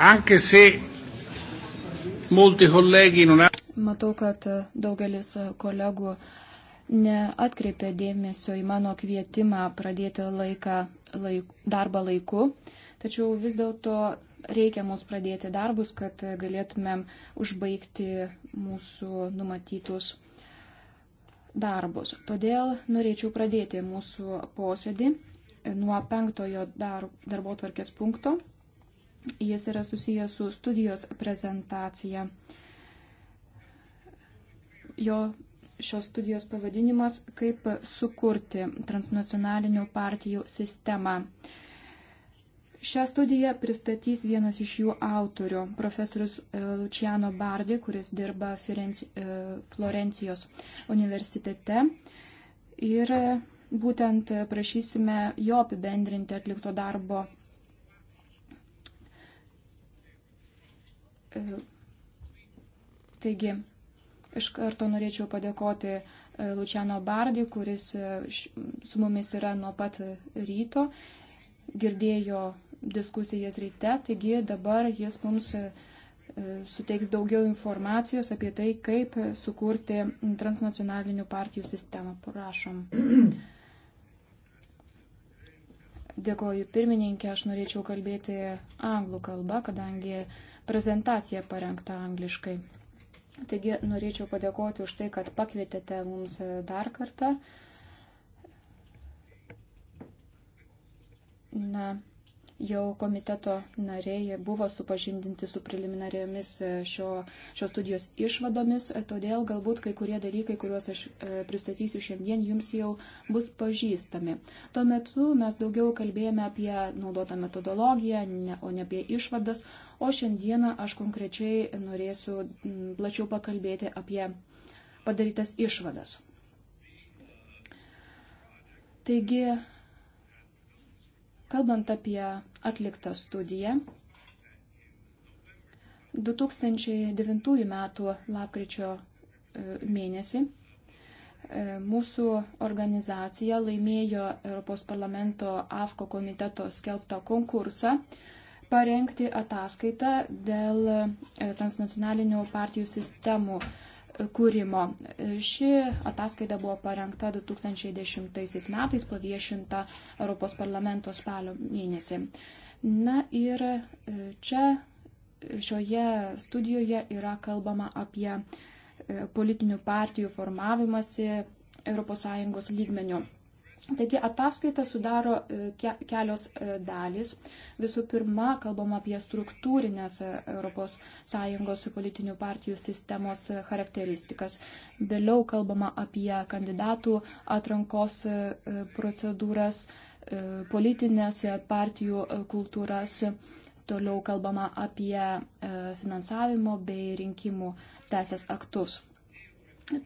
Anche se molti colleghi non hanno. Matau, kad daugelis kolegų neatkreipė dėmesio į mano kvietimą pradėti laiką, laik, darbą laiku, tačiau vis dėlto reikia mums pradėti darbus, kad galėtumėm užbaigti mūsų numatytus darbus. Todėl norėčiau pradėti mūsų posėdį nuo penktojo dar, darbo tvarkės punkto Jis yra susijęs su studijos prezentacija. Jo šios studijos pavadinimas - kaip sukurti transnacionalinių partijų sistemą. Šią studiją pristatys vienas iš jų autorių - profesorius e, Luciano Bardi, kuris dirba e, Florencijos universitete. Ir e, būtent prašysime jo apibendrinti atlikto darbo Taigi, iš karto norėčiau padėkoti e, Luciano Bardi, kuris e, su mumis yra nuo pat ryto, girdėjo diskusijas ryte, taigi dabar jis mums e, suteiks daugiau informacijos apie tai, kaip sukurti transnacionalinių partijų sistemą. Prašom. Dėkoju pirmininkė, aš norėčiau kalbėti anglų kalbą, kadangi uh, prezentacija parengta angliškai. Taigi norėčiau padėkoti už tai, kad pakvietėte mums dar kartą. Na, Jau komiteto nariai buvo supažindinti su preliminarėmis e, šio, šios studijos išvadomis, e, todėl galbūt kai kurie dalykai, kuriuos aš e, pristatysiu šiandien, jums jau bus pažįstami. Tuo metu mes daugiau kalbėjome apie naudotą metodologiją, ne, o ne apie išvadas, o šiandieną aš konkrečiai norėsiu plačiau pakalbėti apie padarytas išvadas. Taigi Kalbant apie atliktą studiją, 2009 m. lapkričio e, mėnesį e, mūsų organizacija laimėjo Europos parlamento AFKO komiteto skelbtą konkursą parengti ataskaitą dėl e, transnacionalinių partijų sistemų kūrimo. Ši ataskaita buvo parengta 2010 metais, paviešinta Europos parlamento spalio mėnesį. Na ir e, čia e, šioje studijoje yra kalbama apie e, politinių partijų formavimąsi ES lygmenių. Taigi ataskaitą sudaro e, kelios e, dalys. Visų pirma, kalbama apie struktūrinės ES politinių partijų sistemos e, charakteristikas. Vėliau kalbama apie kandidatų atrankos procedūras, politinės partijų kultūras. Toliau kalbama apie finansavimo bei rinkimų teisės aktus.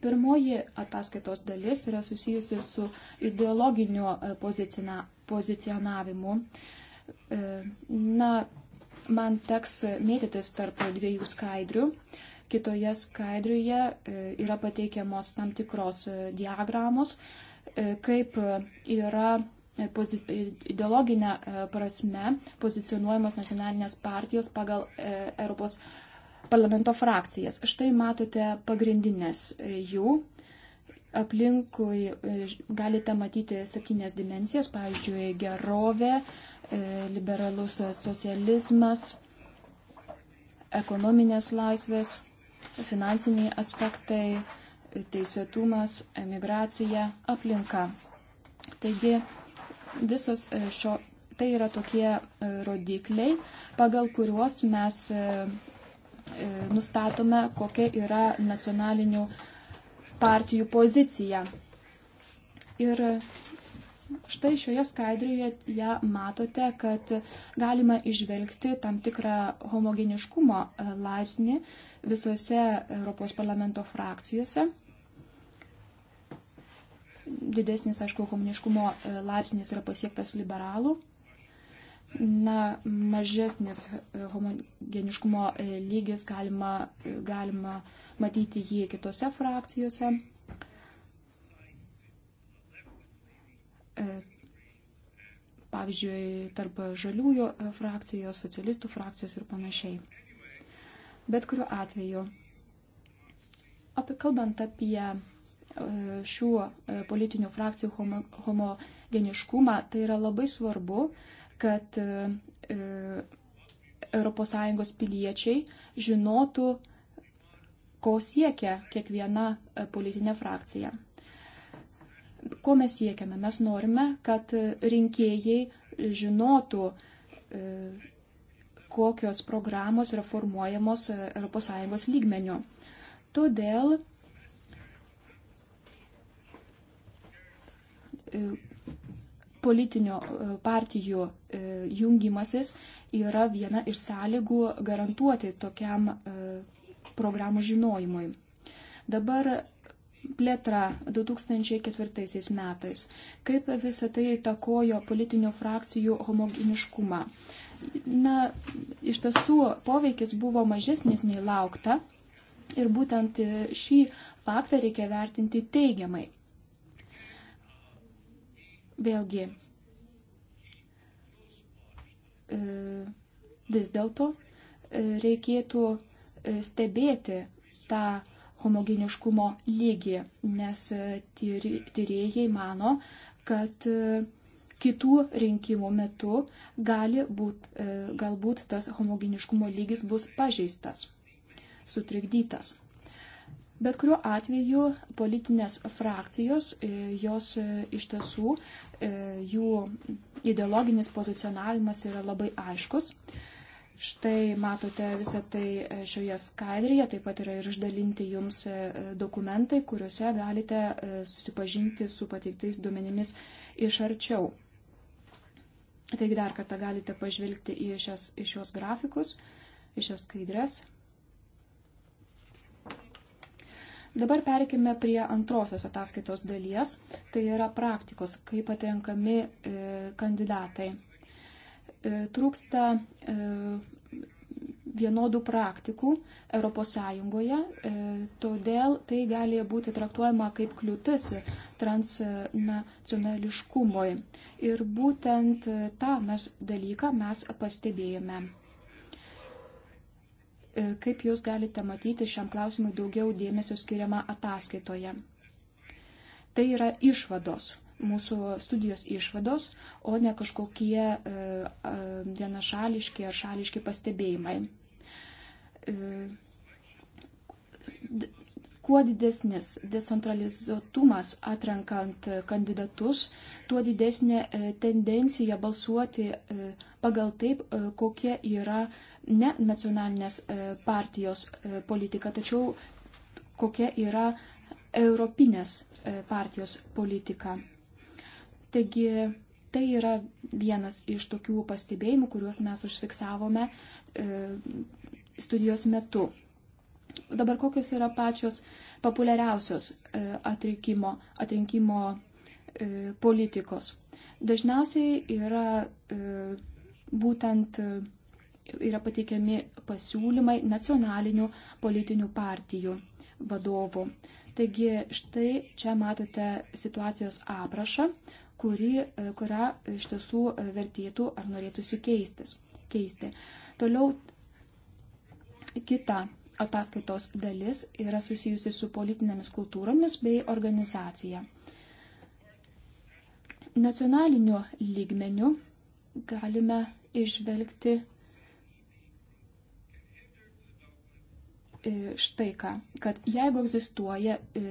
Pirmoji ataskaitos dalis yra susijusi su ideologiniu e, pozicionavimu. E, na, man teks mėtytis tarp dviejų skaidrių. Kitoje skaidriuje e, yra pateikiamos tam tikros diagramos, kaip yra ideologinę prasme pozicionuojamas nacionalinės partijos pagal Europos parlamento frakcijas. Štai matote pagrindinės jų. Aplinkui e, galite matyti septynės dimensijas, pavyzdžiui, gerovė, e, liberalus socializmas, ekonominės laisvės, finansiniai aspektai, teisėtumas, emigracija, aplinka. Taigi, visos e, šio, tai yra tokie rodikliai, pagal kuriuos mes E, nustatome, kokia yra nacionalinių partijų pozicija. Ir štai šioje skaidrėje ją matote, kad galima išvelgti tam tikrą homogeniškumo e, laipsnį visose Europos parlamento frakcijose. Didesnis, aišku, homogeniškumo e, laipsnis yra pasiektas liberalų na, mažesnis homogeniškumo e, lygis, galima, e, galima matyti jį kitose frakcijose. E, pavyzdžiui, tarp žaliųjų frakcijos, socialistų frakcijos ir panašiai. Bet kuriuo atveju, apie kalbant apie šių politinių frakcijų homogeniškumą, tai yra labai svarbu, kad ES e, piliečiai žinotų, ko siekia kiekviena e, politinė frakcija. Ko mes siekiame? Mes norime, kad rinkėjai žinotų, e, kokios programos yra formuojamos ES lygmeniu. Todėl politinių e, partijų e, jungimasis yra viena iš sąlygų garantuoti tokiam e, programų žinojimui. Dabar plėtra 2004 metais. Kaip visą tai įtakojo politinių frakcijų homogeniškumą? Na, iš tiesų poveikis buvo mažesnis nei laukta ir būtent šį faktą reikia vertinti teigiamai. Vėlgi, e, vis dėlto e, reikėtų e, stebėti tą homogeniškumo lygį, nes tyrėjai mano, kad kitų rinkimų metu gali būt, galbūt tas homogeniškumo lygis bus pažeistas, sutrikdytas. Bet kuriuo atveju politinės frakcijos, e, jos e, iš tiesų, e, jų ideologinis pozicionavimas yra labai aiškus. Štai matote visą tai šioje skaidrėje, taip pat yra ir išdalinti jums dokumentai, kuriuose galite susipažinti su pateiktais duomenimis iš arčiau. Taigi dar kartą galite pažvelgti į šios, į šios grafikus, į šios skaidrės. Dabar perkime prie antrosios ataskaitos dalies, tai yra praktikos, kaip atrenkami e, kandidatai. E, trūksta e, vienodų praktikų ES, todėl tai gali būti traktuojama kaip kliūtis transnacionališkumui. Ir būtent tą mes dalyką mes pastebėjome E, kaip jūs galite matyti, šiam klausimui daugiau dėmesio skiriama ataskaitoje. Tai yra išvados, mūsų studijos išvados, o ne kažkokie e, vienašališki ar šališki pastebėjimai e, Kuo didesnis decentralizuotumas atrenkant kandidatus, tuo didesnė e, tendencija balsuoti e, pagal taip, e, kokia yra ne nacionalinės partijos politika, tačiau kokia yra europinės partijos politika. Taigi tai yra vienas iš tokių pastebėjimų, kuriuos mes užfiksavome studijos metu. Dabar kokios yra pačios populiariausios e, atrinkimo, atrinkimo e, politikos? Dažniausiai yra e, būtent yra pateikiami pasiūlymai nacionalinių politinių partijų vadovų. Taigi štai čia matote situacijos aprašą, kuri, kurią iš tiesų vertėtų ar norėtųsi keistis, keisti. Toliau kita ataskaitos dalis yra susijusi su politinėmis kultūromis bei organizacija. Nacionaliniu lygmeniu galime išvelgti e, štai ką, kad jeigu egzistuoja e,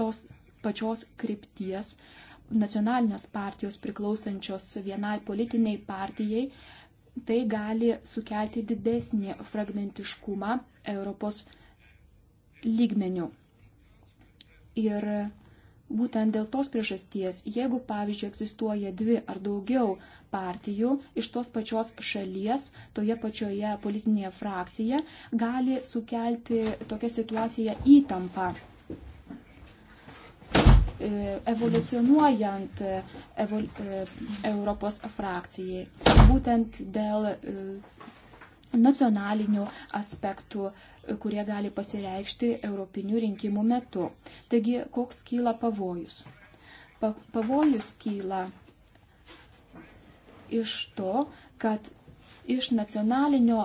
tos pačios krypties nacionalinės partijos priklausančios vienai politiniai partijai, tai gali sukelti didesnį fragmentiškumą Europos lygmenių. Ir būtent dėl tos priežasties, jeigu, pavyzdžiui, egzistuoja dvi ar daugiau partijų iš tos pačios šalies, toje pačioje politinėje frakcijoje, gali sukelti tokia situacija įtampą evoliucionuojant e, evol, e, Europos frakcijai. Būtent dėl e, nacionalinių aspektų, kurie gali pasireikšti europinių rinkimų metu. Taigi, koks kyla pavojus? Pa, pavojus kyla iš to, kad iš nacionalinio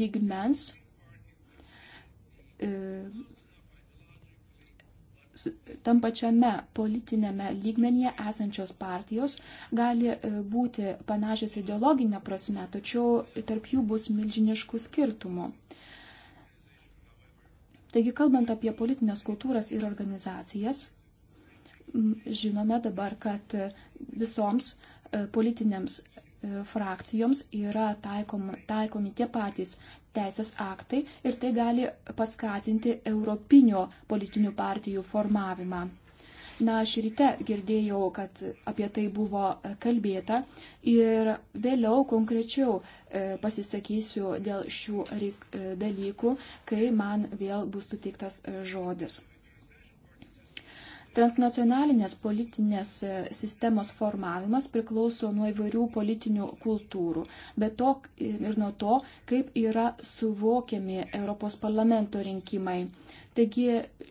lygmens tam pačiame politinėme lygmenyje esančios partijos gali e, būti panašios ideologinė prasme, tačiau tarp jų bus milžiniškų skirtumų. Taigi, kalbant apie politinės kultūras ir organizacijas, žinome dabar, kad visoms e, politinėms frakcijoms yra taikom, taikomi tie patys teisės aktai ir tai gali paskatinti europinio politinių partijų formavimą. Na, aš ryte girdėjau, kad apie tai buvo kalbėta ir vėliau konkrečiau e, pasisakysiu dėl šių e, dalykų, kai man vėl bus suteiktas e, žodis. Transnacionalinės politinės e, sistemos formavimas priklauso nuo įvairių politinių kultūrų, bet to ir nuo to, kaip yra suvokiami Europos parlamento rinkimai. Taigi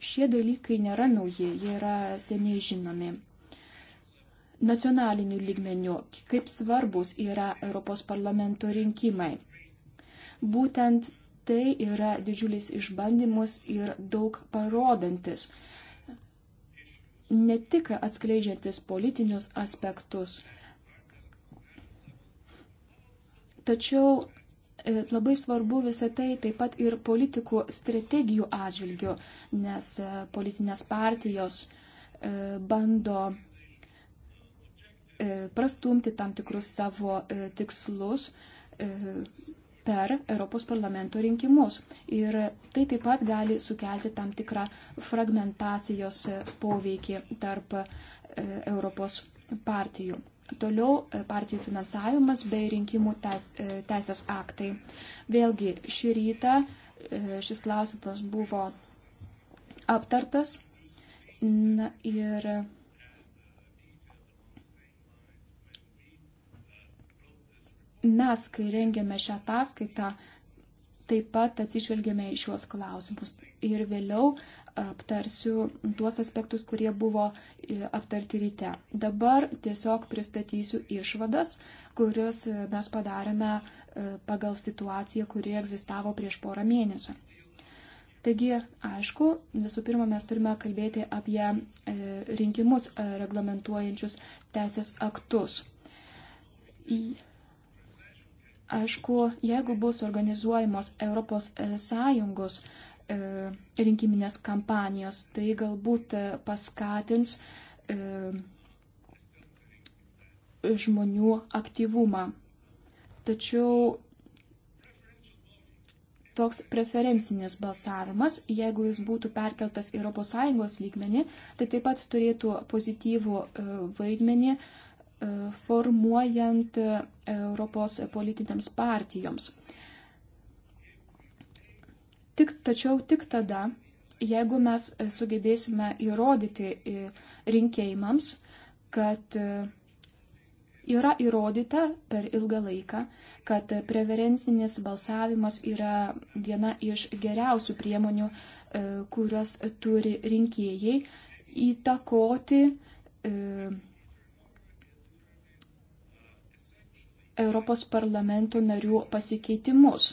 šie dalykai nėra nauji, jie yra seniai žinomi. Nacionalinių lygmenių, kaip svarbus yra Europos parlamento rinkimai. Būtent tai yra didžiulis išbandymus ir daug parodantis, ne tik atskleidžiantis politinius aspektus, tačiau e, labai svarbu visą tai taip pat ir politikų strategijų atžvilgių, nes e, politinės partijos e, bando prastumti tam tikrus savo tikslus, per Europos parlamento rinkimus. Ir tai taip pat gali sukelti tam tikrą fragmentacijos poveikį tarp e, Europos partijų. Toliau e, partijų finansavimas bei rinkimų teis, e, teisės aktai. Vėlgi šį rytą šis klausimas buvo aptartas na, ir mes, kai rengėme šią ataskaitą, taip pat atsižvelgėme į šiuos klausimus. Ir vėliau aptarsiu tuos aspektus, kurie buvo e, aptarti ryte. Dabar tiesiog pristatysiu išvadas, kurias e, mes padarėme e, pagal situaciją, kuri egzistavo prieš porą mėnesių. Taigi, aišku, visų pirma, mes turime kalbėti apie rinkimus reglamentuojančius teisės aktus. Aišku, jeigu bus organizuojamos ES e, e, rinkiminės kampanijos, tai galbūt e, paskatins žmonių aktyvumą. Tačiau toks preferencinis balsavimas, jeigu jis būtų perkeltas į ES lygmenį, tai taip pat turėtų pozityvų vaidmenį formuojant Europos politinėms partijoms. Tik, tačiau tik tada, jeigu mes sugebėsime įrodyti rinkėjimams, kad yra įrodyta per ilgą laiką, kad preferencinis balsavimas yra viena iš geriausių priemonių, e, kurias turi rinkėjai įtakoti e, Europos parlamento narių pasikeitimus.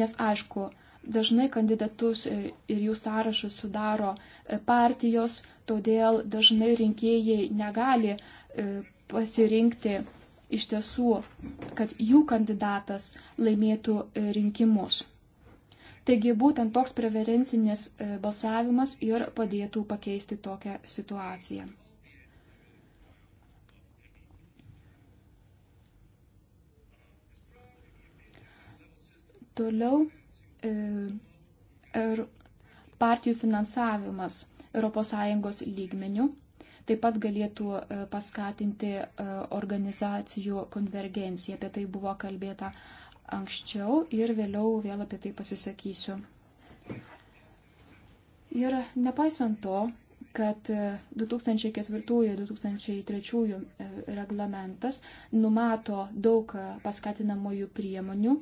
Nes aišku, dažnai kandidatus e, ir jų sąrašus sudaro e, partijos, todėl dažnai rinkėjai negali e, pasirinkti iš tiesų, kad jų kandidatas laimėtų rinkimus. Taigi būtent toks preferencinis balsavimas ir padėtų pakeisti tokią situaciją. Toliau ir e, er, partijų finansavimas ES lygmenių taip pat galėtų e, paskatinti e, organizacijų konvergenciją. Apie tai buvo kalbėta anksčiau ir vėliau vėl apie tai pasisakysiu. Ir nepaisant to, kad 2004-2003 reglamentas numato daug paskatinamojų priemonių,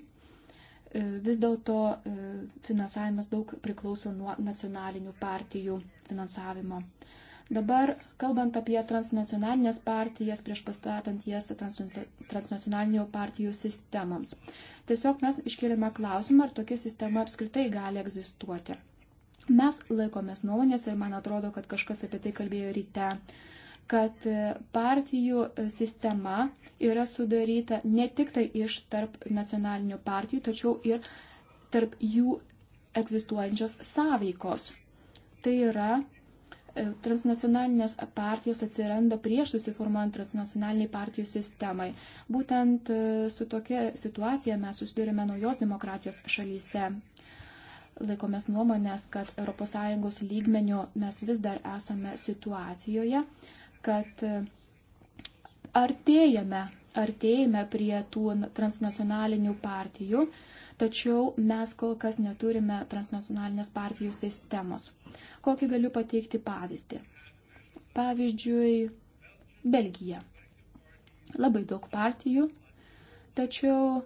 E, vis dėlto e, finansavimas daug priklauso nuo nacionalinių partijų finansavimo. Dabar, kalbant apie transnacionalinės partijas, prieš pastatant jas transnacionalinių partijų sistemoms. Tiesiog mes iškėlėme klausimą, ar tokia sistema apskritai gali egzistuoti. Mes laikomės nuomonės ir man atrodo, kad kažkas apie tai kalbėjo ryte kad partijų sistema yra sudaryta ne tik tai iš tarp nacionalinių partijų, tačiau ir tarp jų egzistuojančios sąveikos. Tai yra, e, transnacionalinės partijos atsiranda prieš susiformuojant transnacionaliniai partijų sistemai. Būtent e, su tokia situacija mes susidurime naujos demokratijos šalyse. Laikomės nuomonės, kad ES lygmenių mes vis dar esame situacijoje, kad e, artėjame, artėjame prie tų transnacionalinių partijų, tačiau mes kol kas neturime transnacionalinės partijų sistemos. Kokį galiu pateikti pavyzdį? Pavyzdžiui, Belgija. Labai daug partijų, tačiau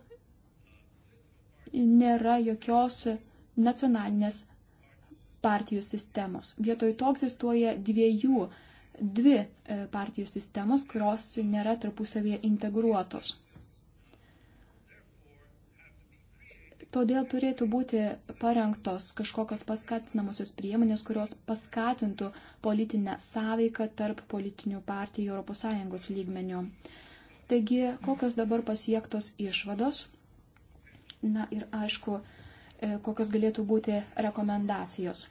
nėra jokios nacionalinės partijų sistemos. Vietoj to egzistuoja dviejų dvi e, partijų sistemos, kurios nėra tarpusavėje integruotos. Todėl turėtų būti parengtos kažkokios paskatinamosios priemonės, kurios paskatintų politinę sąveiką tarp politinių partijų ES lygmenių. Taigi, kokios dabar pasiektos išvados? Na ir aišku, e, kokios galėtų būti rekomendacijos.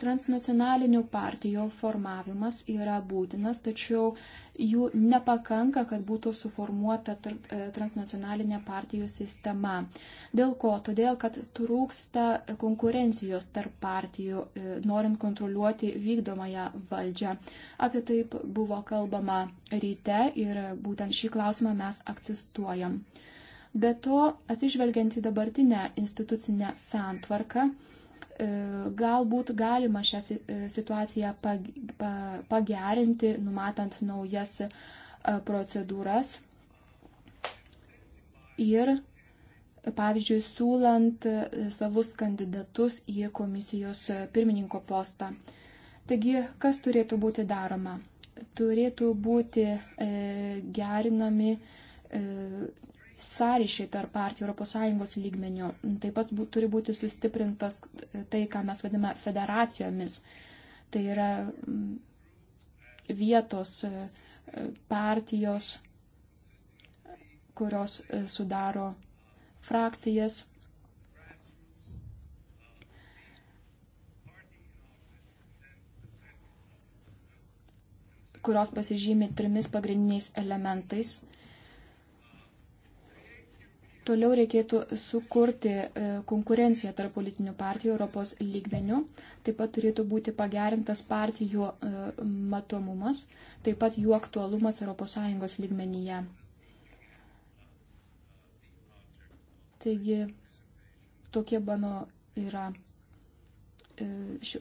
Transnacionalinių partijų formavimas yra būtinas, tačiau jų nepakanka, kad būtų suformuota e, transnacionalinė partijų sistema. Dėl ko? Todėl, kad trūksta konkurencijos tarp partijų, e, norint kontroliuoti vykdomąją valdžią. Apie tai buvo kalbama ryte ir būtent šį klausimą mes akcistuojam. Be to, atsižvelgiant į dabartinę institucinę santvarką, E, galbūt galima šią e, situaciją pagerinti, numatant naujas e, procedūras ir, pavyzdžiui, siūlant savus kandidatus į komisijos pirmininko postą. Taigi, kas turėtų būti daroma? Turėtų būti gerinami sąryšį tarp partijų ES lygmenių. Taip pat bū, turi būti sustiprintas tai, ką mes vadime federacijomis. Tai yra mm, vietos e, partijos, kurios e, sudaro frakcijas. kurios pasižymi trimis pagrindiniais elementais Toliau reikėtų sukurti e, konkurenciją tarp politinių partijų Europos lygmenių. Taip pat turėtų būti pagerintas partijų e, matomumas, taip pat jų aktualumas ES lygmenyje. Taigi, tokie mano yra. E,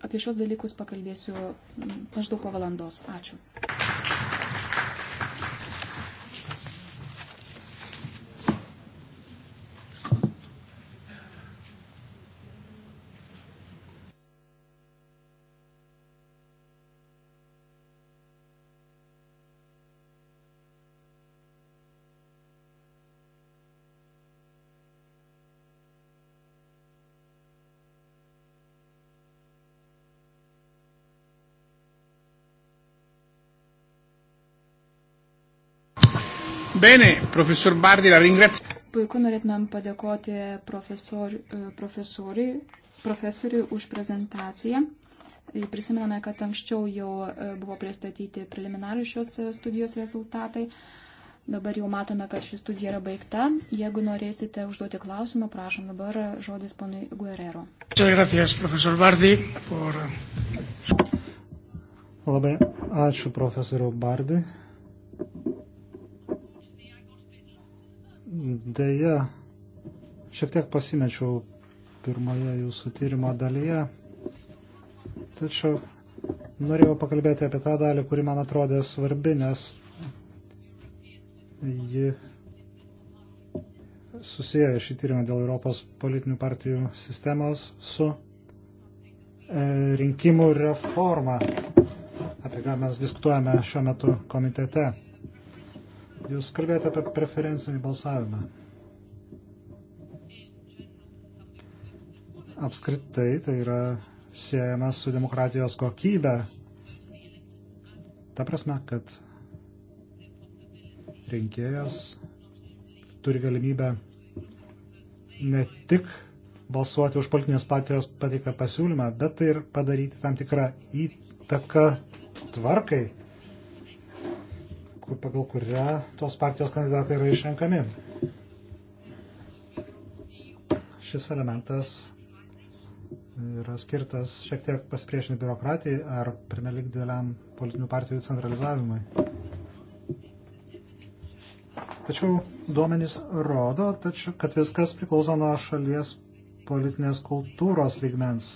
apie šios dalykus pakalbėsiu maždaug po valandos. Ačiū. Bene, profesor Bardi, la ringrazio. Puiku, norėtumėm padėkoti profesor, e, profesoriui, profesoriui už prezentaciją. Prisimename, kad anksčiau jau e, buvo pristatyti preliminarius šios e, studijos rezultatai. Dabar jau matome, kad ši studija yra baigta. Jeigu norėsite užduoti klausimą, prašom dabar žodis ponui Guerrero. Gracias, profesor Bardi, por... Labai ačiū profesoriu Bardi Deja, šiek tiek pasimečiau pirmoje jūsų tyrimo dalyje, tačiau norėjau pakalbėti apie tą dalį, kuri man atrodė svarbi, nes ji susiję šį tyrimą dėl Europos politinių partijų sistemos su e, rinkimų reforma, apie ką mes diskutuojame šiuo metu komitete. Jūs kalbėjote apie preferencinį balsavimą. Apskritai tai yra siejama su demokratijos kokybė. Ta prasme, kad rinkėjas turi galimybę ne tik balsuoti už politinės partijos pateiktą pasiūlymą, bet tai ir padaryti tam tikrą įtaką tvarkai, pagal kurią tos partijos kandidatai yra išrenkami. Šis elementas yra skirtas šiek tiek pasipriešinti biurokratijai ar pernelik dideliam politinių partijų centralizavimui. Tačiau duomenys rodo, tačiau, kad viskas priklauso nuo šalies politinės kultūros lygmens.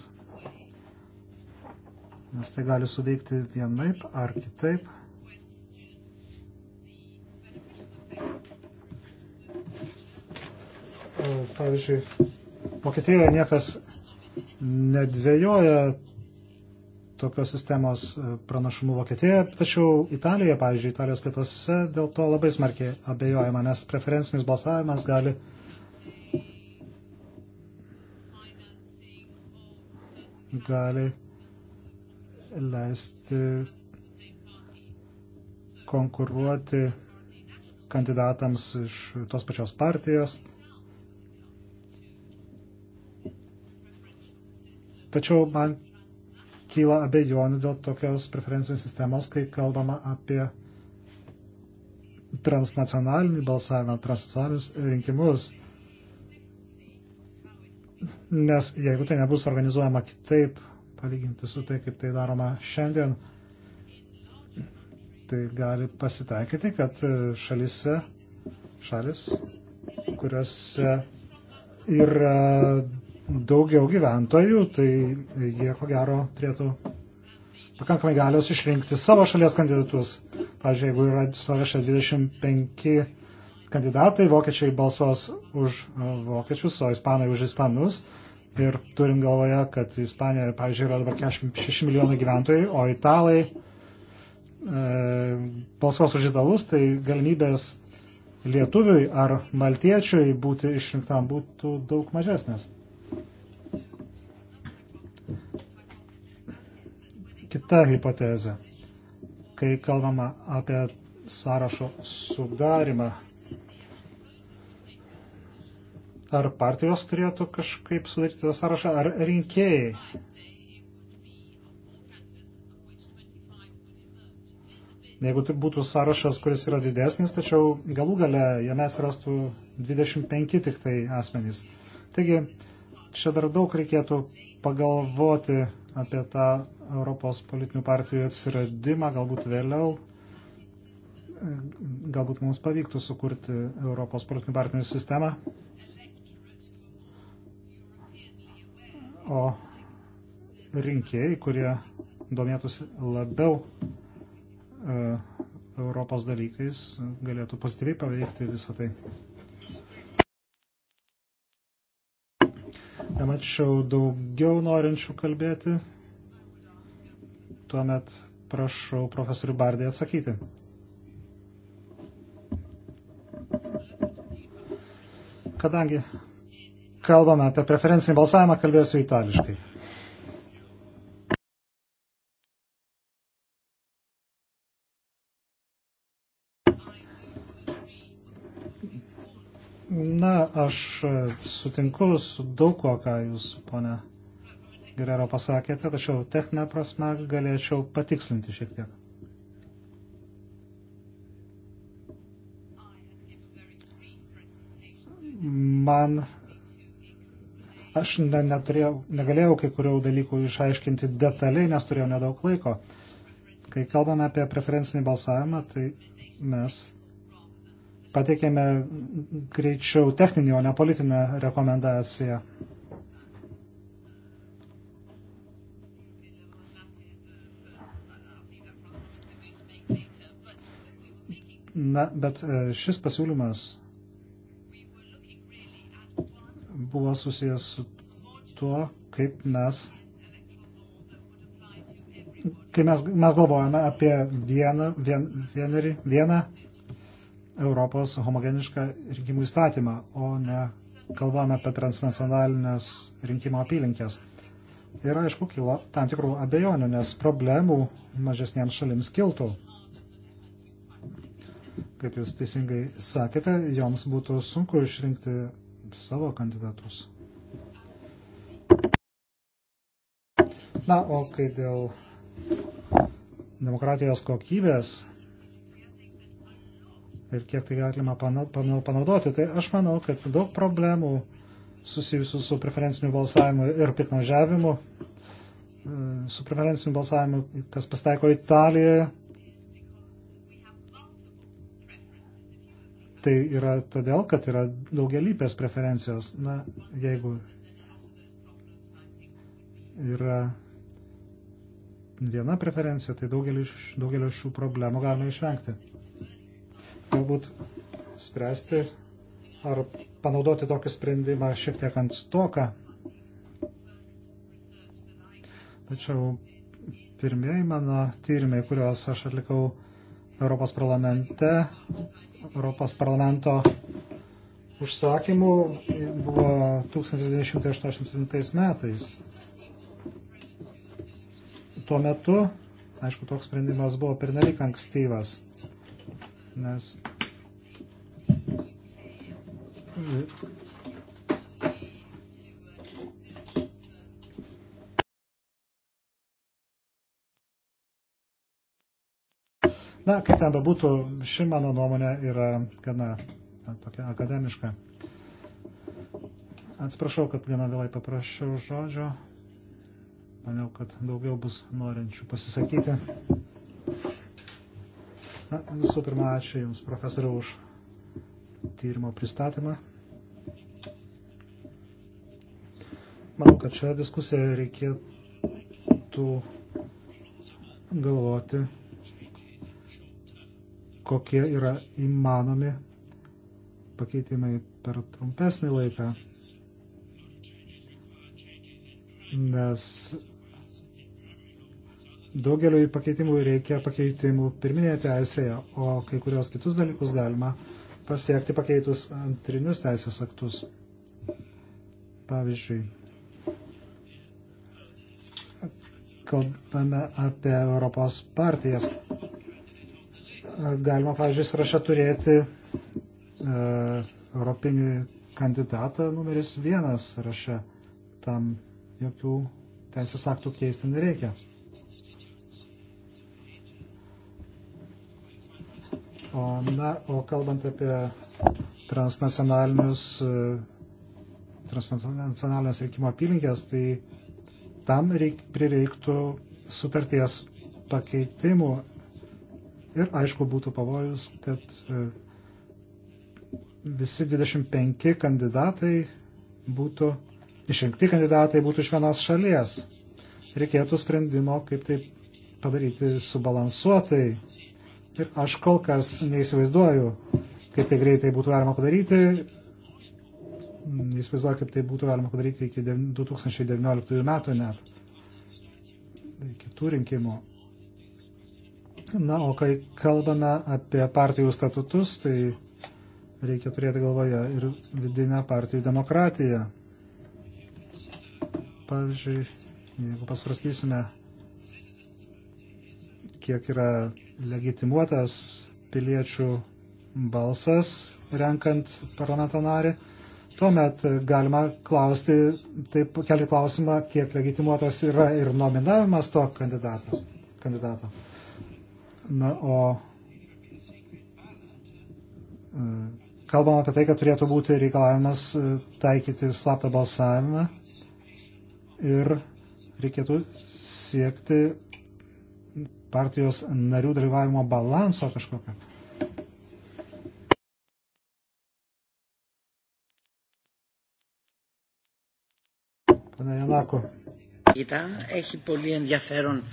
Nes tai gali suveikti vienaip ar kitaip. pavyzdžiui, Vokietijoje niekas nedvėjoja tokios sistemos e, pranašumų Vokietijoje, tačiau Italijoje, pavyzdžiui, Italijos pietuose dėl to labai smarkiai abejojama, nes preferencinis balsavimas gali gali leisti konkuruoti kandidatams iš tos pačios partijos. Tačiau man kyla abejonių dėl tokios preferencijų sistemos, kai kalbama apie transnacionalinį balsavimą, transnacionalinius rinkimus. Nes jeigu tai nebus organizuojama kitaip, palyginti su tai, kaip tai daroma šiandien, tai gali pasitaikyti, kad šalise, šalis, kuriuose yra daugiau gyventojų, tai jie ko gero turėtų pakankamai galios išrinkti savo šalies kandidatus. Pavyzdžiui, jeigu yra sąraše 25 kandidatai, vokiečiai balsuos už e, vokiečius, o ispanai už ispanus. Ir turint galvoje, kad Ispanijoje, pavyzdžiui, yra dabar 46 milijonai gyventojų, o italai e, balsuos už italus, tai galimybės lietuviui ar maltiečiui būti išrinktam būtų daug mažesnės. kita hipotezė. Kai kalbama apie sąrašo sudarimą, ar partijos turėtų kažkaip sudaryti tą sąrašą, ar rinkėjai? Jeigu tai būtų sąrašas, kuris yra didesnis, tačiau galų gale jame atsirastų 25 tik tai asmenys. Taigi, čia dar daug reikėtų pagalvoti apie tą Europos politinių partijų atsiradimą, galbūt vėliau, galbūt mums pavyktų sukurti Europos politinių partijų sistemą. O rinkėjai, kurie domėtųsi labiau e, Europos dalykais, galėtų pozityviai paveikti visą tai. Nemačiau daugiau norinčių kalbėti. Tuomet prašau profesorių Bardį atsakyti. Kadangi kalbame apie preferencinį balsavimą, kalbėsiu itališkai. Na, aš sutinku su daug ko, ką jūs, ponė Gerero pasakėte, tačiau techninę prasme galėčiau patikslinti šiek tiek. Man aš ne, neturėjau, negalėjau kai kurių dalykų išaiškinti detaliai, nes turėjau nedaug laiko. Kai kalbame apie preferencinį balsavimą, tai mes pateikėme greičiau techninį, o ne politinę rekomendaciją. Na, bet e, šis pasiūlymas buvo susijęs su tuo, kaip mes, kai mes, mes galvojame apie vieną, vien, vienerį, vieną Europos homogenišką rinkimų įstatymą, o ne kalbame apie transnacionalinės rinkimo apylinkės. Ir aišku, kilo tam tikrų abejonių, nes problemų mažesniems šalims kiltų kaip jūs teisingai sakėte, joms būtų sunku išrinkti savo kandidatus. Na, o kai dėl demokratijos kokybės ir kiek tai galima panaudoti, tai aš manau, kad daug problemų susijusių su preferenciniu balsavimu ir piknaudžiavimu, e, su preferenciniu balsavimu, kas pasitaiko Italijoje, tai yra todėl, kad yra daugialypės preferencijos. Na, jeigu yra viena preferencija, tai daugelio, daugelio šių problemų galima išvengti. Galbūt spręsti ar panaudoti tokį sprendimą šiek tiek ant stoką. Tačiau pirmieji mano tyrimai, kuriuos aš atlikau Europos parlamente, Europos parlamento užsakymų buvo 1987 metais. Tuo metu, aišku, toks sprendimas buvo pernelyg ankstyvas, nes Na, kaip ten bebūtų, ši mano nuomonė yra gana na, tokia akademiška. Atsiprašau, kad gana vėlai paprašiau žodžio. Maniau, kad daugiau bus norinčių pasisakyti. Na, visų pirma, ačiū Jums, profesoriau, už tyrimo pristatymą. Manau, kad šioje diskusijoje reikėtų galvoti kokie yra įmanomi pakeitimai per trumpesnį laiką, nes daugeliu pakeitimų reikia pakeitimų pirminėje teisėje, o kai kurios kitus dalykus galima pasiekti pakeitus antrinius teisės aktus. Pavyzdžiui, kalbame apie Europos partijas galima, pavyzdžiui, sąrašą turėti e, europinį kandidatą numeris vienas sąraše. Tam jokių teisės aktų keisti nereikia. O, na, o kalbant apie transnacionalinius, e, transnacionalinės reikimo apylinkės, tai tam reik, prireiktų sutarties pakeitimų Ir aišku, būtų pavojus, kad e, visi 25 kandidatai būtų, išrinkti kandidatai būtų iš vienos šalies. Reikėtų sprendimo, kaip tai padaryti subalansuotai. Ir aš kol kas neįsivaizduoju, kaip tai greitai būtų galima padaryti. Neįsivaizduoju, kaip tai būtų galima padaryti iki 2019 metų net. Kitų rinkimų Na, o kai kalbame apie partijų statutus, tai reikia turėti galvoje ir vidinę partijų demokratiją. Pavyzdžiui, jeigu pasvarstysime, kiek yra legitimuotas piliečių balsas renkant parlamento narį, tuomet galima klausti, taip kelti klausimą, kiek legitimuotas yra ir nominavimas to kandidatas, kandidato. Na, o e, kalbam apie tai, kad turėtų būti reikalavimas e, taikyti slaptą balsavimą ir reikėtų siekti partijos narių dalyvavimo balanso kažkokio. Παναγιανάκο. Ήταν, έχει πολύ ενδιαφέρον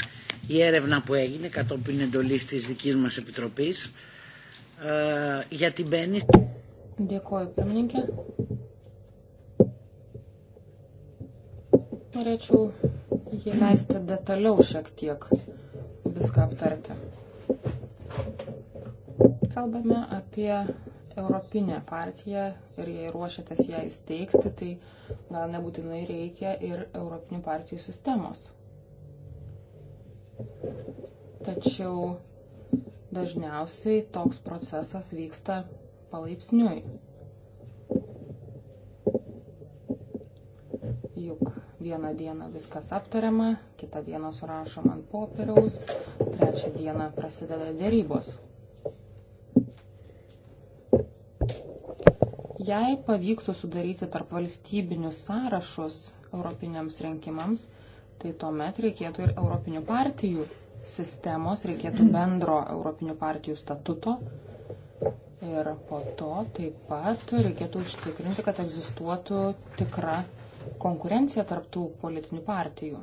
η έρευνα που έγινε κατόπιν εντολής της δικής μας Επιτροπής ε, για την πέννη. Dėkuoju, pirmininkė. Norėčiau, jei leisite, detaliau šiek tiek viską aptarti. Kalbame apie Europinę partiją ir jei ruošiatės ją įsteigti, tai gal nebūtinai reikia ir Europinių partijų sistemos. Tačiau dažniausiai toks procesas vyksta palaipsniui. Juk vieną dieną viskas aptariama, kitą dieną surašoma ant popieriaus, trečią dieną prasideda dėrybos. Jei pavyktų sudaryti tarp valstybinius sąrašus europiniams rinkimams, tai tuomet reikėtų ir Europinių partijų sistemos, reikėtų bendro Europinių partijų statuto. Ir po to taip pat reikėtų užtikrinti, kad egzistuotų tikra konkurencija tarptų politinių partijų.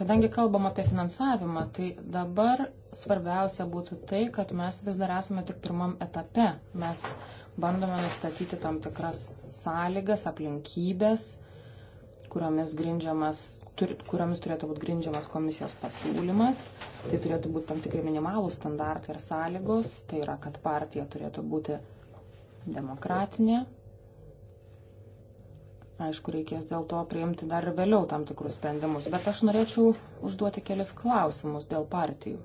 Kadangi kalbam apie finansavimą, tai dabar svarbiausia būtų tai, kad mes vis dar esame tik pirmam etape. Mes bandome nustatyti tam tikras sąlygas, aplinkybės, kuriomis, tur, kuriomis turėtų būti grindžiamas komisijos pasiūlymas. Tai turėtų būti tam tikri minimalų standartai ir sąlygos. Tai yra, kad partija turėtų būti demokratinė. Aišku, reikės dėl to priimti dar ir vėliau tam tikrus sprendimus. Bet aš norėčiau užduoti kelis klausimus dėl partijų.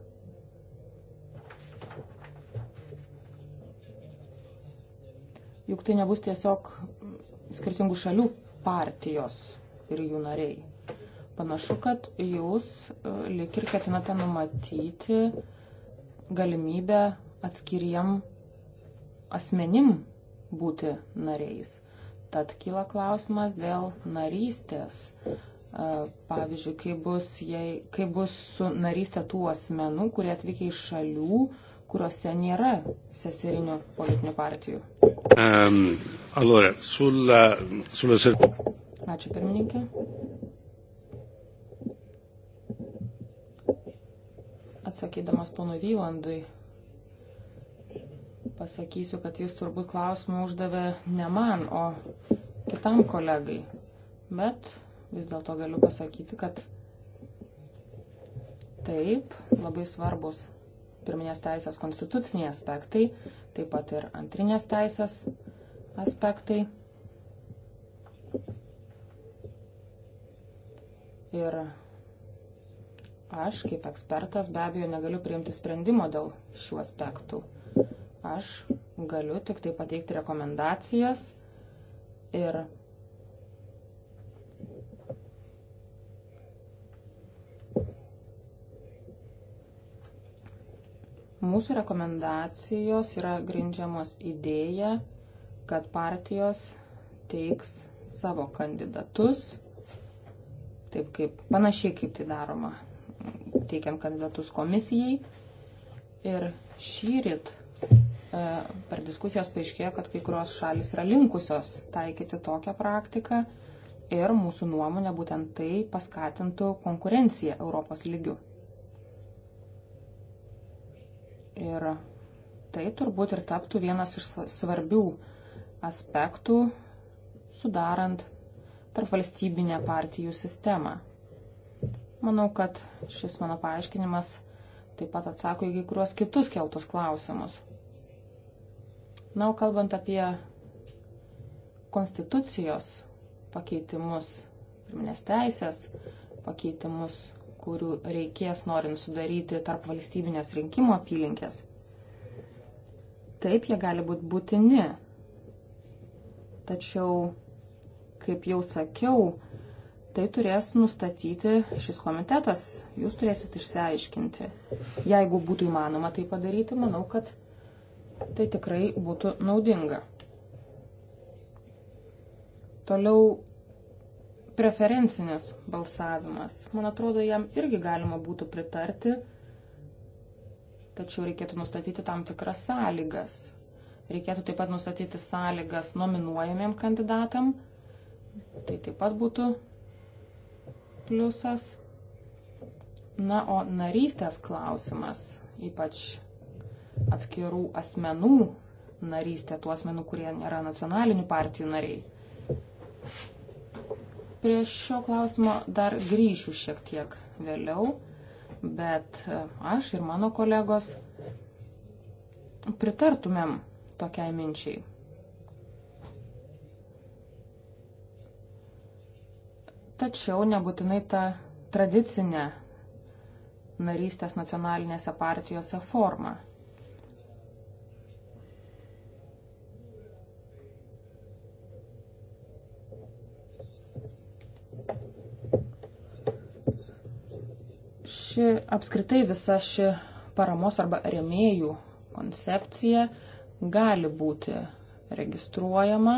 Juk tai nebus tiesiog skirtingų šalių partijos ir jų nariai. Panašu, kad jūs e, lik ir ketinate numatyti galimybę atskiriem asmenim būti nariais. Tad kyla klausimas dėl narystės. E, pavyzdžiui, kaip bus, jei, kaip bus su narystė tų asmenų, kurie atvykę iš šalių, kuriuose nėra seserinių politinių partijų. Um, allora, sulla, sulla... Ačiū pirmininkė. Atsakydamas ponui Vylandui, pasakysiu, kad jis turbūt klausimą uždavė ne man, o kitam kolegai. Bet vis dėlto galiu pasakyti, kad taip, labai svarbus pirminės teisės konstituciniai aspektai, taip pat ir antrinės teisės aspektai. Ir aš, kaip ekspertas, be abejo negaliu priimti sprendimo dėl šių aspektų. Aš galiu tik tai pateikti rekomendacijas ir mūsų rekomendacijos yra grindžiamos idėja, kad partijos teiks savo kandidatus taip kaip panašiai kaip tai daroma, teikiant kandidatus komisijai. Ir šį ryt e, per diskusijas paaiškėjo, kad kai kurios šalis yra linkusios taikyti tokią praktiką ir mūsų nuomonė būtent tai paskatintų konkurenciją Europos lygių. Ir tai turbūt ir taptų vienas iš svarbių aspektų sudarant tarp valstybinę partijų sistemą. Manau, kad šis mano paaiškinimas taip pat atsako į kai kuriuos kitus keltus klausimus. Na, o kalbant apie konstitucijos pakeitimus, pirminės teisės pakeitimus, kurių reikės norint sudaryti tarp valstybinės rinkimo apylinkės. Taip, jie gali būti būtini, tačiau kaip jau sakiau, tai turės nustatyti šis komitetas. Jūs turėsit išsiaiškinti. Jeigu būtų įmanoma tai padaryti, manau, kad tai tikrai būtų naudinga. Toliau preferencinis balsavimas. Man atrodo, jam irgi galima būtų pritarti, tačiau reikėtų nustatyti tam tikras sąlygas. Reikėtų taip pat nustatyti sąlygas nominuojamiem kandidatam Tai taip pat būtų pliusas. Na, o narystės klausimas, ypač atskirų asmenų narystė, tų asmenų, kurie nėra nacionalinių partijų nariai. Prie šio klausimo dar grįšiu šiek tiek vėliau, bet e, aš ir mano kolegos pritartumėm tokiai minčiai. tačiau nebūtinai ta tradicinė narystės nacionalinėse partijose forma. Ši apskritai visa ši paramos arba remėjų koncepcija gali būti registruojama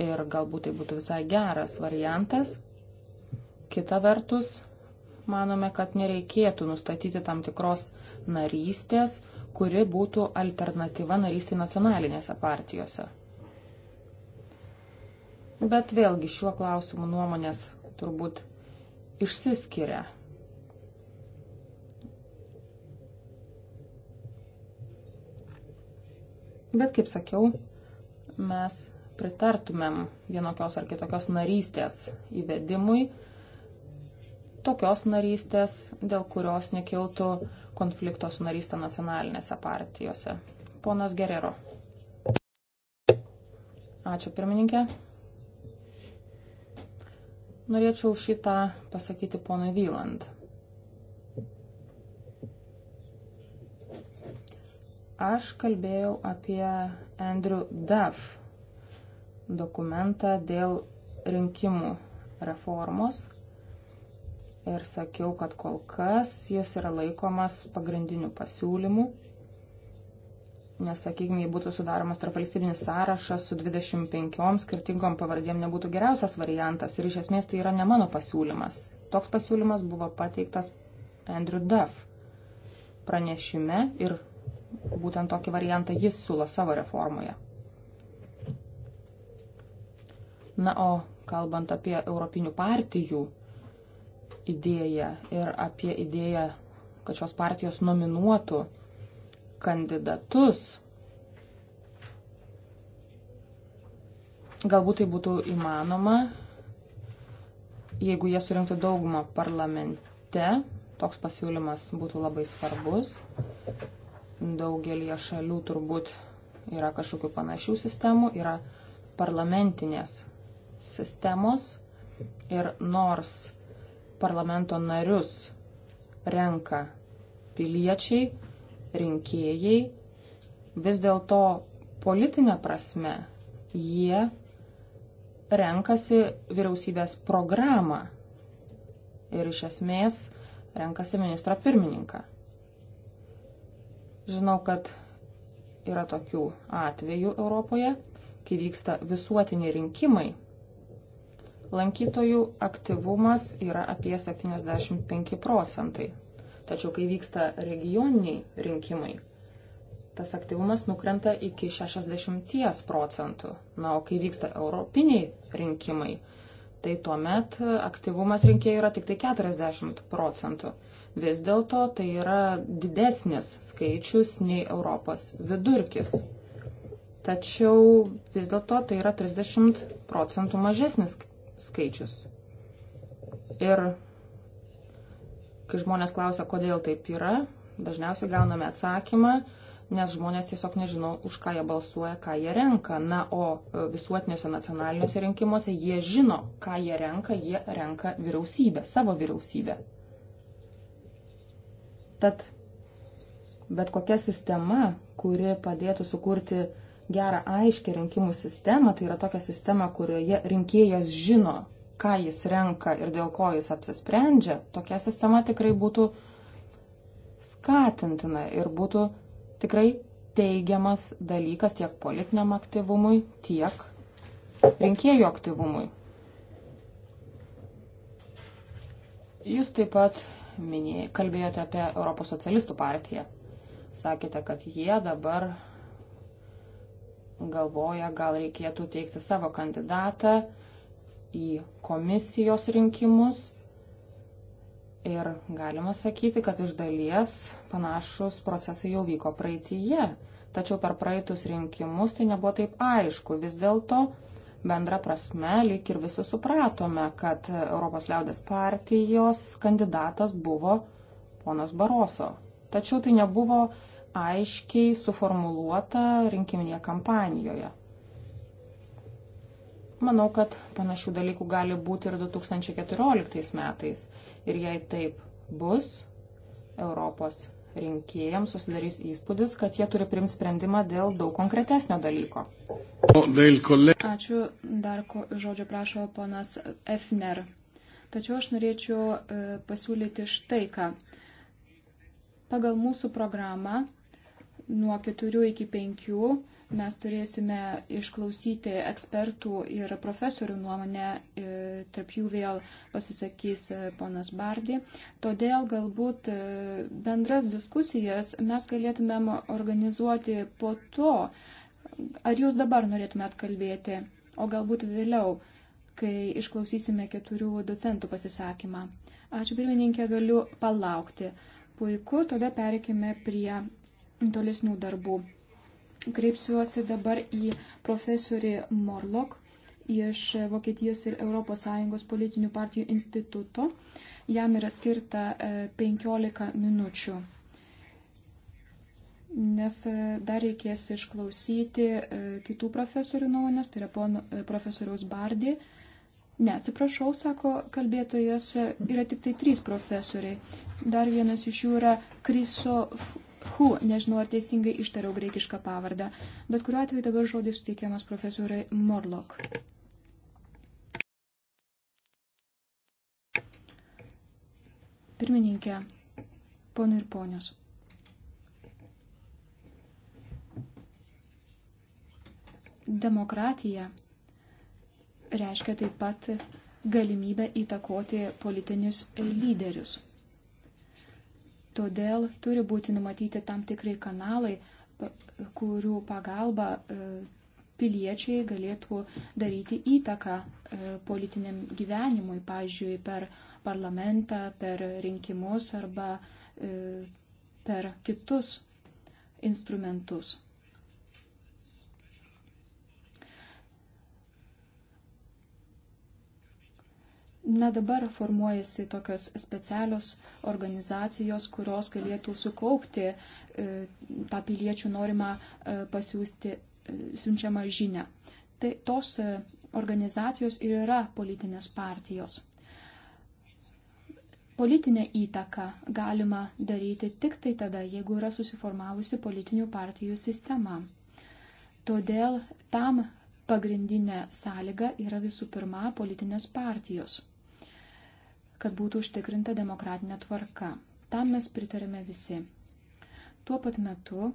ir galbūt tai būtų visai geras variantas, Kita vertus, manome, kad nereikėtų nustatyti tam tikros narystės, kuri būtų alternatyva narystai nacionalinėse partijose. Bet vėlgi šiuo klausimu nuomonės turbūt išsiskiria. Bet kaip sakiau, mes pritartumėm vienokios ar kitokios narystės įvedimui tokios narystės, dėl kurios nekiltų konflikto su narystė nacionalinėse partijose. Ponas Gerero. Ačiū pirmininkė. Norėčiau šitą pasakyti ponui Vyland. Aš kalbėjau apie Andrew Duff dokumentą dėl rinkimų reformos, ir sakiau, kad kol kas jis yra laikomas pagrindiniu pasiūlymu. Nes, sakykime, jei būtų sudaromas tarpvalstybinis sąrašas su 25 skirtingom pavardėm, nebūtų geriausias variantas. Ir iš esmės tai yra ne mano pasiūlymas. Toks pasiūlymas buvo pateiktas Andrew Duff pranešime ir būtent tokį variantą jis siūlo savo reformoje. Na, o kalbant apie europinių partijų idėją ir apie idėją, kad šios partijos nominuotų kandidatus. Galbūt tai būtų įmanoma, jeigu jie surinktų daugumą parlamente, toks pasiūlymas būtų labai svarbus. Daugelį šalių turbūt yra kažkokių panašių sistemų, yra parlamentinės sistemos ir nors parlamento narius renka piliečiai, rinkėjai, vis dėlto politinė prasme jie renkasi vyriausybės programą ir iš esmės renkasi ministrą pirmininką. Žinau, kad yra tokių atvejų Europoje, kai vyksta visuotiniai rinkimai lankytojų aktyvumas yra apie 75 procentai. Tačiau kai vyksta regioniniai rinkimai, tas aktyvumas nukrenta iki 60 procentų. Na, o kai vyksta europiniai rinkimai, tai tuomet aktyvumas rinkėjų yra tik tai 40 procentų. Vis dėlto tai yra didesnis skaičius nei Europos vidurkis. Tačiau vis dėlto tai yra 30 procentų mažesnis skaičius. Ir kai žmonės klausia, kodėl taip yra, dažniausiai gauname atsakymą, nes žmonės tiesiog nežino, už ką jie balsuoja, ką jie renka. Na, o e, visuotiniuose nacionaliniuose rinkimuose jie žino, ką jie renka, jie renka vyriausybę, savo vyriausybę. Tad bet kokia sistema, kuri padėtų sukurti gerą aiškę rinkimų sistemą, tai yra tokia sistema, kurioje rinkėjas žino, ką jis renka ir dėl ko jis apsisprendžia, tokia sistema tikrai būtų skatintina ir būtų tikrai teigiamas dalykas tiek politiniam aktyvumui, tiek rinkėjų aktyvumui. Jūs taip pat minėjai, kalbėjote apie Europos socialistų partiją. Sakėte, kad jie dabar galvoja, gal reikėtų teikti savo kandidatą į komisijos rinkimus. Ir galima sakyti, kad iš dalies panašus procesai jau vyko praeitįje. Tačiau per praeitus rinkimus tai nebuvo taip aišku. Vis dėlto bendra prasme lyg ir visi supratome, kad Europos liaudės partijos kandidatas buvo ponas Baroso. Tačiau tai nebuvo aiškiai suformuluota rinkiminėje kampanijoje. Manau, kad panašių dalykų gali būti ir 2014 metais. Ir jei taip bus, Europos rinkėjams susidarys įspūdis, kad jie turi primti sprendimą dėl daug konkretesnio dalyko. Ačiū. Dar žodžio prašo ponas Efner. Tačiau aš norėčiau e, pasiūlyti štai ką. Pagal mūsų programą nuo 4 iki 5 mes turėsime išklausyti ekspertų ir profesorių nuomonę, e, tarp jų vėl pasisakys e, ponas Bardį. Todėl galbūt e, bendras diskusijas mes galėtumėm organizuoti po to, ar jūs dabar norėtumėt kalbėti, o galbūt vėliau, kai išklausysime keturių docentų pasisakymą. Ačiū pirmininkė, galiu palaukti. Puiku, tada perikime prie tolesnių darbų. Kreipsiuosi dabar į profesorį Morlok iš Vokietijos ir ES politinių partijų instituto. Jam yra skirta 15 e, minučių, nes e, dar reikės išklausyti e, kitų profesorių nuomonės, tai yra pon profesoriaus Bardį. Ne, atsiprašau, sako kalbėtojas, yra tik tai trys profesoriai. Dar vienas iš jų yra Krisof Phu, nežinau ar teisingai ištariau greikišką pavardę, bet kuriuo atveju dabar žodis suteikiamas profesoriai Morlock. Pirmininkė, ponai ir ponios. Demokratija reiškia taip pat galimybę įtakoti politinius lyderius. Todėl turi būti numatyti tam tikrai kanalai, kurių pagalba e, piliečiai galėtų daryti įtaką e, politiniam gyvenimui, pavyzdžiui, per parlamentą, per rinkimus arba e, per kitus instrumentus. Na dabar formuojasi tokios specialios organizacijos, kurios galėtų sukaupti e, tą piliečių norimą e, pasiūsti e, siunčiamą žinę. Tai tos e, organizacijos ir yra politinės partijos. Politinę įtaką galima daryti tik tai tada, jeigu yra susiformavusi politinių partijų sistema. Todėl tam pagrindinė sąlyga yra visų pirma politinės partijos kad būtų užtikrinta demokratinė tvarka. Tam mes pritarėme visi. Tuo pat metu,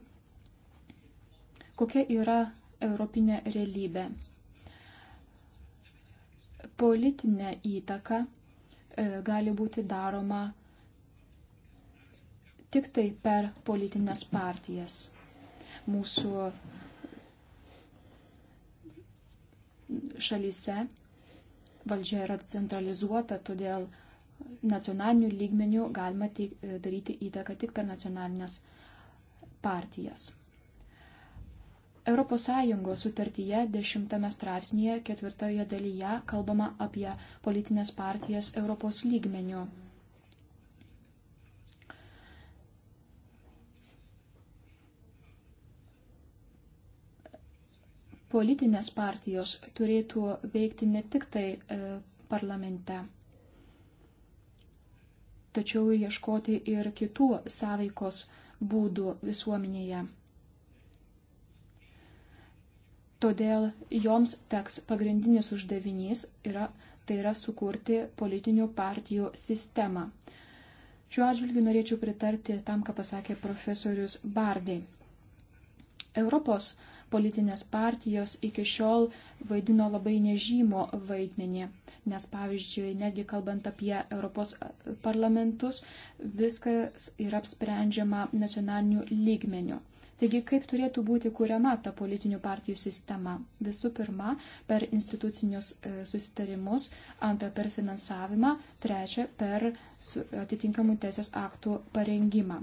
kokia yra europinė realybė? Politinė įtaka e, gali būti daroma tik tai per politinės partijas. Mūsų šalyse valdžia yra centralizuota, todėl nacionaliniu lygmeniu galima teik, e, daryti įtaką tik per nacionalinės partijas. ES sutartyje 10 straipsnėje 4 dalyje kalbama apie politinės partijas Europos lygmeniu. Politinės partijos turėtų veikti ne tik tai e, parlamente tačiau ieškoti ir kitų sąveikos būdų visuomenėje. Todėl joms teks pagrindinis uždavinys yra, tai yra sukurti politinių partijų sistemą. Šiuo atžvilgiu norėčiau pritarti tam, ką pasakė profesorius Bardai. Europos uh, politinės partijos iki šiol vaidino labai nežymo vaidmenį. Nes, pavyzdžiui, netgi kalbant apie Europos parlamentus, viskas yra apsprendžiama nacionaliniu lygmeniu. Taigi, kaip turėtų būti kuriama ta politinių partijų sistema? Visų pirma, per institucinius e, susitarimus, antra, per finansavimą, trečia, per atitinkamų teisės aktų parengimą.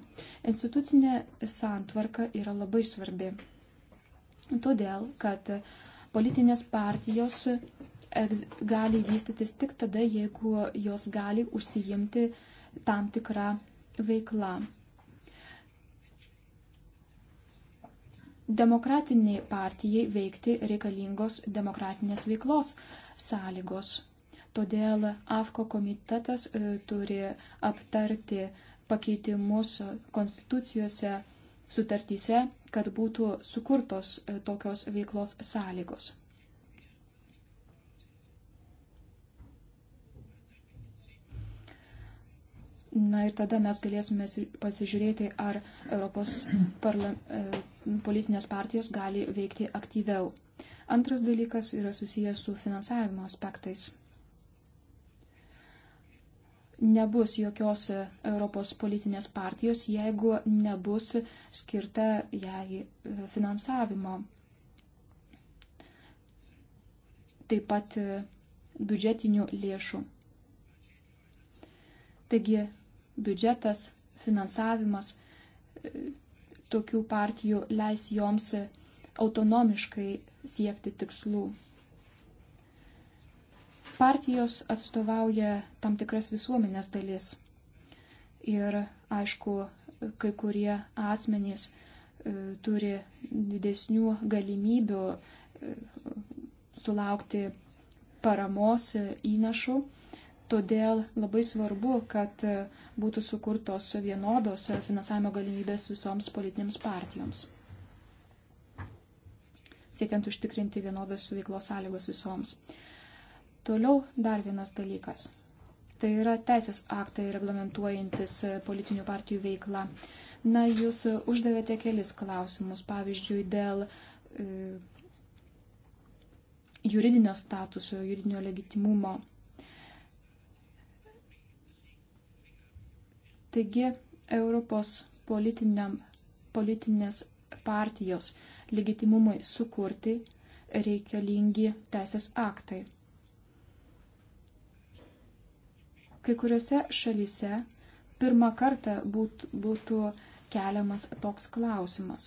Institucinė santvarka yra labai svarbi. Todėl, kad politinės partijos gali vystytis tik tada, jeigu jos gali užsijimti tam tikrą veiklą. Demokratiniai partijai veikti reikalingos demokratinės veiklos sąlygos. Todėl AFKO komitetas e, turi aptarti pakeitimus konstitucijose, sutartyse kad būtų sukurtos e, tokios veiklos sąlygos. Na ir tada mes galėsime pasižiūrėti, ar Europos parla, e, politinės partijos gali veikti aktyviau. Antras dalykas yra susijęs su finansavimo aspektais nebus jokios e, Europos politinės partijos, jeigu nebus skirta jai e, finansavimo. Taip pat e, biudžetinių lėšų. Taigi biudžetas, finansavimas tokių partijų leis joms autonomiškai siekti tikslų. Partijos atstovauja tam tikras visuomenės dalis. Ir aišku, kai kurie asmenys e, turi didesnių galimybių e, sulaukti paramos įnašų. Todėl labai svarbu, kad būtų sukurtos vienodos finansavimo galimybės visoms politinėms partijoms. Siekiant užtikrinti vienodas veiklos sąlygos visoms. Toliau dar vienas dalykas. Tai yra teisės aktai reglamentuojantis politinių partijų veiklą. Na, jūs uždavėte kelis klausimus, pavyzdžiui, dėl e, juridinio statuso, juridinio legitimumo. Taigi, Europos politinės partijos legitimumui sukurti reikalingi teisės aktai. Kai kuriuose šalyse pirmą kartą būt, būtų keliamas toks klausimas.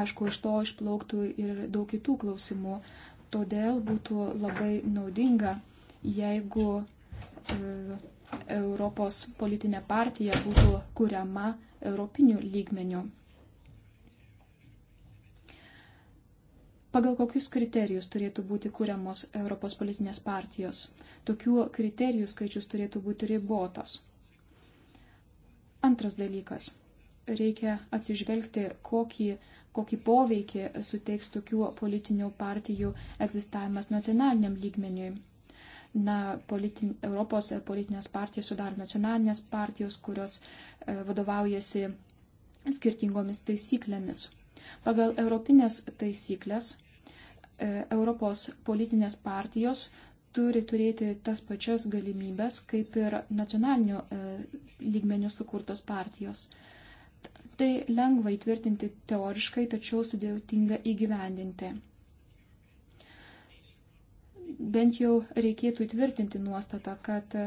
Aišku, iš to išplauktų ir daug kitų klausimų, todėl būtų labai naudinga, jeigu e, Europos politinė partija būtų kuriama europiniu lygmeniu. Pagal kokius kriterijus turėtų būti kuriamos Europos politinės partijos? Tokių kriterijų skaičius turėtų būti ribotas. Antras dalykas. Reikia atsižvelgti, kokį, kokį poveikį suteiks tokių politinių partijų egzistavimas nacionaliniam lygmeniui na, politin, Europos politinės partijos sudaro nacionalinės partijos, kurios e, vadovaujasi skirtingomis taisyklėmis. Pagal europinės taisyklės E, Europos politinės partijos turi turėti tas pačias galimybės, kaip ir nacionalinių e, lygmenių sukurtos partijos. Tai lengva įtvirtinti teoriškai, tačiau sudėtinga įgyvendinti. Bent jau reikėtų įtvirtinti nuostatą, kad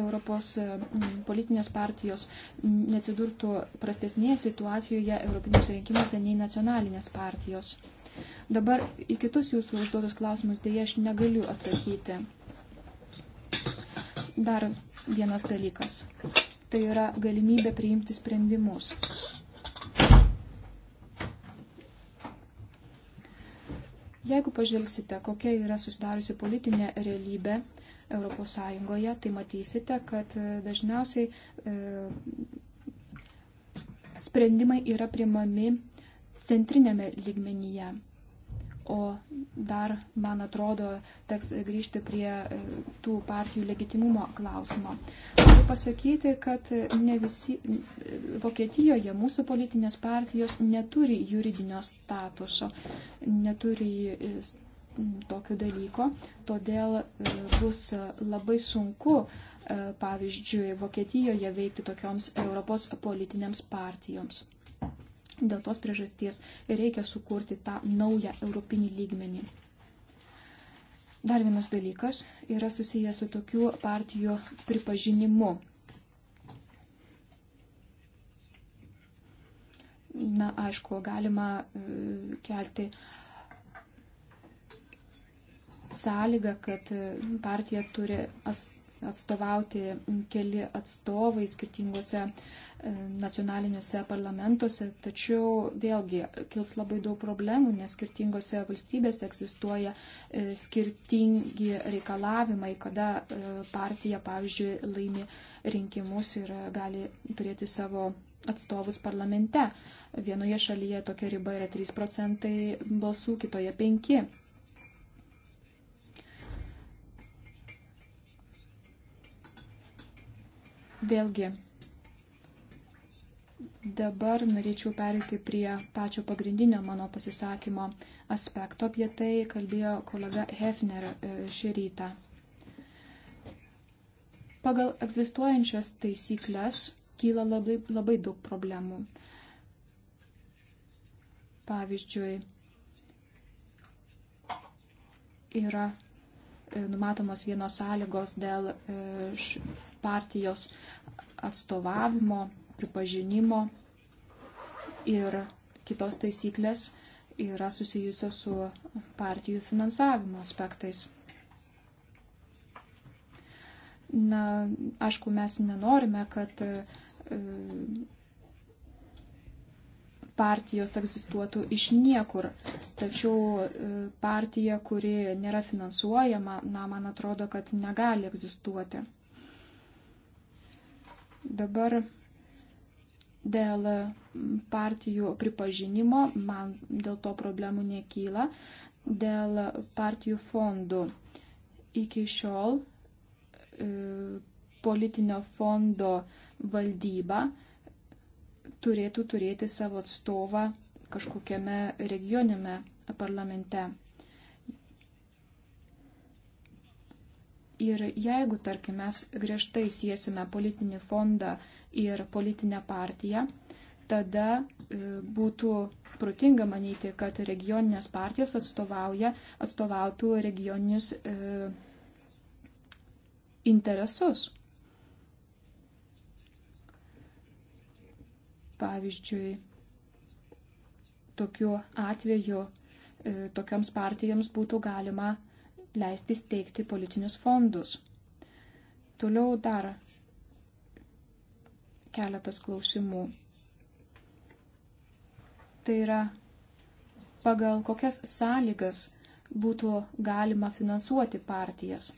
Europos politinės partijos neatsidurtų prastesnėje situacijoje Europinėse rinkimuose nei nacionalinės partijos. Dabar į kitus jūsų užduotus klausimus dėja aš negaliu atsakyti. Dar vienas dalykas. Tai yra galimybė priimti sprendimus. Jeigu pažvelgsite, kokia yra susidariusi politinė realybė ES, tai matysite, kad e, dažniausiai e, sprendimai yra primami centrinėme lygmenyje. O dar, man atrodo, teks grįžti prie e, tų partijų legitimumo klausimo. Noriu pasakyti, kad ne visi e, Vokietijoje mūsų politinės partijos neturi juridinio statuso, neturi e, tokio dalyko, todėl bus labai sunku, pavyzdžiui, Vokietijoje veikti tokioms Europos politinėms partijoms. Dėl tos priežasties reikia sukurti tą naują europinį lygmenį. Dar vienas dalykas yra susijęs su tokių partijų pripažinimu. Na, aišku, galima e, kelti sąlygą, kad e, partija turi as, atstovauti keli atstovai skirtingose e, nacionaliniuose parlamentuose, tačiau vėlgi kils labai daug problemų, nes skirtingose valstybėse egzistuoja e, skirtingi reikalavimai, kada e, partija, pavyzdžiui, laimi rinkimus ir gali turėti savo atstovus parlamente. Vienoje šalyje tokia riba yra 3 procentai balsų, kitoje 5. Vėlgi, dabar norėčiau perėti prie pačio pagrindinio mano pasisakymo aspekto. Apie tai kalbėjo kolega Hefner e, šį rytą. Pagal egzistuojančias taisyklės kyla labai, labai daug problemų. Pavyzdžiui, yra e, numatomos vienos sąlygos dėl e, partijos atstovavimo, pripažinimo ir kitos taisyklės yra susijusios su partijų finansavimo aspektais. Na, aišku, mes nenorime, kad e, partijos egzistuotų iš niekur. Tačiau e, partija, kuri nėra finansuojama, na, man atrodo, kad negali egzistuoti. Dabar dėl partijų pripažinimo man dėl to problemų nekyla. Dėl partijų fondų iki šiol e, politinio fondo valdyba turėtų turėti savo atstovą kažkokiame regioninėme parlamente. Ir jeigu, tarkim, mes griežtai siesime politinį fondą ir politinę partiją, tada e, būtų protinga manyti, kad regioninės partijos atstovauja, atstovautų regioninius e, interesus. Pavyzdžiui, tokiu atveju e, tokioms partijoms būtų galima leisti steigti politinius fondus. Toliau dar keletas klausimų. Tai yra, pagal kokias sąlygas būtų galima finansuoti partijas.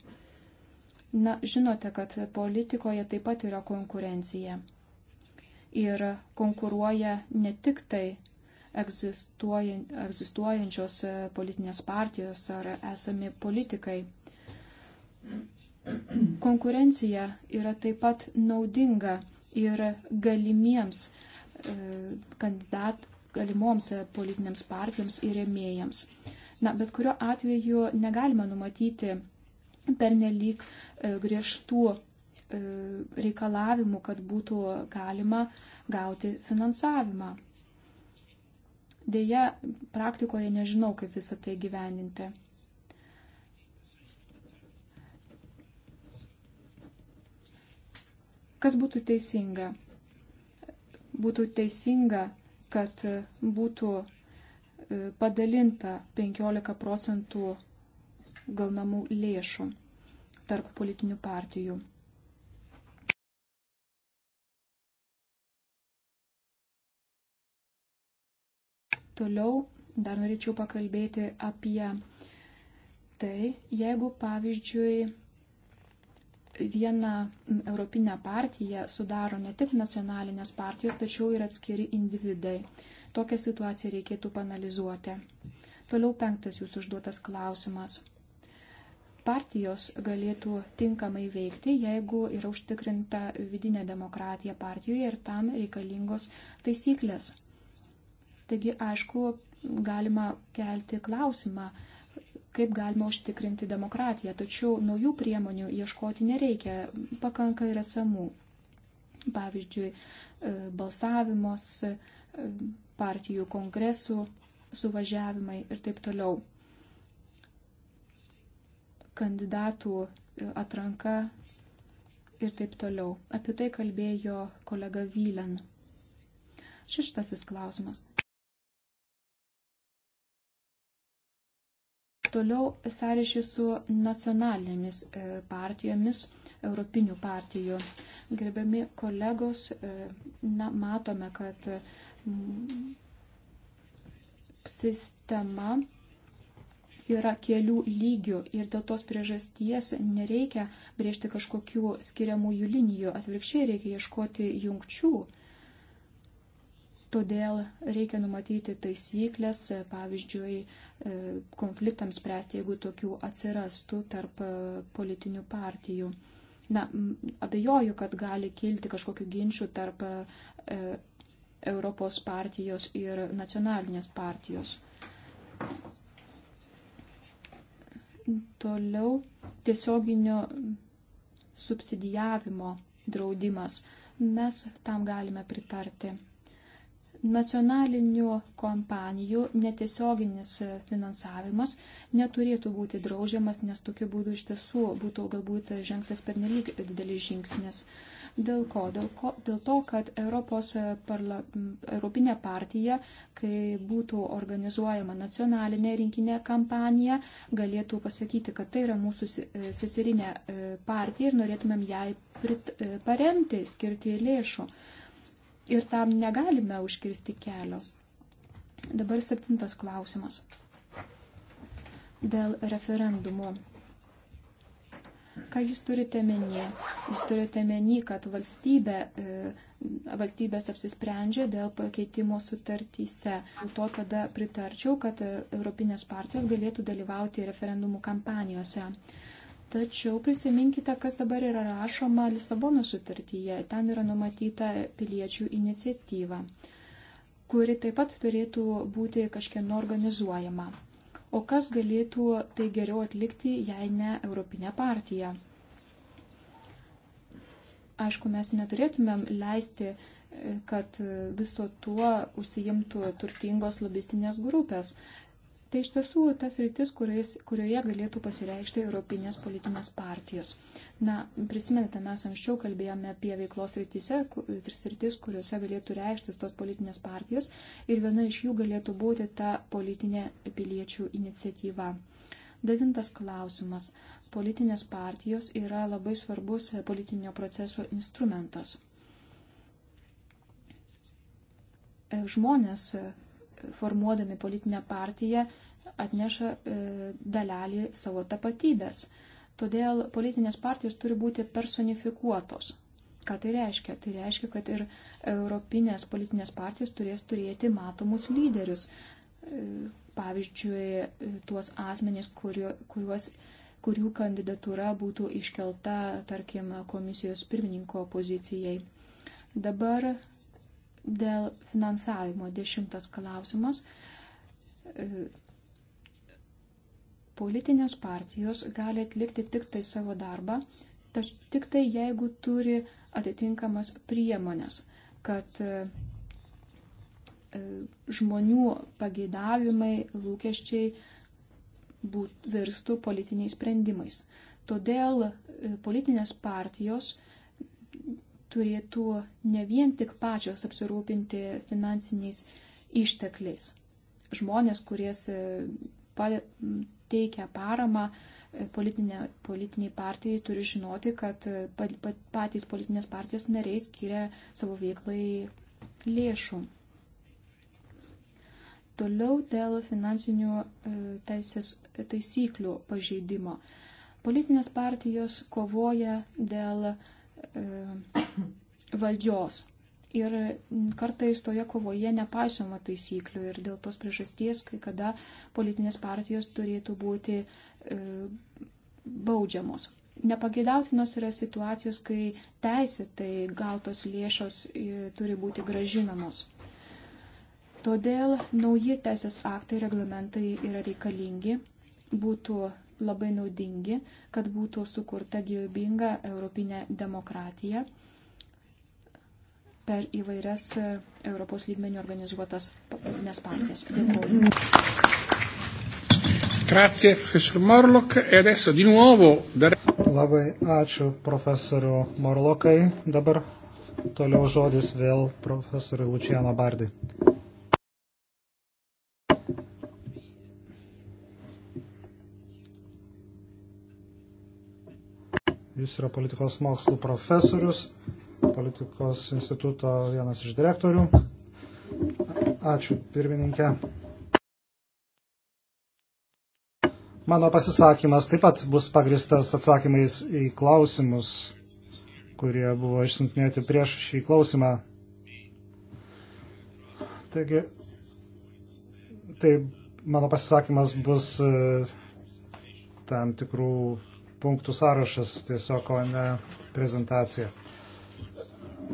Na, žinote, kad politikoje taip pat yra konkurencija. Ir konkuruoja ne tik tai egzistuojančios e, politinės partijos ar esami politikai. Konkurencija yra taip pat naudinga ir galimiems e, kandidat, galimoms e, politinėms partijoms ir rėmėjams. Na, bet kuriuo atveju negalime numatyti pernelyg griežtų reikalavimų, kad būtų galima gauti finansavimą. Deja, praktikoje nežinau, kaip visą tai gyveninti. Kas būtų teisinga? Būtų teisinga, kad būtų e, padalinta 15 procentų gaunamų lėšų tarp politinių partijų. Toliau dar norėčiau pakalbėti apie tai, jeigu pavyzdžiui vieną Europinę partiją sudaro ne tik nacionalinės partijos, tačiau ir atskiri individai. Tokią situaciją reikėtų panalizuoti. Toliau penktas jūsų užduotas klausimas. Partijos galėtų tinkamai veikti, jeigu yra užtikrinta vidinė demokratija partijoje ir tam reikalingos taisyklės. Taigi, aišku, galima kelti klausimą, kaip galima užtikrinti demokratiją, tačiau naujų priemonių ieškoti nereikia, pakanka ir esamų. Pavyzdžiui, e, balsavimas, e, partijų kongresų, suvažiavimai ir taip toliau. Kandidatų e, atranka ir taip toliau. Apie tai kalbėjo kolega Vylen. Šeštasis klausimas. Toliau sąryšį su nacionalinėmis e, partijomis, europinių partijų. Gerbiami kolegos, e, na, matome, kad mm, sistema yra kelių lygių ir dėl tos priežasties nereikia brėžti kažkokių skiriamųjų linijų, atvirkščiai reikia ieškoti jungčių Todėl reikia numatyti taisyklės, pavyzdžiui, e, konfliktams spręsti, jeigu tokių atsirastų tarp e, politinių partijų. Na, abejoju, kad gali kilti kažkokių ginčių tarp e, Europos partijos ir nacionalinės partijos. Toliau tiesioginio subsidijavimo draudimas. Mes tam galime pritarti nacionalinių kompanijų netiesioginis finansavimas neturėtų būti draužiamas, nes tokiu būdu iš tiesų būtų galbūt žengtas per nelik didelis žingsnis. Dėl ko? Dėl, ko? Dėl to, kad Europos parla, Europinė partija, kai būtų organizuojama nacionalinė rinkinė kampanija, galėtų pasakyti, kad tai yra mūsų seserinė e, partija ir norėtumėm jai prit, paremti, skirti lėšų ir tam negalime užkirsti kelio. Dabar septintas klausimas. Dėl referendumo. Ką jūs turite menį? Jūs turite menį, kad valstybė, e, valstybės apsisprendžia dėl pakeitimo sutartyse. Dėl to tada pritarčiau, kad e, Europinės partijos galėtų dalyvauti referendumų kampanijose. Tačiau prisiminkite, kas dabar yra rašoma Lisabono sutartyje. Ten yra numatyta piliečių iniciatyva, kuri taip pat turėtų būti kažkieno organizuojama. O kas galėtų tai geriau atlikti, jei ne Europinė partija? Aišku, mes neturėtumėm leisti, kad viso tuo užsijimtų turtingos lobistinės grupės. Tai iš tiesų tas rytis, kuris, kurioje galėtų pasireikšti Europinės politinės partijos. Na, prisimenate, mes anksčiau kalbėjome apie veiklos rytise, tris rytis, kuriuose galėtų reikštis tos politinės partijos ir viena iš jų galėtų būti ta politinė piliečių iniciatyva. Devintas klausimas. Politinės partijos yra labai svarbus politinio proceso instrumentas. Žmonės formuodami politinę partiją atneša e, dalelį savo tapatybės. Todėl politinės partijos turi būti personifikuotos. Ką tai reiškia? Tai reiškia, kad ir europinės politinės partijos turės turėti matomus lyderius. E, pavyzdžiui, e, tuos asmenys, kuriu, kuriuos, kurių kandidatūra būtų iškelta, tarkim, komisijos pirmininko pozicijai. Dabar Dėl finansavimo dešimtas klausimas. E, politinės partijos gali atlikti tik tai savo darbą, tač, tik tai jeigu turi atitinkamas priemonės, kad e, e, žmonių pageidavimai, lūkesčiai būt, virstų politiniais sprendimais. Todėl politinės partijos turėtų ne vien tik pačios apsirūpinti finansiniais ištekliais. Žmonės, kuries e, teikia paramą e, politinė, politiniai partijai, turi žinoti, kad e, patys politinės partijos nariai skiria savo veiklai lėšų. Toliau dėl finansinių teisės, taisyklių pažeidimo. Politinės partijos kovoja dėl e, valdžios. Ir mm, kartais toje kovoje nepaisoma taisyklių ir dėl tos priežasties, kai kada politinės partijos turėtų būti e, baudžiamos. Nepageidautinos yra situacijos, kai teisėtai gautos lėšos e, turi būti gražinamos. Todėl nauji teisės aktai, reglamentai yra reikalingi, būtų labai naudingi, kad būtų sukurta gyvybinga europinė demokratija per įvairias e, Europos lygmenių organizuotas nes partijas. Dėkuoju. Grazie, profesor Morlok. E adesso di nuovo. Dar... Labai ačiū profesoriu Morlokai. Dabar toliau žodis vėl profesoriu Lučiano Bardai. Jis yra politikos mokslų profesorius politikos instituto vienas iš direktorių. Ačiū, pirmininkė. Mano pasisakymas taip pat bus pagristas atsakymais į klausimus, kurie buvo išsintinėti prieš šį klausimą. Taigi, tai mano pasisakymas bus e, tam tikrų punktų sąrašas, tiesiog o ne prezentacija.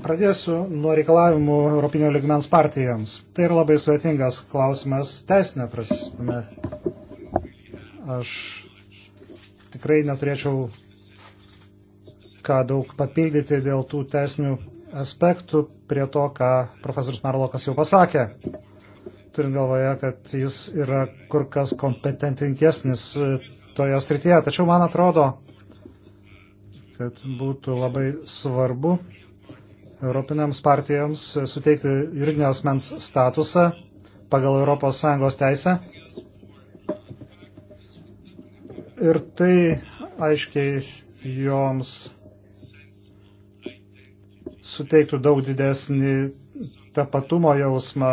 Pradėsiu nuo reikalavimų Europinio ligmens partijams. Tai yra labai sudėtingas klausimas teisinė prasme. Aš tikrai neturėčiau ką daug papildyti dėl tų teisinių aspektų prie to, ką profesorius Marlokas jau pasakė. Turint galvoje, kad jis yra kur kas kompetentingesnis e, toje srityje. Tačiau man atrodo, kad būtų labai svarbu Europinėms partijoms suteikti juridinio asmens statusą pagal ES teisę. Ir tai aiškiai joms suteiktų daug didesnį tapatumo jausmą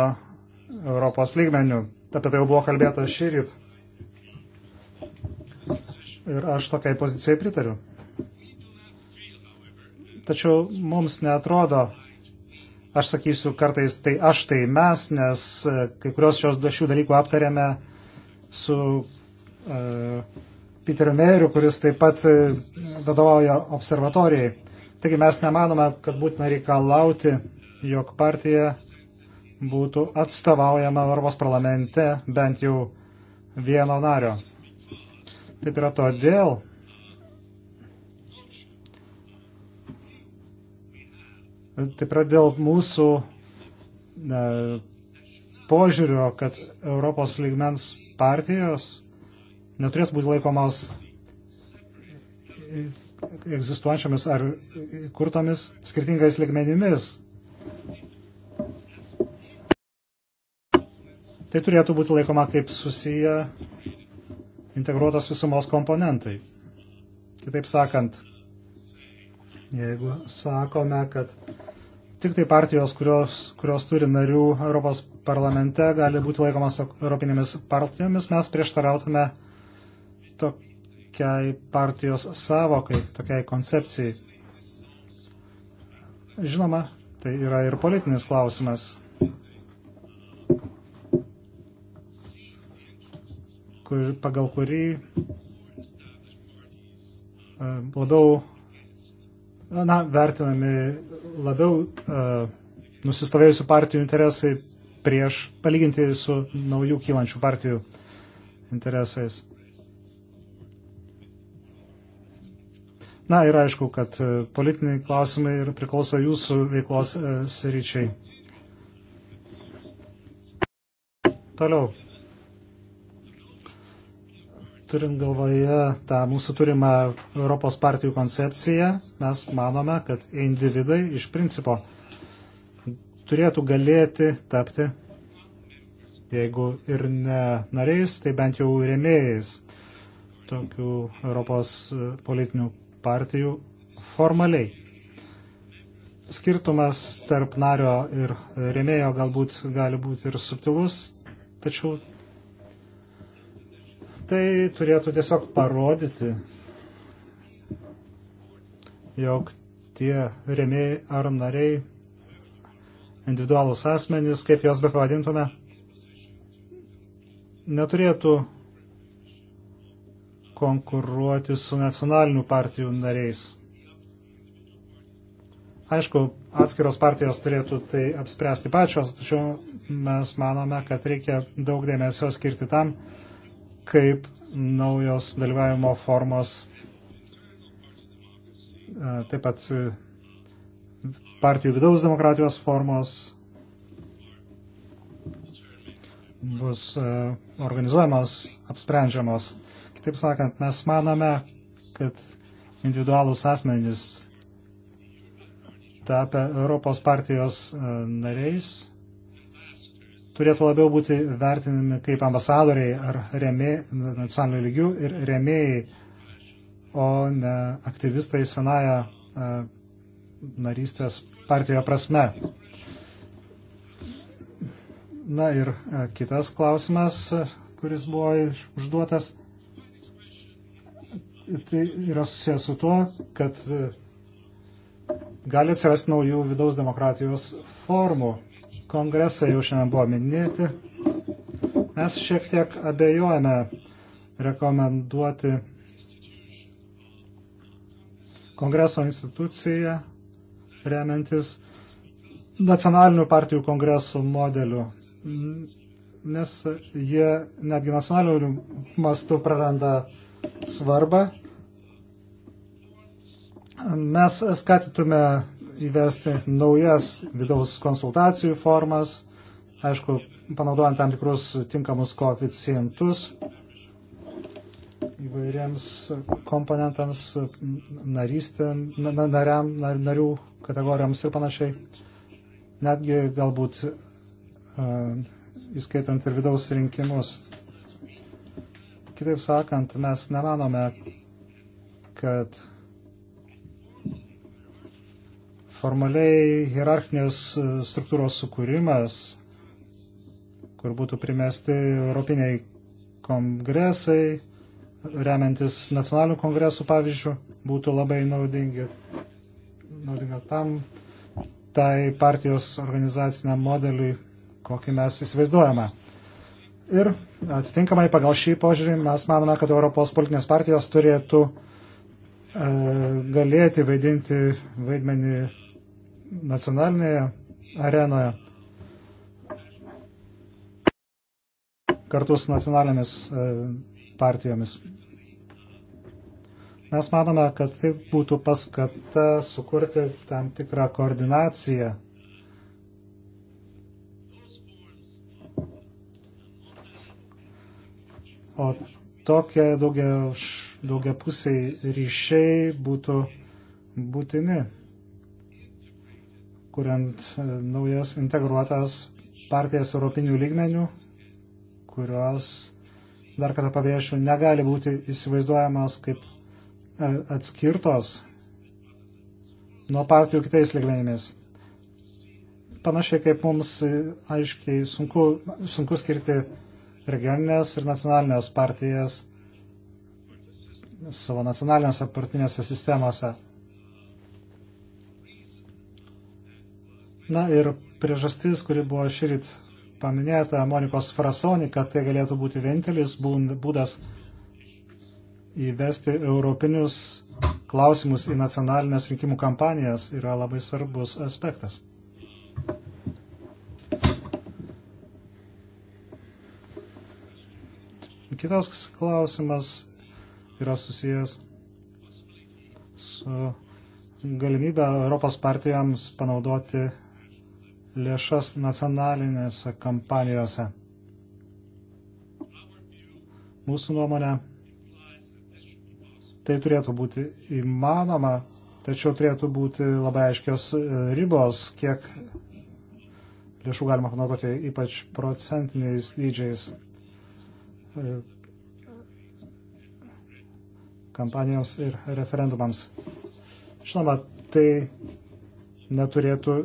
Europos lygmenių. Apie tai jau buvo kalbėta šį rytą. Ir aš tokiai pozicijai pritariu. Tačiau mums netrodo, aš sakysiu kartais tai aš, tai mes, nes e, kai kurios šios šių dalykų aptarėme su uh, Peteriu Meiriu, kuris taip pat e, vadovauja observatorijai. Taigi mes nemanome, kad būtina reikalauti, jog partija būtų atstovaujama Europos parlamente bent jau vieno nario. Taip yra todėl, Taip pat dėl mūsų ne, požiūrio, kad Europos lygmens partijos neturėtų būti laikomas egzistuojančiamis ar kurtomis skirtingais ligmenimis. Tai turėtų būti laikoma kaip susiję integruotos visumos komponentai. Kitaip sakant, jeigu sakome, kad tik tai partijos, kurios, kurios turi narių Europos parlamente, gali būti laikomas europinėmis partijomis, mes prieštarautume tokiai partijos savokai, tokiai koncepcijai. Žinoma, tai yra ir politinis klausimas. Kur, pagal kurį e, labiau na, vertinami labiau uh, nusistovėjusių partijų interesai prieš palyginti su naujų kylančių partijų interesais. Na ir aišku, kad e, politiniai klausimai ir priklauso jūsų veiklos uh, sričiai. Toliau turint galvoje tą mūsų turimą Europos partijų koncepciją, mes manome, kad individai iš principo turėtų galėti tapti, jeigu ir ne nariais, tai bent jau rėmėjais tokių Europos politinių partijų formaliai. Skirtumas tarp nario ir rėmėjo galbūt gali būti ir subtilus, tačiau tai turėtų tiesiog parodyti, jog tie rėmėjai ar nariai, individualus asmenys, kaip juos be pavadintume, neturėtų konkuruoti su nacionalinių partijų nariais. Aišku, atskiros partijos turėtų tai apspręsti pačios, tačiau mes manome, kad reikia daug dėmesio skirti tam, kaip naujos dalyvavimo formos e, taip pat e, partijų vidaus demokratijos formos bus e, organizuojamos, apsprendžiamos. Kitaip sakant, mes manome, kad individualus asmenys tapę Europos partijos nariais turėtų labiau būti vertinami kaip ambasadoriai ar remė, nacionalinių lygių ir remėjai, o ne aktyvistai senaja e, narystės partijoje prasme. Na ir e, kitas klausimas, kuris buvo užduotas, tai yra susijęs su tuo, kad e, gali atsirasti naujų vidaus demokratijos formų kongresai jau šiandien buvo minėti. Mes šiek tiek abejojame rekomenduoti kongreso instituciją remiantis nacionalinių partijų kongresų modeliu, nes jie netgi nacionalinių mastų praranda svarbą. Mes skatytume įvesti naujas vidaus konsultacijų formas, aišku, panaudojant tam tikrus tinkamus koeficientus įvairiems komponentams, narystė, na, nariam, nar, narių kategorijoms ir panašiai. Netgi galbūt uh, įskaitant ir vidaus rinkimus. Kitaip sakant, mes nemanome, kad formaliai hierarchinės e, struktūros sukūrimas, kur būtų primesti europiniai kongresai, remiantis nacionalinių kongresų pavyzdžių, būtų labai naudingi, naudinga tam, tai partijos organizaciniam modeliui, kokį mes įsivaizduojame. Ir atitinkamai pagal šį požiūrį mes manome, kad Europos politinės partijos turėtų e, galėti vaidinti vaidmenį nacionalinėje arenoje kartu su nacionalinėmis e, partijomis. Mes manome, kad tai būtų paskata sukurti tam tikrą koordinaciją O tokie daugia, daugia pusiai ryšiai būtų būtini kuriant e, naujas integruotas partijas europinių lygmenių, kurios, dar kartą pabrėšiu, negali būti įsivaizduojamos kaip e, atskirtos nuo partijų kitais lygmenimis. Panašiai kaip mums aiškiai sunku, sunku skirti regioninės ir nacionalinės partijas savo nacionalinėse partinėse sistemose. Na ir priežastis, kuri buvo šįryt paminėta Monikos Frasoni, kad tai galėtų būti vienintelis būdas įvesti europinius klausimus į nacionalinės rinkimų kampanijas, yra labai svarbus aspektas. Kitas klausimas yra susijęs su galimybę Europos partijams panaudoti lėšas nacionalinėse kampanijose. Mūsų nuomonė, tai turėtų būti įmanoma, tačiau turėtų būti labai aiškios e, ribos, kiek lėšų galima panaudoti ypač procentiniais dydžiais e, kampanijoms ir referendumams. Žinoma, tai neturėtų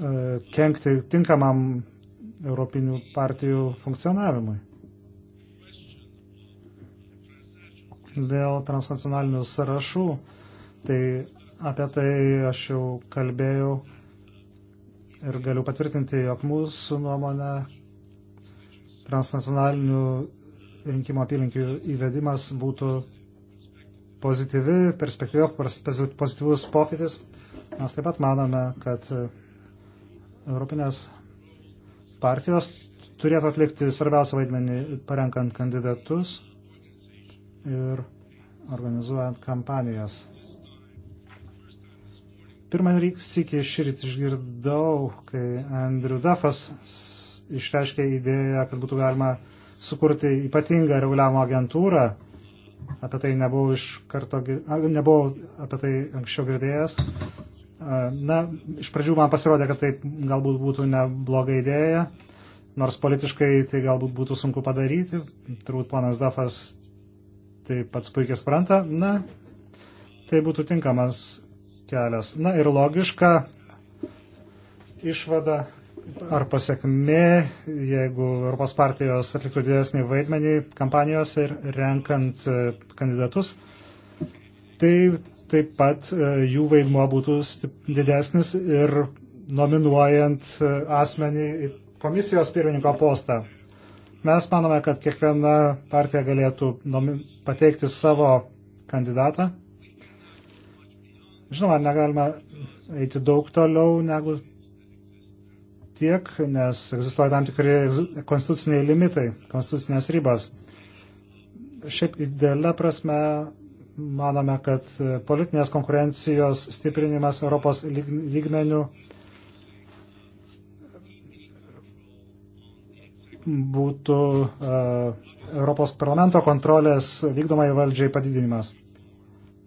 E, kenkti tinkamam Europinių partijų funkcionavimui. Dėl transnacionalinių sąrašų, tai apie tai aš jau kalbėjau ir galiu patvirtinti, jog mūsų nuomonė transnacionalinių rinkimo apylinkių įvedimas būtų pozityvi, perspektyvio, pozityvus pokytis. Mes taip pat manome, kad Europinės partijos turėtų atlikti svarbiausią vaidmenį parenkant kandidatus ir organizuojant kampanijas. Pirmą sykį šįryt išgirdau, kai Andrew Duffas išreiškė idėją, kad būtų galima sukurti ypatingą reguliavimo agentūrą. Apie tai nebuvau, iš karto, nebuvau apie tai anksčiau girdėjęs. Na, iš pradžių man pasirodė, kad tai galbūt būtų nebloga idėja, nors politiškai tai galbūt būtų sunku padaryti. Turbūt ponas Dafas tai pats puikiai supranta. Na, tai būtų tinkamas kelias. Na ir logiška išvada ar pasiekmė, jeigu Europos partijos atliktų didesnį vaidmenį kampanijose ir renkant e, kandidatus. Tai taip pat e, jų vaidmuo būtų didesnis ir nominuojant e, asmenį komisijos pirmininko postą. Mes manome, kad kiekviena partija galėtų pateikti savo kandidatą. Žinoma, negalima eiti daug toliau negu tiek, nes egzistuoja tam tikri konstituciniai limitai, konstitucinės ribos. Šiaip idealia prasme manome, kad e, politinės konkurencijos stiprinimas Europos lygmenių būtų e, Europos parlamento kontrolės vykdomai valdžiai padidinimas.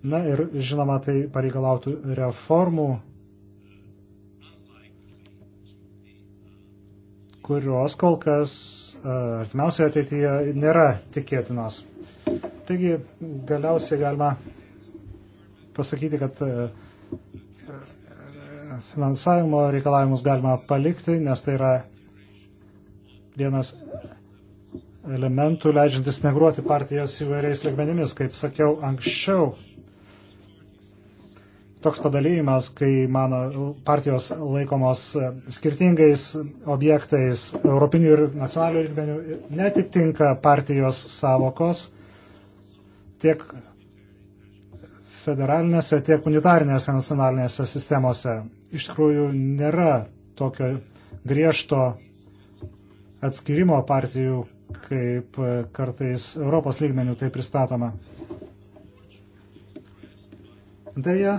Na ir žinoma, tai pareigalautų reformų, kurios kol kas e, artimiausioje ateityje nėra tikėtinos. Taigi, galiausiai galima pasakyti, kad e, e, finansavimo reikalavimus galima palikti, nes tai yra vienas elementų leidžiantis negruoti partijas įvairiais ligmenimis, kaip sakiau anksčiau. Toks padalymas, kai mano partijos laikomos skirtingais objektais, europinių ir nacionalinių lygmenių, netitinka partijos savokos tiek federalinėse, tiek unitarinėse nacionalinėse sistemose. Iš tikrųjų nėra tokio griežto atskirimo partijų, kaip kartais Europos lygmenių tai pristatoma. Deja,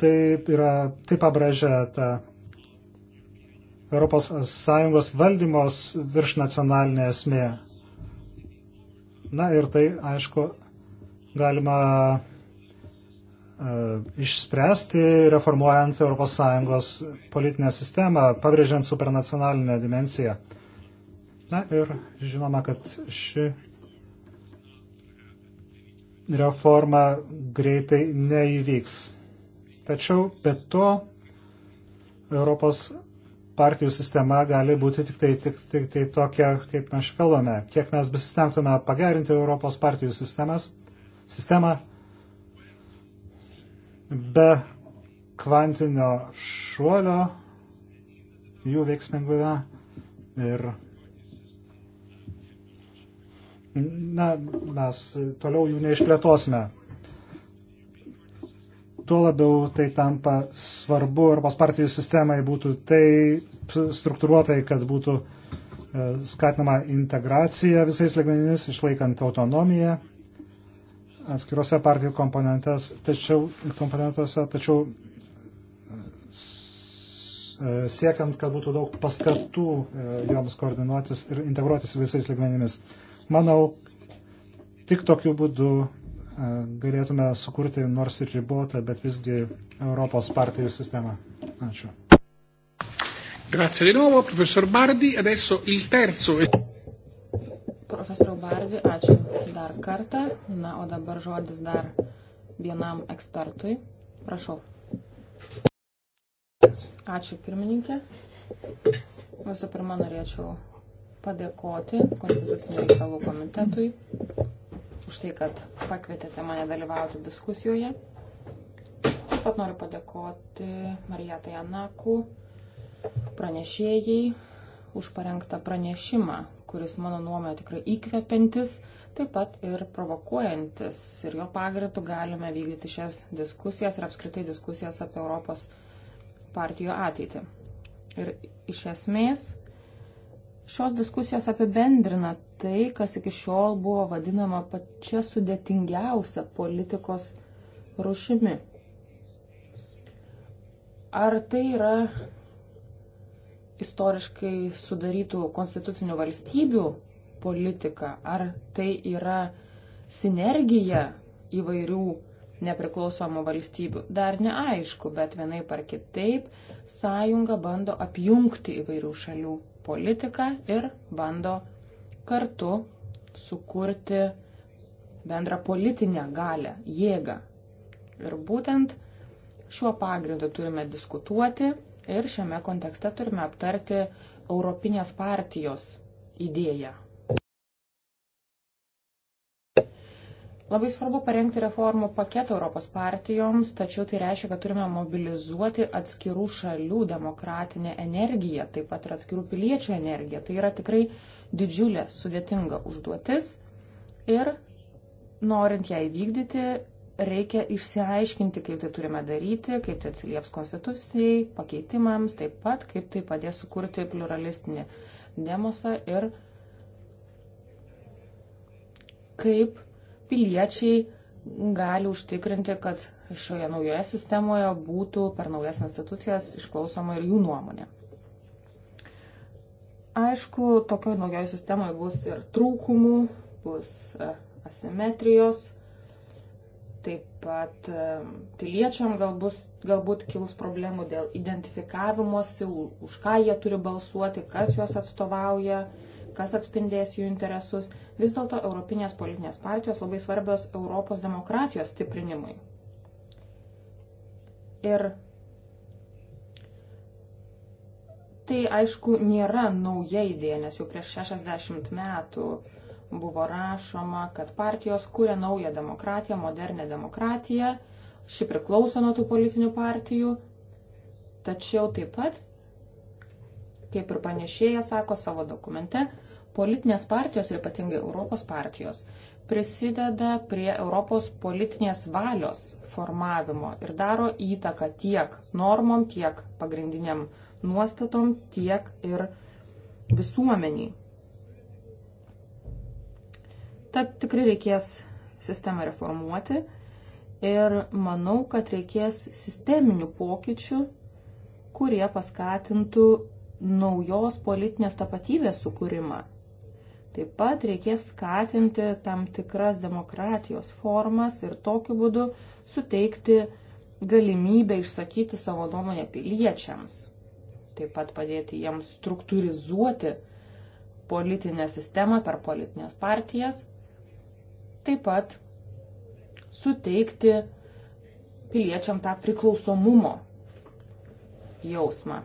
tai yra, tai pabrėžia ta Europos Sąjungos valdymos virš nacionalinė esmė. Na ir tai, aišku, galima e, išspręsti reformuojant ES politinę sistemą, pabrėžiant supranacionalinę dimenciją. Na ir žinoma, kad ši reforma greitai neįvyks. Tačiau be to Europos partijų sistema gali būti tik tai, tik, tik tai tokia, kaip mes kalbame. Kiek mes besistengtume pagerinti Europos partijų sistemas, sistemą, be kvantinio šuolio jų veiksmingume ir na, mes toliau jų neišplėtosime tuo labiau tai tampa svarbu Europos partijų sistemai būtų tai struktūruotai, kad būtų e, skatinama integracija visais lygmenimis, išlaikant autonomiją atskiruose partijų tačiau, komponentuose, tačiau e, siekiant, kad būtų daug paskatų e, joms koordinuotis ir integruotis visais lygmenimis. Manau, tik tokiu būdu galėtume sukurti nors ir ribotą, bet visgi Europos partijų sistemą. Ačiū. Grazie di nuovo, professor Bardi. Adesso il terzo. Profesoriau Bardi, ačiū dar kartą. Na, o dabar žodis dar vienam ekspertui. Prašau. Ačiū pirmininkė. Visų pirma, norėčiau padėkoti Konstitucinio reikalų komitetui už tai, kad pakvietėte mane dalyvauti diskusijoje. Taip pat noriu padėkoti Marijatai Anaku, pranešėjai, už parengtą pranešimą, kuris mano nuomonė tikrai įkvepiantis, taip pat ir provokuojantis. Ir jo pagrindu galime vykdyti šias diskusijas ir apskritai diskusijas apie Europos partijų ateitį. Ir iš esmės Šios diskusijos apibendrina tai, kas iki šiol buvo vadinama pačia sudėtingiausia politikos rušimi. Ar tai yra istoriškai sudarytų konstitucinių valstybių politika, ar tai yra sinergija įvairių nepriklausomų valstybių, dar neaišku, bet vienai par kitaip sąjunga bando apjungti įvairių šalių politiką ir bando kartu sukurti bendrą politinę galę, jėgą. Ir būtent šiuo pagrindu turime diskutuoti ir šiame kontekste turime aptarti Europinės partijos idėją. Labai svarbu parengti reformų paketą Europos partijoms, tačiau tai reiškia, kad turime mobilizuoti atskirų šalių demokratinę energiją, taip pat ir atskirų piliečių energiją. Tai yra tikrai didžiulė sudėtinga užduotis ir norint ją įvykdyti, reikia išsiaiškinti, kaip tai turime daryti, kaip tai atsilieps konstitucijai, pakeitimams, taip pat kaip tai padės sukurti pluralistinį demosą ir kaip piliečiai gali užtikrinti, kad šioje naujoje sistemoje būtų per naujas institucijas išklausoma ir jų nuomonė. Aišku, tokioje naujoje sistemoje bus ir trūkumų, bus e, asimetrijos, taip pat e, piliečiam galbūt, galbūt kils problemų dėl identifikavimosi, už ką jie turi balsuoti, kas juos atstovauja kas atspindės jų interesus. Vis dėlto Europinės politinės partijos labai svarbios Europos demokratijos stiprinimui. Ir tai aišku nėra nauja idėja, nes jau prieš 60 metų buvo rašoma, kad partijos kūrė naują demokratiją, modernę demokratiją, ši priklauso nuo tų politinių partijų, tačiau taip pat kaip ir panešėja sako savo dokumente, politinės partijos ir ypatingai Europos partijos prisideda prie Europos politinės valios formavimo ir daro įtaką tiek normom, tiek pagrindiniam nuostatom, tiek ir visuomeniai. Tad tikrai reikės sistemą reformuoti ir manau, kad reikės sisteminių pokyčių, kurie paskatintų naujos politinės tapatybės sukūrimą. Taip pat reikės skatinti tam tikras demokratijos formas ir tokiu būdu suteikti galimybę išsakyti savo nuomonę piliečiams. Taip pat padėti jiems struktūrizuoti politinę sistemą per politinės partijas. Taip pat suteikti piliečiam tą priklausomumo jausmą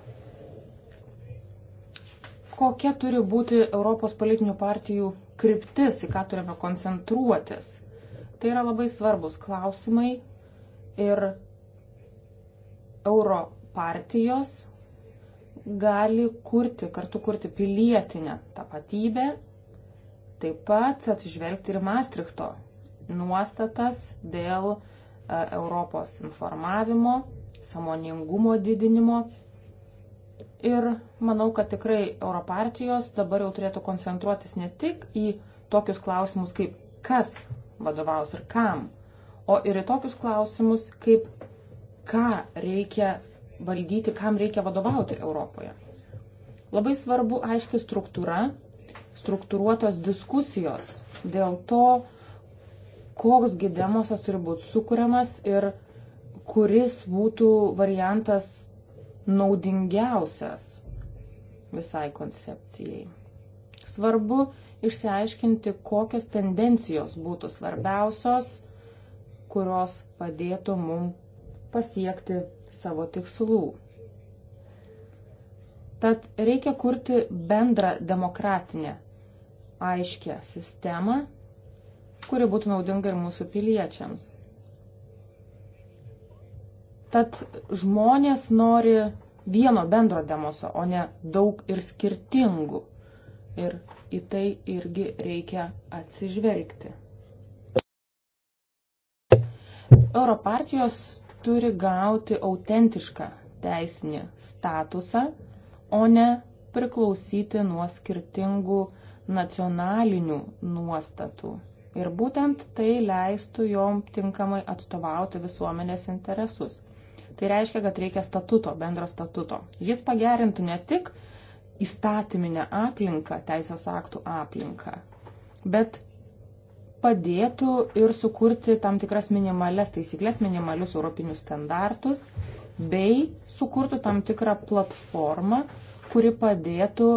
kokia turi būti Europos politinių partijų kryptis, į ką turime koncentruotis. Tai yra labai svarbus klausimai ir euro partijos gali kurti, kartu kurti pilietinę tapatybę, taip pat atsižvelgti ir Maastrichto nuostatas dėl e, Europos informavimo, samoningumo didinimo Ir manau, kad tikrai Europartijos dabar jau turėtų koncentruotis ne tik į tokius klausimus kaip kas vadovaus ir kam, o ir į tokius klausimus kaip ką reikia valdyti, kam reikia vadovauti Europoje. Labai svarbu aiški struktūra, struktūruotos diskusijos dėl to, koks gydemosas turi būti sukūriamas ir kuris būtų variantas naudingiausias visai koncepcijai. Svarbu išsiaiškinti, kokios tendencijos būtų svarbiausios, kurios padėtų mum pasiekti savo tikslų. Tad reikia kurti bendrą demokratinę, aiškę sistemą, kuri būtų naudinga ir mūsų piliečiams. Tad žmonės nori vieno bendro demoso, o ne daug ir skirtingų. Ir į tai irgi reikia atsižvelgti. Europartijos turi gauti autentišką teisinį statusą, o ne priklausyti nuo skirtingų nacionalinių nuostatų. Ir būtent tai leistų jom tinkamai atstovauti visuomenės interesus. Tai reiškia, kad reikia statuto, bendro statuto. Jis pagerintų ne tik įstatyminę aplinką, teisės aktų aplinką, bet padėtų ir sukurti tam tikras minimales taisyklės, minimalius europinius standartus, bei sukurtų tam tikrą platformą, kuri padėtų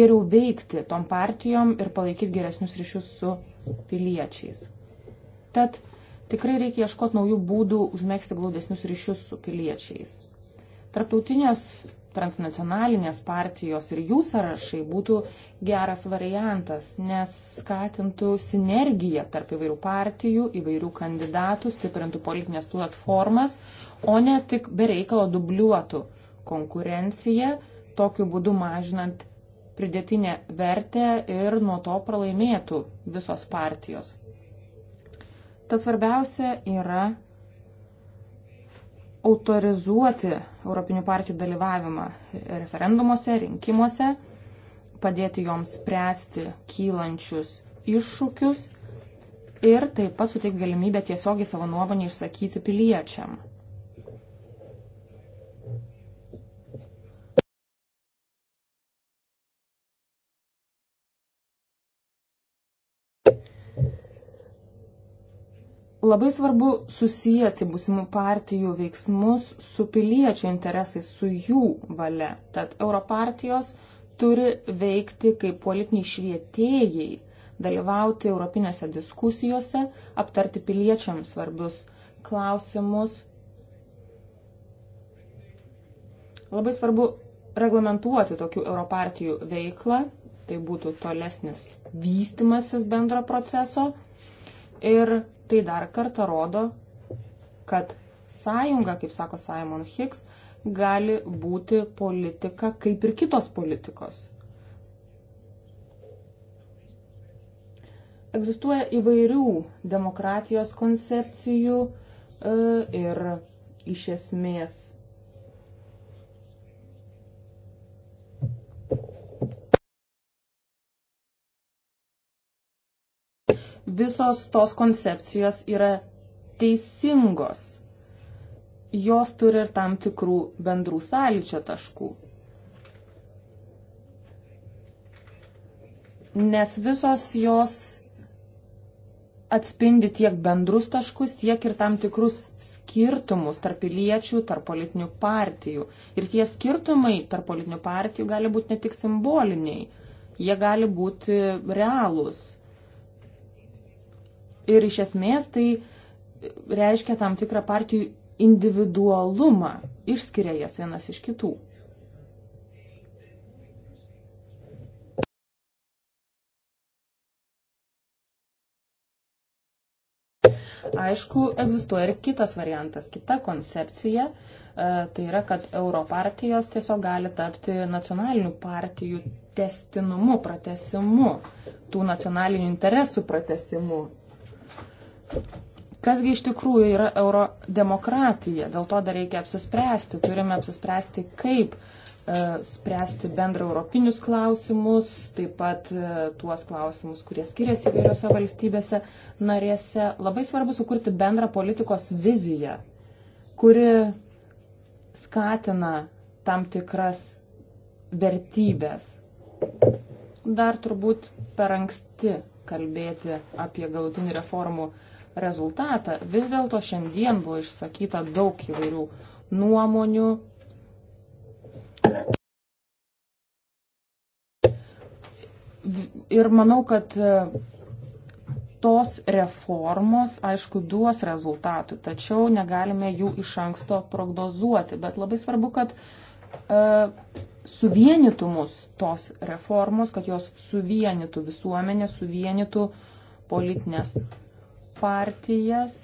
geriau veikti tom partijom ir palaikyti geresnius ryšius su piliečiais. Tad Tikrai reikia ieškoti naujų būdų užmėgsti glaudesnius ryšius su piliečiais. Tarptautinės transnacionalinės partijos ir jų sąrašai būtų geras variantas, nes skatintų sinergiją tarp įvairių partijų, įvairių kandidatų, stiprintų politinės platformas, o ne tik bereikalo dubliuotų konkurenciją, tokiu būdu mažinant pridėtinę vertę ir nuo to pralaimėtų visos partijos. Tad svarbiausia yra autorizuoti Europinių partijų dalyvavimą referendumuose, rinkimuose, padėti joms spręsti kylančius iššūkius ir taip pat suteikti galimybę tiesiogiai savo nuomonę išsakyti piliečiam. Labai svarbu susijęti būsimų partijų veiksmus su piliečių interesais, su jų valia. Tad Europartijos turi veikti kaip politiniai švietėjai, dalyvauti europinėse diskusijose, aptarti piliečiams svarbius klausimus. Labai svarbu reglamentuoti tokių Europartijų veiklą, tai būtų tolesnis vystimasis bendro proceso Ir tai dar kartą rodo, kad sąjunga, kaip sako Simon Hicks, gali būti politika kaip ir kitos politikos. Egzistuoja įvairių demokratijos koncepcijų e, ir iš esmės visos tos koncepcijos yra teisingos. Jos turi ir tam tikrų bendrų sąlyčio taškų. Nes visos jos atspindi tiek bendrus taškus, tiek ir tam tikrus skirtumus tarp piliečių, tarp politinių partijų. Ir tie skirtumai tarp politinių partijų gali būti ne tik simboliniai, jie gali būti realūs. Ir iš esmės tai reiškia tam tikrą partijų individualumą, išskiria jas vienas iš kitų. Aišku, egzistuoja ir kitas variantas, kita koncepcija, e, tai yra, kad Europartijos tiesiog gali tapti nacionalinių partijų testinumu, pratesimu, tų nacionalinių interesų pratesimu Kasgi iš tikrųjų yra eurodemokratija, dėl to dar reikia apsispręsti, turime apsispręsti, kaip e, spręsti bendra europinius klausimus, taip pat e, tuos klausimus, kurie skiriasi įvairiose valstybėse narėse. Labai svarbu sukurti bendrą politikos viziją, kuri skatina tam tikras vertybės. Dar turbūt per anksti kalbėti apie galutinį reformų rezultatą. Vis dėlto šiandien buvo išsakyta daug įvairių nuomonių. Ir manau, kad e, tos reformos, aišku, duos rezultatų, tačiau negalime jų iš anksto prognozuoti. Bet labai svarbu, kad e, suvienytų mus tos reformos, kad jos suvienytų visuomenę, suvienytų politinės partijas.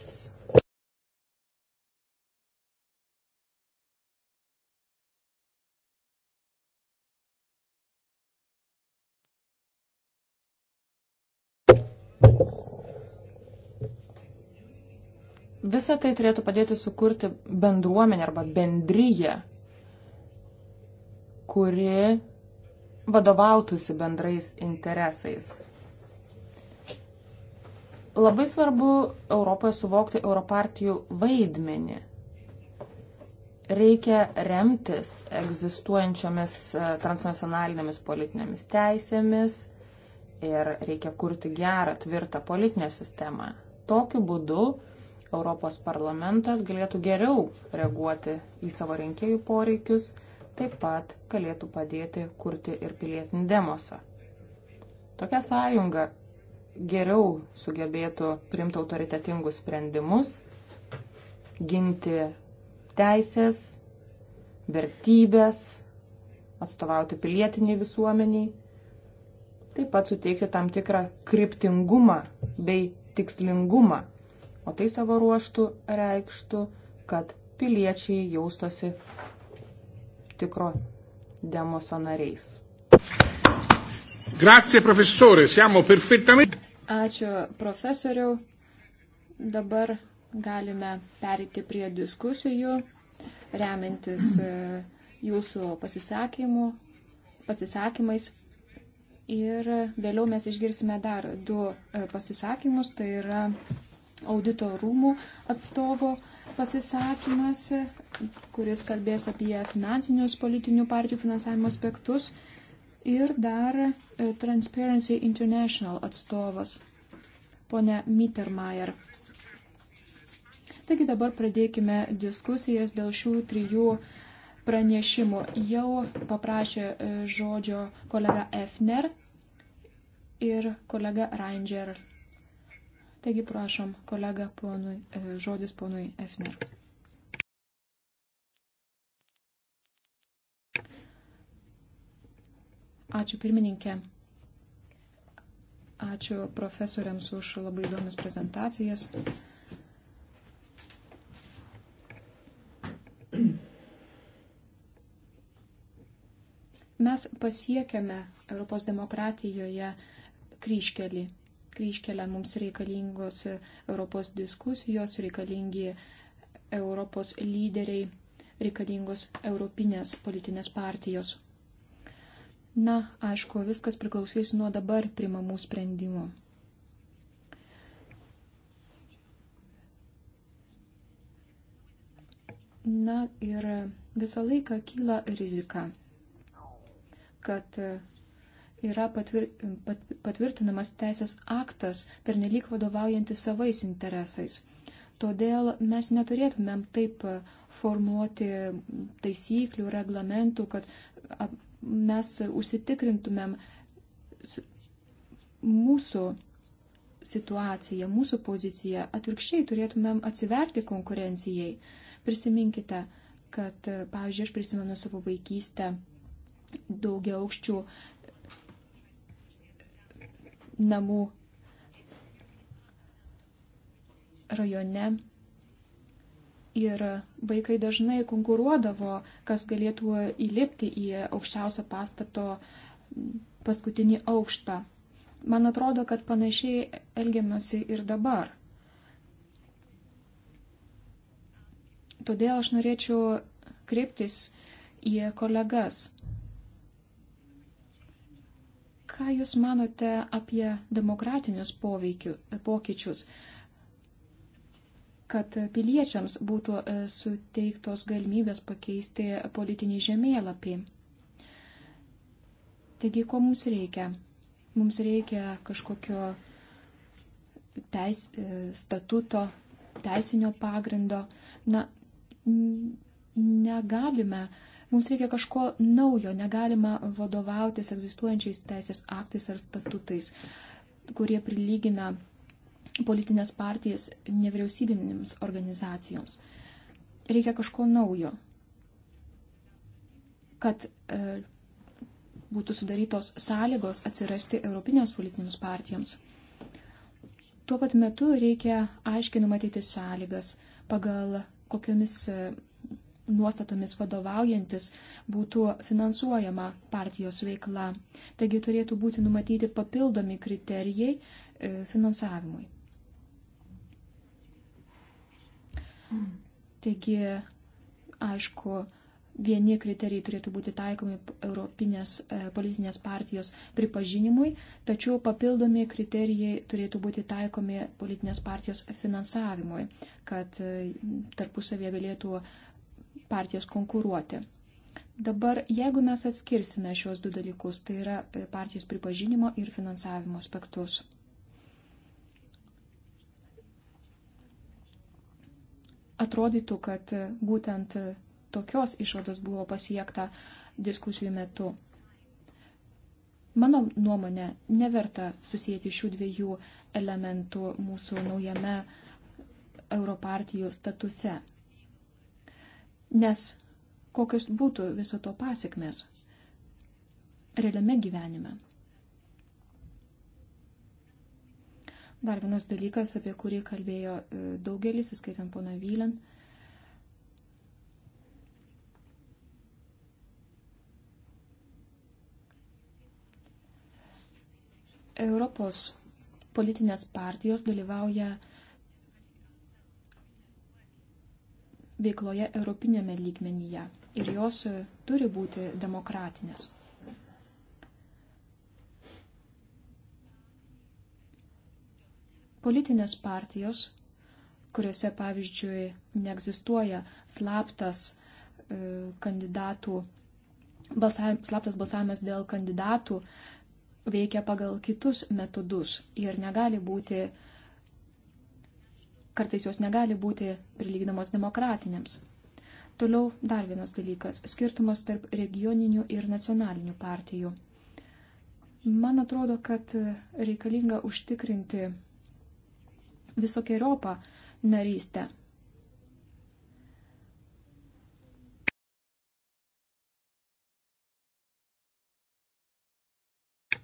Visą tai turėtų padėti sukurti bendruomenę arba bendryje, kuri vadovautųsi bendrais interesais. Labai svarbu Europoje suvokti Europartijų vaidmenį. Reikia remtis egzistuojančiomis e, transnacionalinėmis politinėmis teisėmis ir reikia kurti gerą, tvirtą politinę sistemą. Tokiu būdu Europos parlamentas galėtų geriau reaguoti į savo rinkėjų poreikius, taip pat galėtų padėti kurti ir pilietinį demosą. Tokia sąjunga geriau sugebėtų primti autoritetingus sprendimus, ginti teisės, vertybės, atstovauti pilietiniai visuomeniai, taip pat suteikti tam tikrą kryptingumą bei tikslingumą, o tai savo ruoštų reikštų, kad piliečiai jaustosi tikro demoso nariais. Grazie professore, siamo perfettamente. Ačiū profesoriau. Dabar galime perėti prie diskusijų, remintis e, jūsų pasisakymu, pasisakymais. Ir vėliau mes išgirsime dar du e, pasisakymus, tai yra audito rūmų atstovo pasisakymas, kuris kalbės apie finansinius politinių partijų finansavimo aspektus ir dar e, Transparency International atstovas, ponia Mittermeier. Taigi dabar pradėkime diskusijas dėl šių trijų pranešimų. Jau paprašė e, žodžio kolega Efner ir kolega Ranger. Taigi prašom, kolega ponui, e, žodis ponui Efner. Ačiū pirmininkė. Ačiū profesoriams už labai įdomias prezentacijas. Mes pasiekėme Europos demokratijoje kryškelį. Kryškelę mums reikalingos Europos diskusijos, reikalingi Europos lyderiai, reikalingos Europinės politinės partijos. Na, aišku, viskas priklausys nuo dabar primamų sprendimų. Na ir visą laiką kyla rizika, kad yra patvir, pat, patvirtinamas teisės aktas per nelik vadovaujantis savais interesais. Todėl mes neturėtumėm taip formuoti taisyklių, reglamentų, kad mes užsitikrintumėm mūsų situaciją, mūsų poziciją, atvirkščiai turėtumėm atsiverti konkurencijai. Prisiminkite, kad, pavyzdžiui, aš prisimenu savo vaikystę daugia aukščių namų rajone Ir vaikai dažnai konkuruodavo, kas galėtų įlipti į aukščiausio pastato paskutinį aukštą. Man atrodo, kad panašiai elgiamasi ir dabar. Todėl aš norėčiau kreiptis į kolegas. Ką Jūs manote apie demokratinius poveikių, pokyčius? kad piliečiams būtų e, suteiktos galimybės pakeisti politinį žemėlapį. Taigi, ko mums reikia? Mums reikia kažkokio teis, e, statuto, teisinio pagrindo. Na, negalime, mums reikia kažko naujo, negalima vadovautis egzistuojančiais teisės aktais ar statutais, kurie prilygina politinės partijas nevyriausybinėms organizacijoms. Reikia kažko naujo, kad e, būtų sudarytos sąlygos atsirasti Europinėms politinėms partijoms. Tuo pat metu reikia aiškiai numatyti sąlygas, pagal kokiamis e, nuostatomis vadovaujantis būtų finansuojama partijos veikla. Taigi turėtų būti numatyti papildomi kriterijai e, finansavimui. Taigi, aišku, vieni kriterijai turėtų būti taikomi Europinės e, politinės partijos pripažinimui, tačiau papildomi kriterijai turėtų būti taikomi politinės partijos finansavimui, kad e, tarpusavie galėtų partijos konkuruoti. Dabar, jeigu mes atskirsime šios du dalykus, tai yra e, partijos pripažinimo ir finansavimo aspektus. Atrodytų, kad būtent tokios išvados buvo pasiekta diskusijų metu. Mano nuomonė, neverta susijęti šių dviejų elementų mūsų naujame Europartijų statuse. Nes kokios būtų viso to pasiekmes realiame gyvenime? Dar vienas dalykas, apie kurį kalbėjo e, daugelis, įskaitant poną Vylin. Europos politinės partijos dalyvauja veikloje europinėme lygmenyje ir jos e, turi būti demokratinės. politinės partijos, kuriuose, pavyzdžiui, neegzistuoja slaptas e, kandidatų, balsavimas, slaptas balsavimas dėl kandidatų, veikia pagal kitus metodus ir negali būti, kartais jos negali būti prilyginamos demokratinėms. Toliau dar vienas dalykas - skirtumas tarp regioninių ir nacionalinių partijų. Man atrodo, kad reikalinga užtikrinti visokiojopą narystę.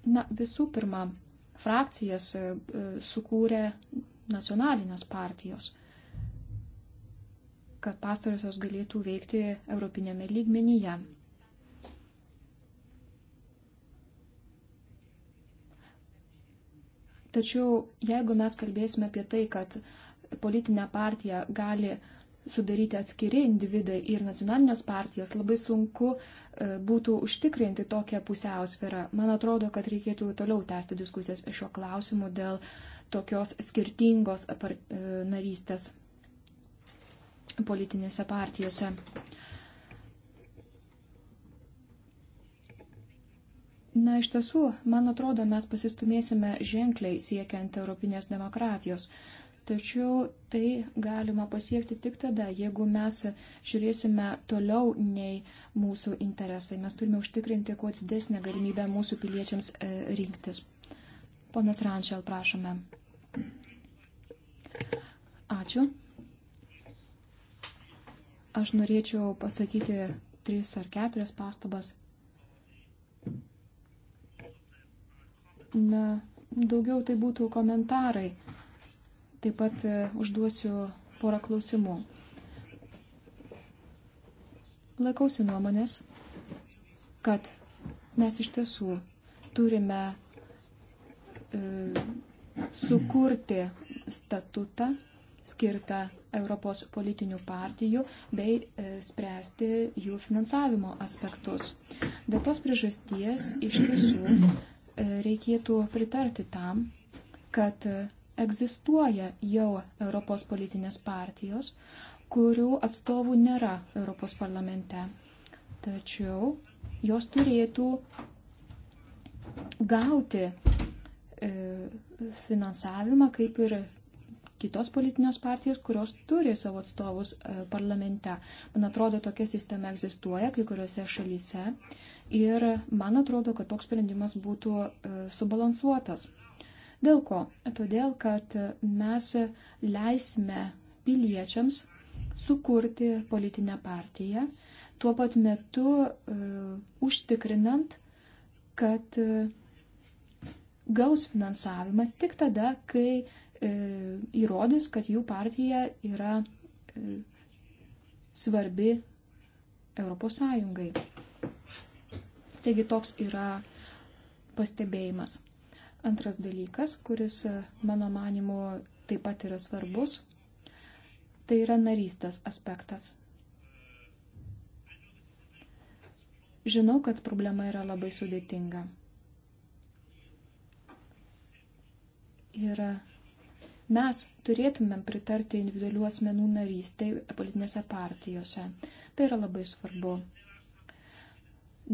Na, visų pirma, frakcijas e, sukūrė nacionalinės partijos, kad pastoriosios galėtų veikti europinėme lygmenyje. Tačiau jeigu mes kalbėsime apie tai, kad politinę partiją gali sudaryti atskiri individai ir nacionalinės partijas, labai sunku e, būtų užtikrinti tokią pusiausvyrą. Man atrodo, kad reikėtų toliau tęsti diskusijas šiuo klausimu dėl tokios skirtingos e, narystės politinėse partijose. Na, iš tiesų, man atrodo, mes pasistumėsime ženkliai siekiant europinės demokratijos. Tačiau tai galima pasiekti tik tada, jeigu mes žiūrėsime toliau nei mūsų interesai. Mes turime užtikrinti kuo didesnę galimybę mūsų piliečiams e, rinktis. Ponas Rančel, prašome. Ačiū. Aš norėčiau pasakyti tris ar keturias pastabas Na, daugiau tai būtų komentarai. Taip pat e, užduosiu porą klausimų. Laikausi nuomonės, kad mes iš tiesų turime e, sukurti statutą skirtą Europos politinių partijų bei e, spręsti jų finansavimo aspektus. Dėl tos priežasties iš tiesų E, reikėtų pritarti tam, kad egzistuoja jau Europos politinės partijos, kurių atstovų nėra Europos parlamente. Tačiau jos turėtų gauti e, finansavimą, kaip ir kitos politinės partijos, kurios turi savo atstovus e, parlamente. Man atrodo, tokia sistema egzistuoja kai kuriuose šalyse ir man atrodo, kad toks sprendimas būtų e, subalansuotas. Dėl ko? Todėl, kad mes leisime piliečiams sukurti politinę partiją, tuo pat metu uh, užtikrinant, kad uh, gaus finansavimą tik tada, kai uh, E, įrodys, kad jų partija yra e, svarbi Europos Sąjungai. Taigi toks yra pastebėjimas. Antras dalykas, kuris e, mano manimu taip pat yra svarbus, tai yra narystės aspektas. Žinau, kad problema yra labai sudėtinga. Ir mes turėtumėm pritarti individualių asmenų narystai politinėse partijose. Tai yra labai svarbu.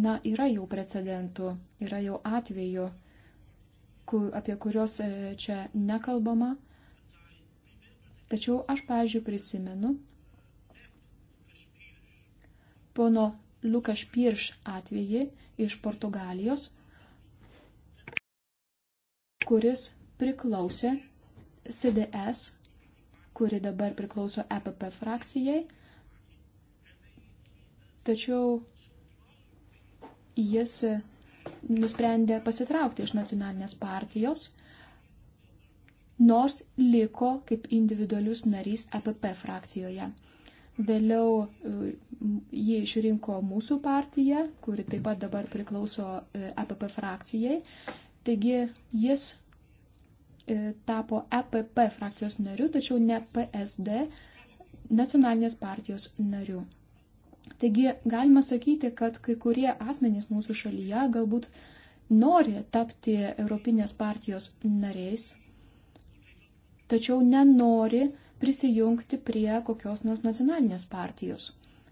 Na, yra jau precedentų, yra jau atvejų, kur, apie kuriuos e, čia nekalbama. Tačiau aš, pavyzdžiui, prisimenu pono Lukas Pirš atvejį iš Portugalijos, kuris priklausė CDS, kuri dabar priklauso EPP frakcijai, tačiau jis nusprendė pasitraukti iš nacionalinės partijos, nors liko kaip individualius narys EPP frakcijoje. Vėliau e, jį išrinko mūsų partija, kuri taip pat dabar priklauso EPP e frakcijai. Taigi jis E, tapo EPP frakcijos nariu, tačiau ne PSD nacionalinės partijos nariu. Taigi galima sakyti, kad kai kurie asmenys mūsų šalyje galbūt nori tapti Europinės partijos nariais, tačiau nenori prisijungti prie kokios nors nacionalinės partijos.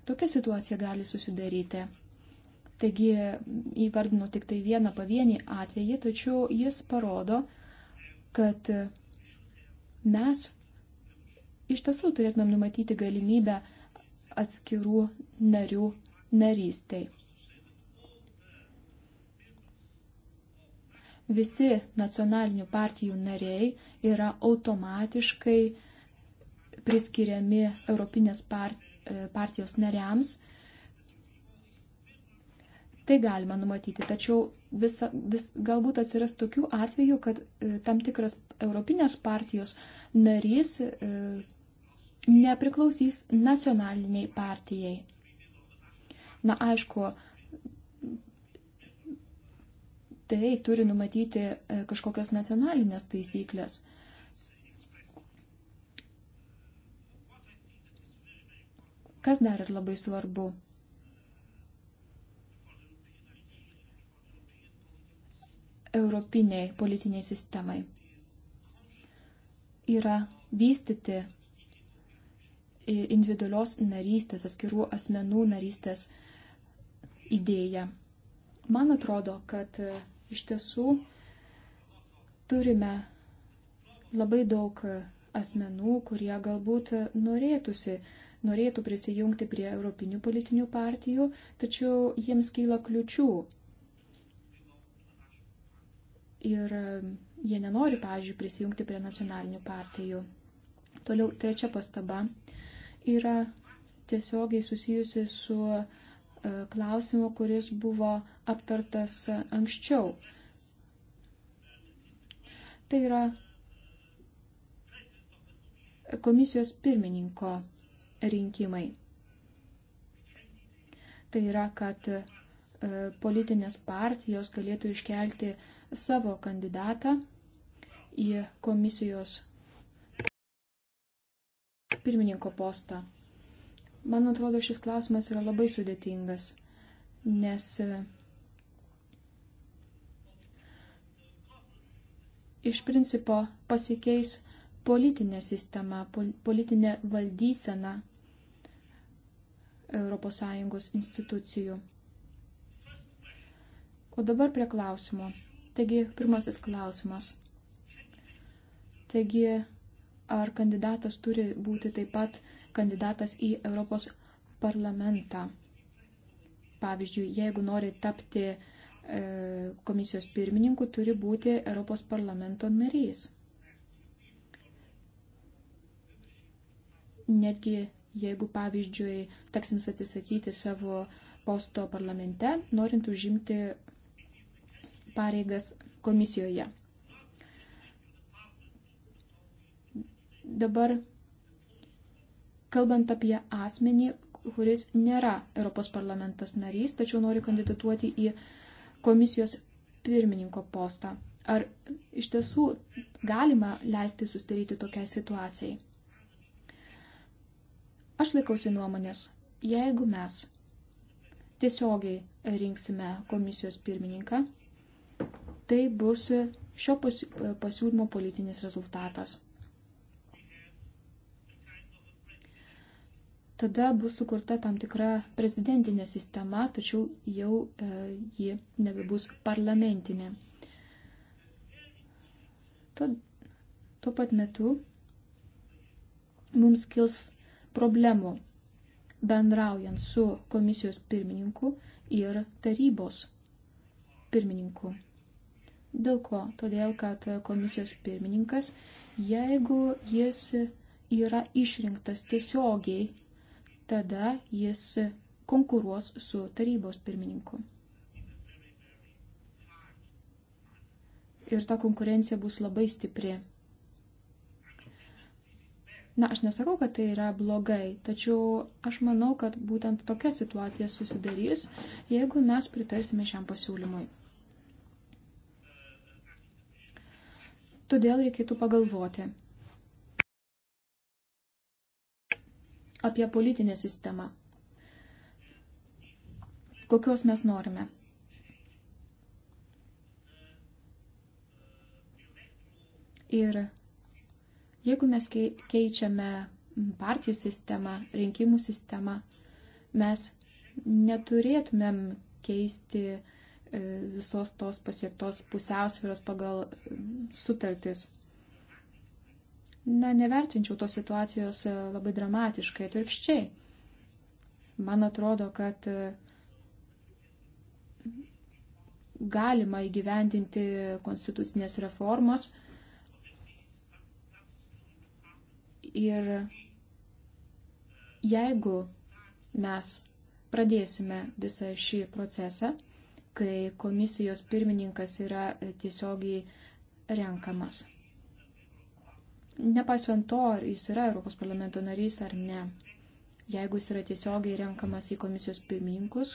Tokia situacija gali susidaryti. Taigi įvardinu tik tai vieną pavienį atvejį, tačiau jis parodo, kad mes iš tiesų turėtumėm numatyti galimybę atskirų narių narystai. Visi nacionalinių partijų nariai yra automatiškai priskiriami Europinės e, partijos nariams tai galima numatyti. Tačiau visa, vis, galbūt atsiras tokių atvejų, kad e, tam tikras Europinės partijos narys e, nepriklausys nacionaliniai partijai. Na, aišku, tai turi numatyti e, kažkokias nacionalinės taisyklės. Kas dar ir labai svarbu? europiniai politiniai sistemai yra vystyti individualios narystės, atskirų asmenų narystės idėją. Man atrodo, kad e, iš tiesų turime labai daug e, asmenų, kurie galbūt e, norėtųsi, norėtų prisijungti prie europinių politinių partijų, tačiau jiems kyla kliučių ir jie nenori, pavyzdžiui, prisijungti prie nacionalinių partijų. Toliau trečia pastaba yra tiesiogiai susijusi su e, klausimu, kuris buvo aptartas anksčiau. Tai yra komisijos pirmininko rinkimai. Tai yra, kad e, politinės partijos galėtų iškelti uh, savo kandidatą į komisijos pirmininko postą. Man atrodo, šis klausimas yra labai sudėtingas, nes e, iš principo pasikeis politinė sistema, politinė valdysena ES institucijų. O dabar prie klausimo. Taigi, pirmasis klausimas. Taigi, ar kandidatas turi būti taip pat kandidatas į Europos parlamentą? Pavyzdžiui, jeigu nori tapti e, komisijos pirmininku, turi būti Europos parlamento narys. Netgi jeigu, pavyzdžiui, teks jums atsisakyti savo posto parlamente, norint užimti pareigas komisijoje. Dabar, kalbant apie asmenį, kuris nėra Europos parlamentas narys, tačiau nori kandidatuoti į komisijos pirmininko postą. Ar iš tiesų galima leisti sustaryti tokiai situacijai? Aš laikausi nuomonės, jeigu mes tiesiogiai rinksime komisijos pirmininką, Tai bus šio pasiūlymo politinis rezultatas. Tada bus sukurta tam tikra prezidentinė sistema, tačiau jau e, ji nebebus parlamentinė. Tuo, tuo pat metu mums kils problemų bendraujant su komisijos pirmininku ir tarybos pirmininku. Dėl ko? Todėl, kad komisijos pirmininkas, jeigu jis yra išrinktas tiesiogiai, tada jis konkuruos su tarybos pirmininku. Ir ta konkurencija bus labai stipri. Na, aš nesakau, kad tai yra blogai, tačiau aš manau, kad būtent tokia situacija susidarys, jeigu mes pritarsime šiam pasiūlymui. Todėl reikėtų pagalvoti apie politinę sistemą, kokios mes norime. Ir jeigu mes keičiame partijų sistemą, rinkimų sistemą, mes neturėtumėm keisti uh, E, visos tos pasiektos pusiausvėros pagal e, sutartis. Na, nevertinčiau tos situacijos e, labai dramatiškai, atvirkščiai. Man atrodo, kad galima įgyvendinti konstitucinės reformos ir jeigu mes pradėsime visą šį procesą, kai komisijos pirmininkas yra tiesiogiai renkamas. Nepaisant to, ar jis yra Europos parlamento narys ar ne, jeigu jis yra tiesiogiai renkamas į komisijos pirmininkus,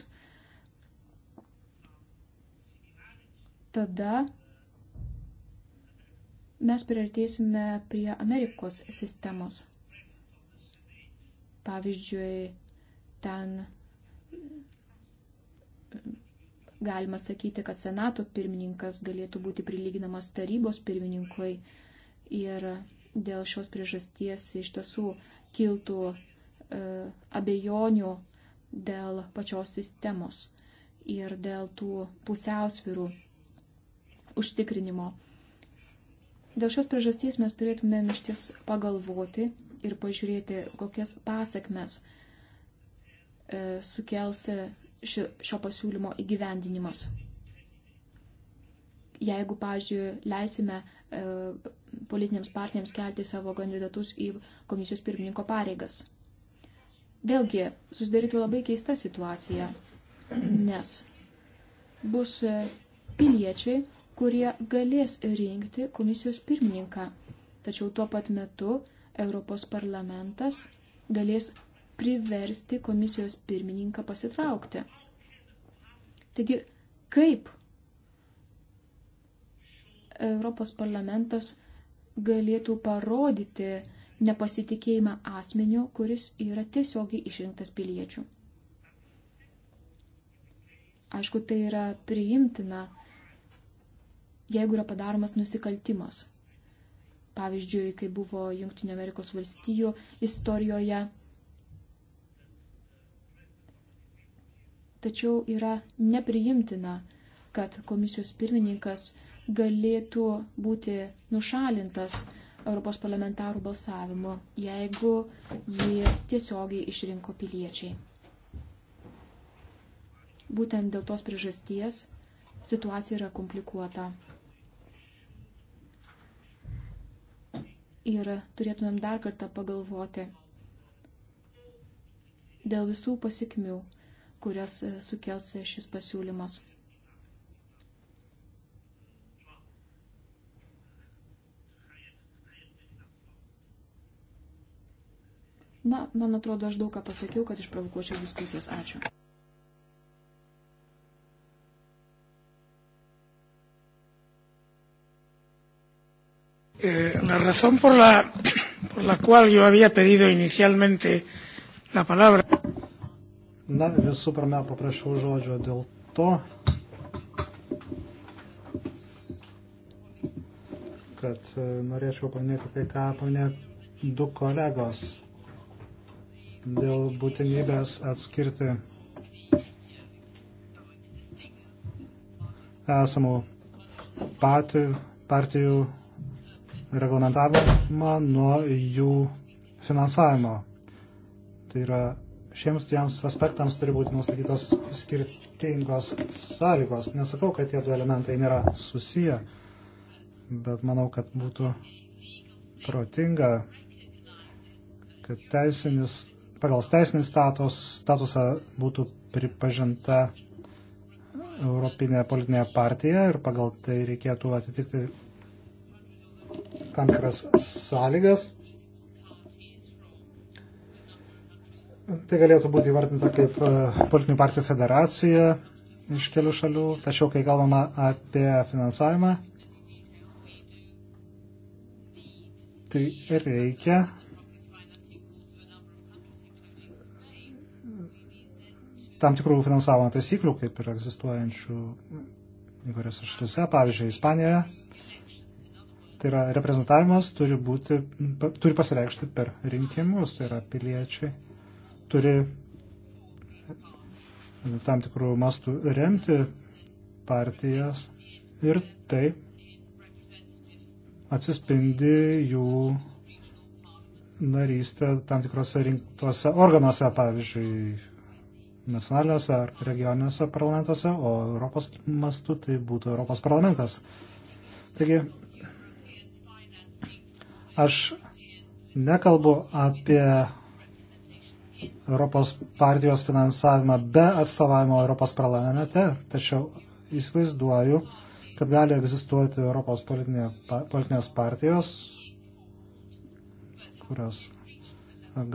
tada mes priartėsime prie Amerikos sistemos. Pavyzdžiui, ten Galima sakyti, kad Senato pirmininkas galėtų būti prilyginamas tarybos pirmininkui ir dėl šios priežasties iš tiesų kiltų e, abejonių dėl pačios sistemos ir dėl tų pusiausvirų užtikrinimo. Dėl šios priežasties mes turėtumėm iš ties pagalvoti ir pažiūrėti, kokias pasakmes e, sukels ši, šio pasiūlymo įgyvendinimas. Jeigu, pavyzdžiui, leisime e, politiniams partijams kelti savo kandidatus į komisijos pirmininko pareigas. Vėlgi, susidarytų labai keista situacija, nes bus e, piliečiai, kurie galės rinkti komisijos pirmininką, tačiau tuo pat metu Europos parlamentas galės priversti komisijos pirmininką pasitraukti. Taigi, kaip Europos parlamentas galėtų parodyti nepasitikėjimą asmeniu, kuris yra tiesiogiai išrinktas piliečių. Aišku, tai yra priimtina, jeigu yra padaromas nusikaltimas. Pavyzdžiui, kai buvo Junktinio Amerikos valstijų istorijoje tačiau yra nepriimtina, kad komisijos pirmininkas galėtų būti nušalintas Europos parlamentarų balsavimu, jeigu jį tiesiogiai išrinko piliečiai. Būtent dėl tos priežasties situacija yra komplikuota. Ir turėtumėm dar kartą pagalvoti dėl visų pasiekmių, kurias e, sukels e, šis pasiūlymas. Na, man atrodo, aš daug ką pasakiau, kad išprovokuočiau diskusijas. Ačiū. Eh, la razón por la, por la cual yo había pedido inicialmente la palabra Na, visų pirma, paprašiau žodžio dėl to, kad e, norėčiau paminėti tai, ką paminė du kolegos dėl būtinybės atskirti esamų patijų, partijų reglamentavimą nuo jų finansavimo. Tai yra šiems dviems aspektams turi būti nustatytos skirtingos sąlygos. Nesakau, kad tie du elementai nėra susiję, bet manau, kad būtų protinga, kad teisinis, pagal teisinį status, statusą būtų pripažinta Europinė politinė partija ir pagal tai reikėtų atitikti tam tikras sąlygas Tai galėtų būti įvardinta kaip e, politinių partijų federacija iš kelių šalių, tačiau kai kalbama apie finansavimą, tai reikia tam tikrų finansavimo taisyklių, kaip ir egzistuojančių įvairiose šalise, pavyzdžiui, Ispanijoje. Tai yra reprezentavimas turi, būti, turi pasireikšti per rinkimus, tai yra piliečiai turi tam tikrų mastų remti partijas ir tai atsispindi jų narystę tam tikrose rinktuose organuose, pavyzdžiui, nacionaliniuose ar regioniniuose parlamentuose, o Europos mastu tai būtų Europos parlamentas. Taigi, aš nekalbu apie Europos partijos finansavimą be atstovavimo Europos parlamente, tačiau įsivaizduoju, kad gali egzistuoti Europos politinė, politinės partijos, kurios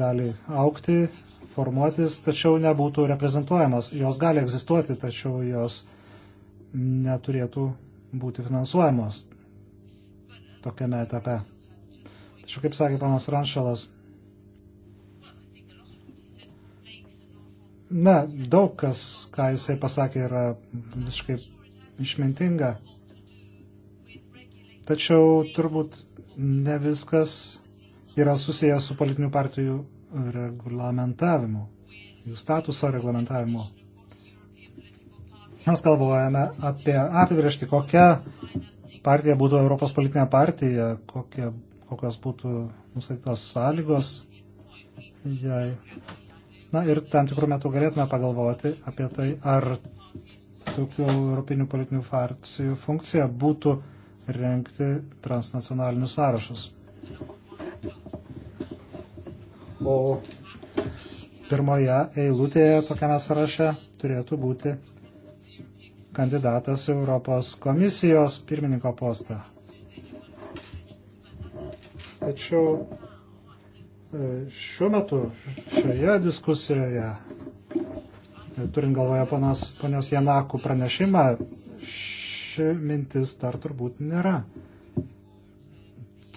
gali aukti, formuotis, tačiau nebūtų reprezentuojamos. Jos gali egzistuoti, tačiau jos neturėtų būti finansuojamos tokiame etape. Tačiau, kaip sakė panas Ranšalas, Na, daug kas, ką jisai pasakė, yra visiškai išmintinga. Tačiau turbūt ne viskas yra susijęs su politinių partijų reglamentavimu, jų statuso reglamentavimu. Mes galvojame apie apibriežti, kokia partija būtų Europos politinė partija, kokie, kokios būtų nustatytos sąlygos jai. Na ir tam tikrų metų galėtume pagalvoti apie tai, ar tokių europinių politinių frakcijų funkcija būtų renkti transnacionalinius sąrašus. O pirmoje eilutėje tokiame sąraše turėtų būti kandidatas Europos komisijos pirmininko postą. Tačiau E, šiuo metu šioje diskusijoje, e, turint galvoje panas, panios Janakų pranešimą, ši mintis dar turbūt nėra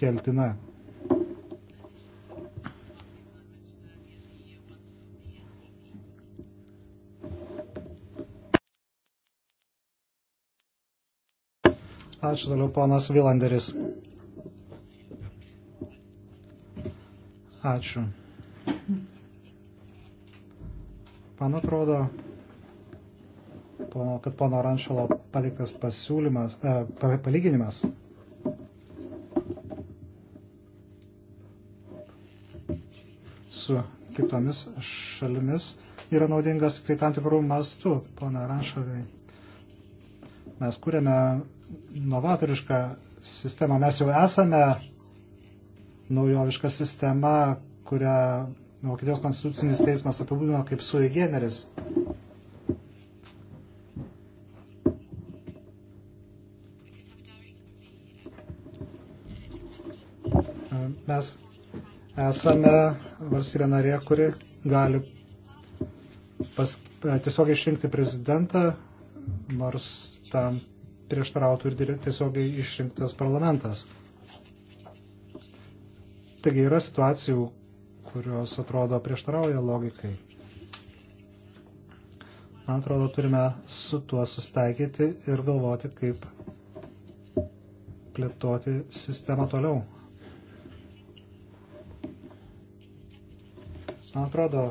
keltina. Ačiū toliau, ponas Vilanderis. Ačiū. Man atrodo, kad pono Ranšalo pateiktas pasiūlymas, e, palyginimas su kitomis šalimis yra naudingas tik tai tam tikrų mastų, pone Ranšalai. Mes kūrėme novatorišką sistemą, mes jau esame naujoviška sistema, kurią Vokietijos konstitucinis teismas apibūdino kaip sui generis. Mes esame valstybė narė, kuri gali pas, tiesiog išrinkti prezidentą, nors tam prieštarautų ir tiesiogiai išrinktas parlamentas. Taigi yra situacijų, kurios atrodo prieštarauja logikai. Man atrodo, turime su tuo sustaikyti ir galvoti, kaip plėtoti sistemą toliau. Man atrodo,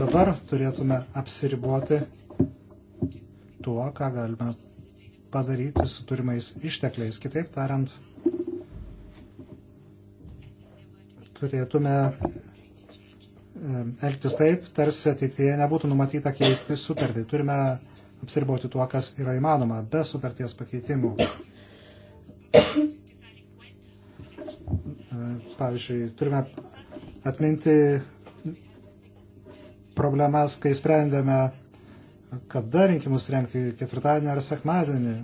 dabar turėtume apsiriboti tuo, ką galime padaryti su turimais ištekliais. Kitaip tariant, turėtume elgtis taip, tarsi ateityje nebūtų numatyta keisti sutartį. Turime apsiriboti tuo, kas yra įmanoma, be sutarties pakeitimų. Pavyzdžiui, turime atminti problemas, kai sprendėme, kada rinkimus rengti ketvirtadienį ar sekmadienį,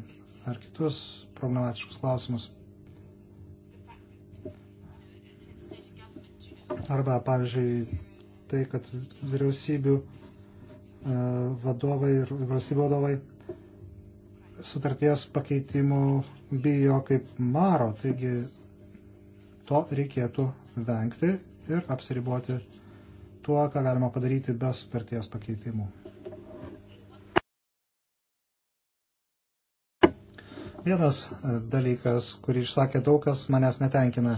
ar kitus problematiškus klausimus. Arba, pavyzdžiui, tai, kad vyriausybių e, vadovai ir valstybių vadovai sutarties pakeitimų bijo kaip maro, taigi to reikėtų vengti ir apsiriboti tuo, ką galima padaryti be sutarties pakeitimų. Vienas e, dalykas, kurį išsakė daug kas, manęs netenkina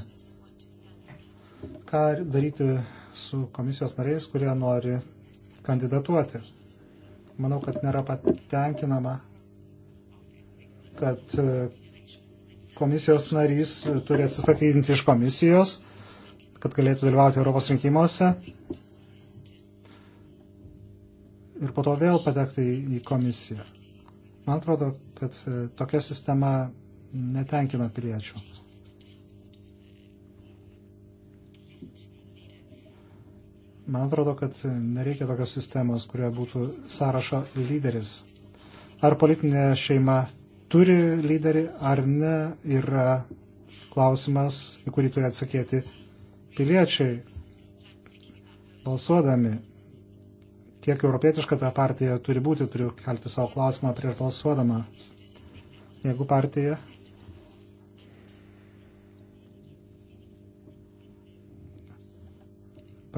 ką daryti su komisijos nariais, kurie nori kandidatuoti. Manau, kad nėra patenkinama, kad e, komisijos narys turi atsistatydinti iš komisijos, kad galėtų dalyvauti Europos rinkimuose ir po to vėl patekti į komisiją. Man atrodo, kad e, tokia sistema netenkina piliečių. Man atrodo, kad nereikia tokios sistemos, kurioje būtų sąrašo lyderis. Ar politinė šeima turi lyderį ar ne, yra klausimas, į kurį turi atsakyti piliečiai balsuodami. Kiek europietiška ta partija turi būti, turiu kelti savo klausimą prieš balsuodama. Jeigu partija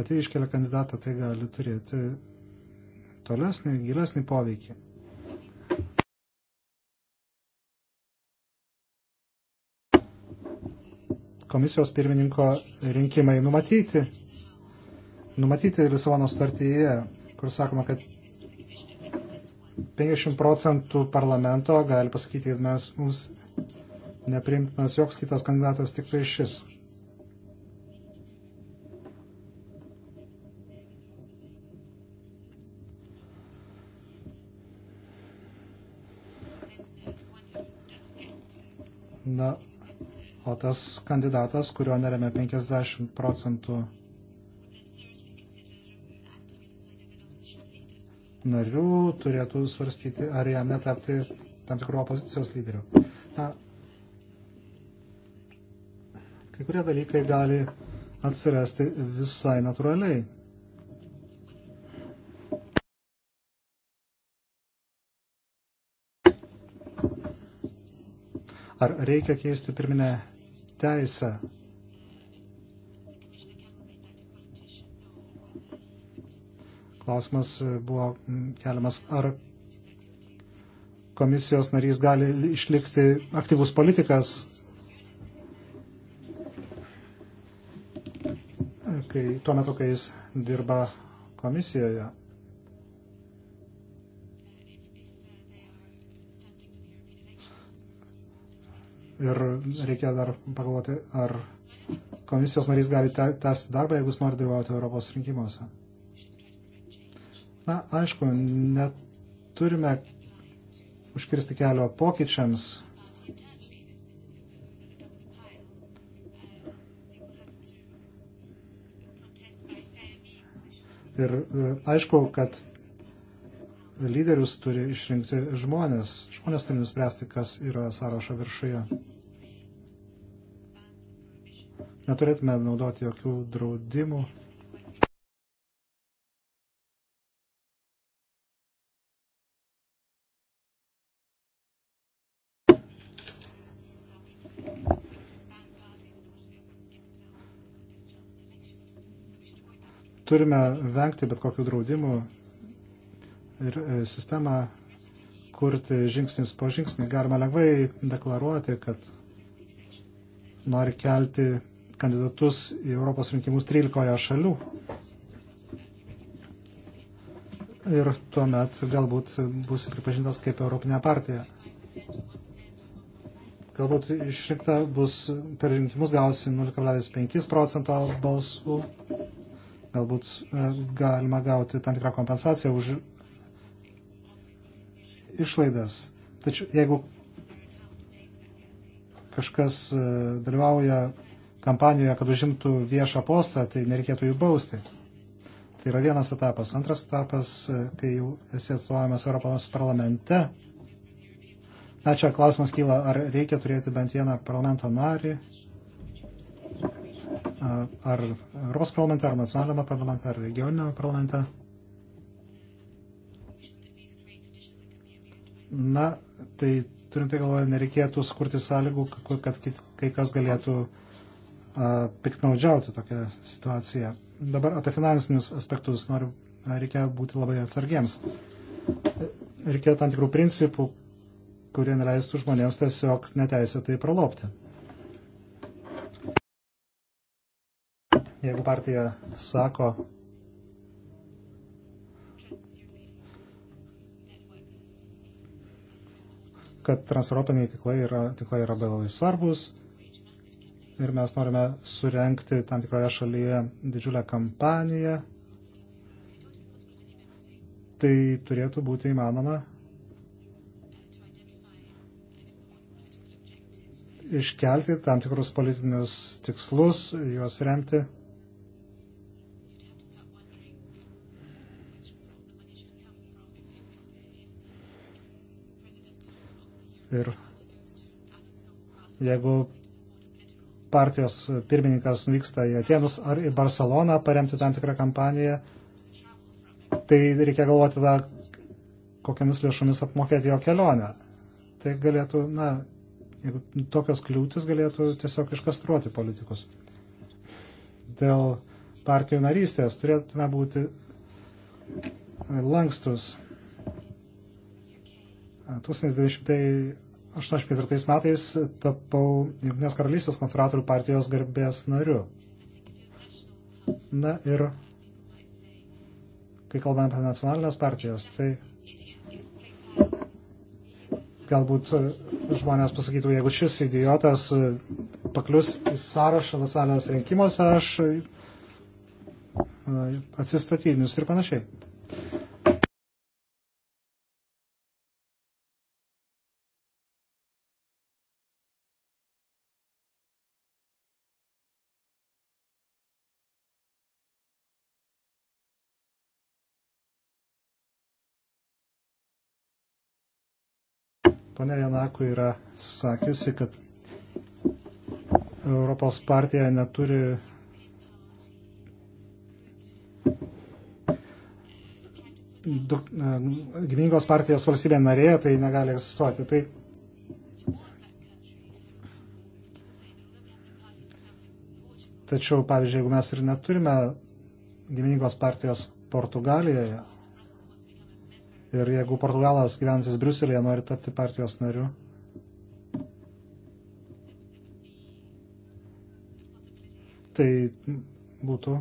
pati iškelia kandidatą, tai gali turėti tolesnį, gilesnį poveikį. Komisijos pirmininko rinkimai numatyti, numatyti Lisabono sutartyje, kur sakoma, kad 50 procentų parlamento gali pasakyti, kad mes, mums nepriimtinas joks kitas kandidatas, tik tai šis. Na, o tas kandidatas, kurio neremia 50 procentų narių, turėtų svarstyti, ar jam netapti tam tikrų opozicijos lyderių. Na, kai kurie dalykai gali atsirasti visai natūraliai. Ar reikia keisti pirminę teisę? Klausimas e, buvo keliamas, ar komisijos narys gali išlikti aktyvus politikas, e, kai, tuo metu, kai jis dirba komisijoje. ir reikia dar pagalvoti, ar komisijos narys gali tęsti darbą, jeigu jis nori dalyvauti Europos rinkimuose. Na, aišku, neturime užkirsti kelio pokyčiams. Ir e, aišku, kad lyderius turi išrinkti žmonės. Žmonės turi nuspręsti, kas yra sąrašo viršuje. Neturėtume naudoti jokių draudimų. Turime vengti bet kokių draudimų ir e, sistemą kurti žingsnis po žingsnį. Galima lengvai deklaruoti, kad nori kelti kandidatus į Europos rinkimus 13 šalių. Ir tuomet galbūt bus pripažintas kaip Europinė partija. Galbūt išrinkta bus per rinkimus gausi 0,5 procento balsų. Galbūt e, galima gauti tam tikrą kompensaciją už išlaidas. Tačiau jeigu kažkas e, dalyvauja kampanijoje, kad užimtų viešą postą, tai nereikėtų jų bausti. Tai yra vienas etapas. Antras etapas, e, kai jau esi atstovavimas Europos parlamente. Na, čia klausimas kyla, ar reikia turėti bent vieną parlamento narį, ar Europos parlamente, ar nacionalinėme parlamente, ar regioninėme parlamente. Na, tai turint tai galvoje, nereikėtų skurti sąlygų, kad kai kas galėtų piktnaudžiauti tokią situaciją. Dabar apie finansinius aspektus noriu, reikia būti labai atsargiems. Reikia tam tikrų principų, kurie neleistų žmonėms tiesiog neteisėtai pralopti. Jeigu partija sako, kad transeuropiniai tiklai yra, tiklai yra labai svarbus ir mes norime surenkti tam tikroje šalyje didžiulę kampaniją. Tai turėtų būti įmanoma iškelti tam tikrus politinius tikslus, juos remti. Ir jeigu partijos pirmininkas nuvyksta į Atenus ar į Barceloną paremti tam tikrą kampaniją, tai reikia galvoti tada, kokiamis lėšomis apmokėti jo kelionę. Tai galėtų, na, jeigu tokios kliūtis galėtų tiesiog iškastruoti politikus. Dėl partijų narystės turėtume būti lankstus. 1984 metais tapau Junktinės karalystės konservatorių partijos garbės nariu. Na ir kai kalbame apie nacionalinės partijas, tai galbūt žmonės pasakytų, jeigu šis idiotas paklius į sąrašą nacionalinės rinkimuose, aš atsistatydinius ir panašiai. Pone Janaku yra sakiusi, kad Europos partija neturi du, e, gynybos partijos valstybė narė, tai negali egzistuoti. Tai Tačiau, pavyzdžiui, jeigu mes ir neturime gynybos partijos Portugalijoje, Ir jeigu Portugalas gyvenantis Briuselėje nori tapti partijos nariu, tai būtų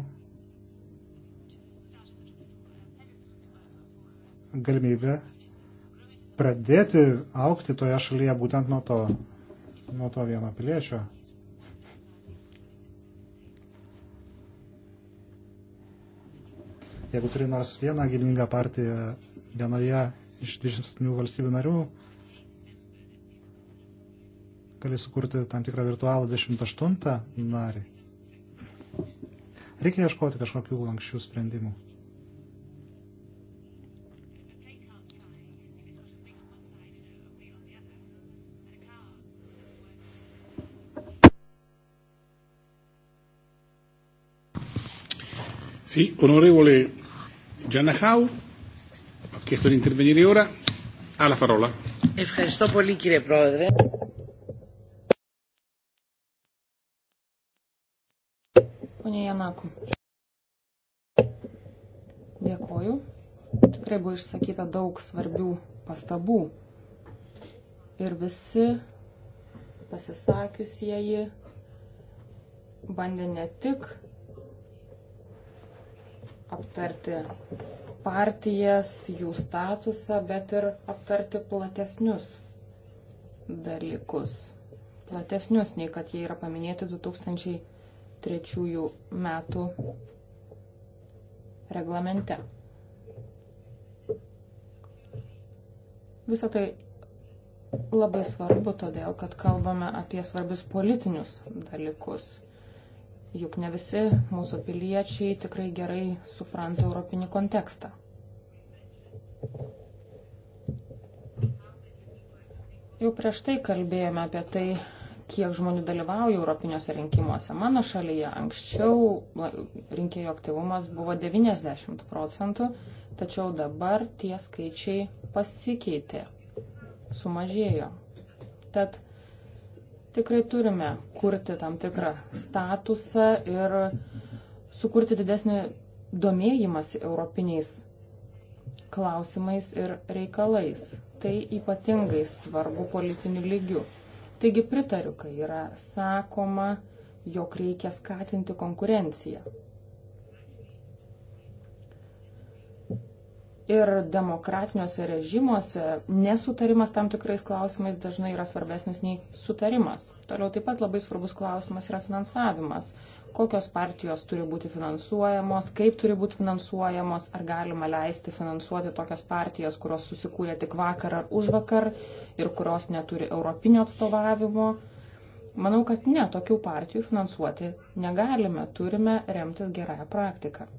galimybė pradėti aukti toje šalyje būtent nuo to, nuo to vieno piliečio. Jeigu turi nors vieną gyningą partiją vienoje iš 27 valstybių narių gali sukurti tam tikrą virtualą 28 narį. Reikia ieškoti kažkokių lankščių sprendimų. Sì, onorevole Giannacau chiesto di intervenire ora. Ha la parola. Ευχαριστώ πολύ κύριε Πρόεδρε. Pone Janaku. Dėkoju. Tikrai buvo išsakyta daug svarbių pastabų. Ir visi pasisakiusieji bandė ne tik aptarti partijas, jų statusą, bet ir aptarti platesnius dalykus. Platesnius, nei kad jie yra paminėti 2003 metų reglamente. Visą tai labai svarbu, todėl kad kalbame apie svarbius politinius dalykus juk ne visi mūsų piliečiai tikrai gerai supranta europinį kontekstą. Jau prieš tai kalbėjome apie tai, kiek žmonių dalyvauja Europiniuose rinkimuose. Mano šalyje anksčiau rinkėjų aktyvumas buvo 90 procentų, tačiau dabar tie skaičiai pasikeitė, sumažėjo. Tad tikrai turime kurti tam tikrą statusą ir sukurti didesnį domėjimas europiniais klausimais ir reikalais. Tai ypatingai svarbu politiniu lygiu. Taigi pritariu, kai yra sakoma, jog reikia skatinti konkurenciją. ir demokratiniuose režimuose nesutarimas tam tikrais klausimais dažnai yra svarbesnis nei sutarimas. Toliau taip pat labai svarbus klausimas yra finansavimas. Kokios partijos turi būti finansuojamos, kaip turi būti finansuojamos, ar galima leisti finansuoti tokias partijas, kurios susikūrė tik vakar ar už vakar ir kurios neturi europinio atstovavimo. Manau, kad ne, tokių partijų finansuoti negalime, turime remtis gerąją praktiką.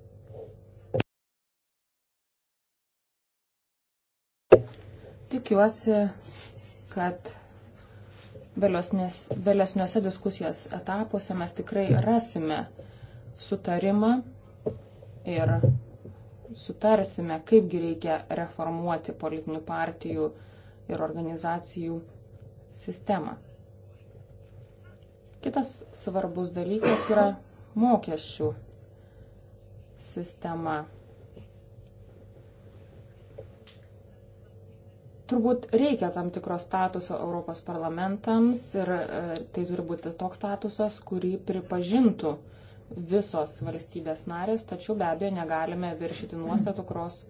Tikiuosi, kad vėlesniuose diskusijos etapuose mes tikrai rasime sutarimą ir sutarsime, kaipgi reikia reformuoti politinių partijų ir organizacijų sistemą. Kitas svarbus dalykas yra mokesčių sistema. Turbūt reikia tam tikro statuso Europos parlamentams ir e, tai turi būti toks statusas, kurį pripažintų visos valstybės narės, tačiau be abejo negalime viršyti nuostatų, kurios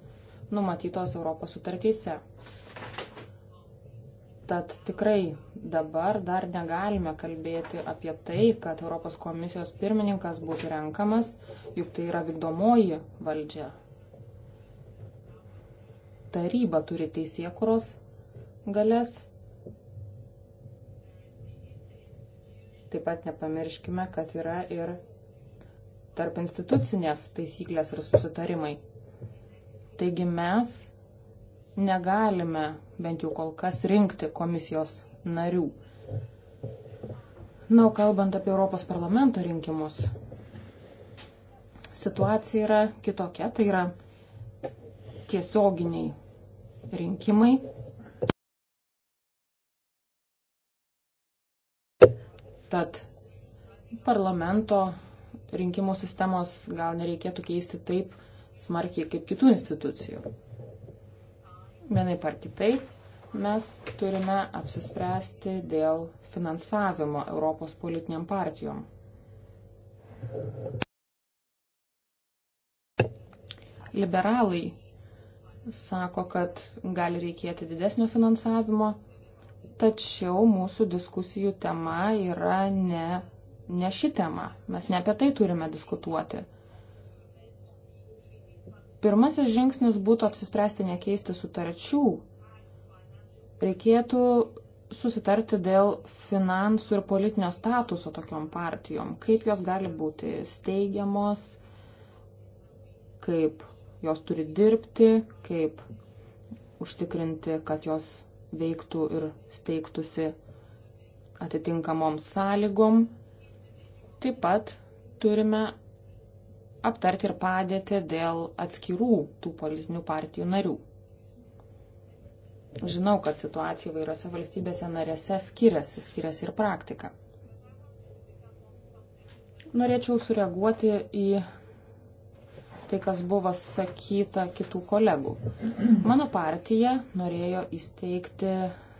numatytos Europos sutartyse. Tad tikrai dabar dar negalime kalbėti apie tai, kad Europos komisijos pirmininkas būtų renkamas, juk tai yra vykdomoji valdžia, taryba turi teisėkuros galės. Taip pat nepamirškime, kad yra ir tarp institucinės taisyklės ir susitarimai. Taigi mes negalime, bent jau kol kas, rinkti komisijos narių. Na, o kalbant apie Europos parlamento rinkimus, situacija yra kitokia, tai yra tiesioginiai rinkimai. Tad parlamento rinkimų sistemos gal nereikėtų keisti taip smarkiai kaip kitų institucijų. Vienai par kitaip mes turime apsispręsti dėl finansavimo Europos politiniam partijom. Liberalai sako, kad gali reikėti didesnio finansavimo, tačiau mūsų diskusijų tema yra ne, ne ši tema. Mes ne apie tai turime diskutuoti. Pirmasis žingsnis būtų apsispręsti nekeisti sutarčių. Reikėtų susitarti dėl finansų ir politinio statuso tokiom partijom. Kaip jos gali būti steigiamos, kaip jos turi dirbti, kaip užtikrinti, kad jos veiktų ir steigtųsi atitinkamom sąlygom. Taip pat turime aptarti ir padėti dėl atskirų tų politinių partijų narių. Žinau, kad situacija vairiose valstybėse narėse skiriasi, skiriasi ir praktika. Norėčiau sureaguoti į tai, kas buvo sakyta kitų kolegų. Mano partija norėjo įsteigti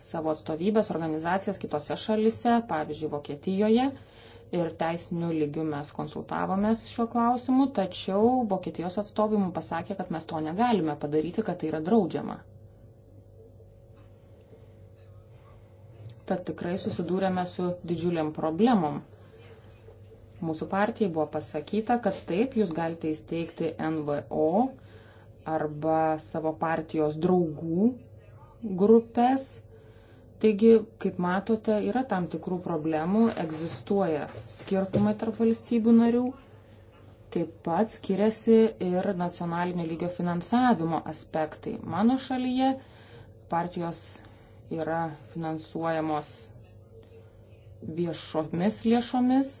savo atstovybės organizacijas kitose šalise, pavyzdžiui, Vokietijoje. Ir teisinių lygių mes konsultavomės šiuo klausimu, tačiau Vokietijos atstovai mums pasakė, kad mes to negalime padaryti, kad tai yra draudžiama. Tad tikrai susidūrėme su didžiuliam problemom Mūsų partijai buvo pasakyta, kad taip, jūs galite įsteigti NVO arba savo partijos draugų grupės. Taigi, kaip matote, yra tam tikrų problemų, egzistuoja skirtumai tarp valstybių narių. Taip pat skiriasi ir nacionalinio lygio finansavimo aspektai. Mano šalyje partijos yra finansuojamos viešomis lėšomis,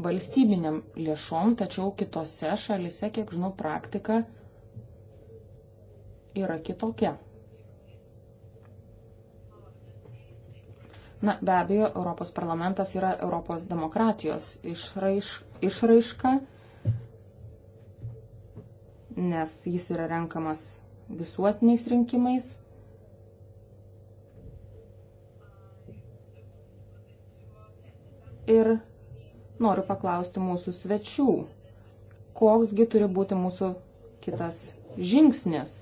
valstybiniam lėšom, tačiau kitose šalise, kiek žinau, praktika yra kitokia. Na, be abejo, Europos parlamentas yra Europos demokratijos išraiš, išraiška, nes jis yra renkamas visuotiniais rinkimais. Ir noriu paklausti mūsų svečių, koksgi turi būti mūsų kitas žingsnis.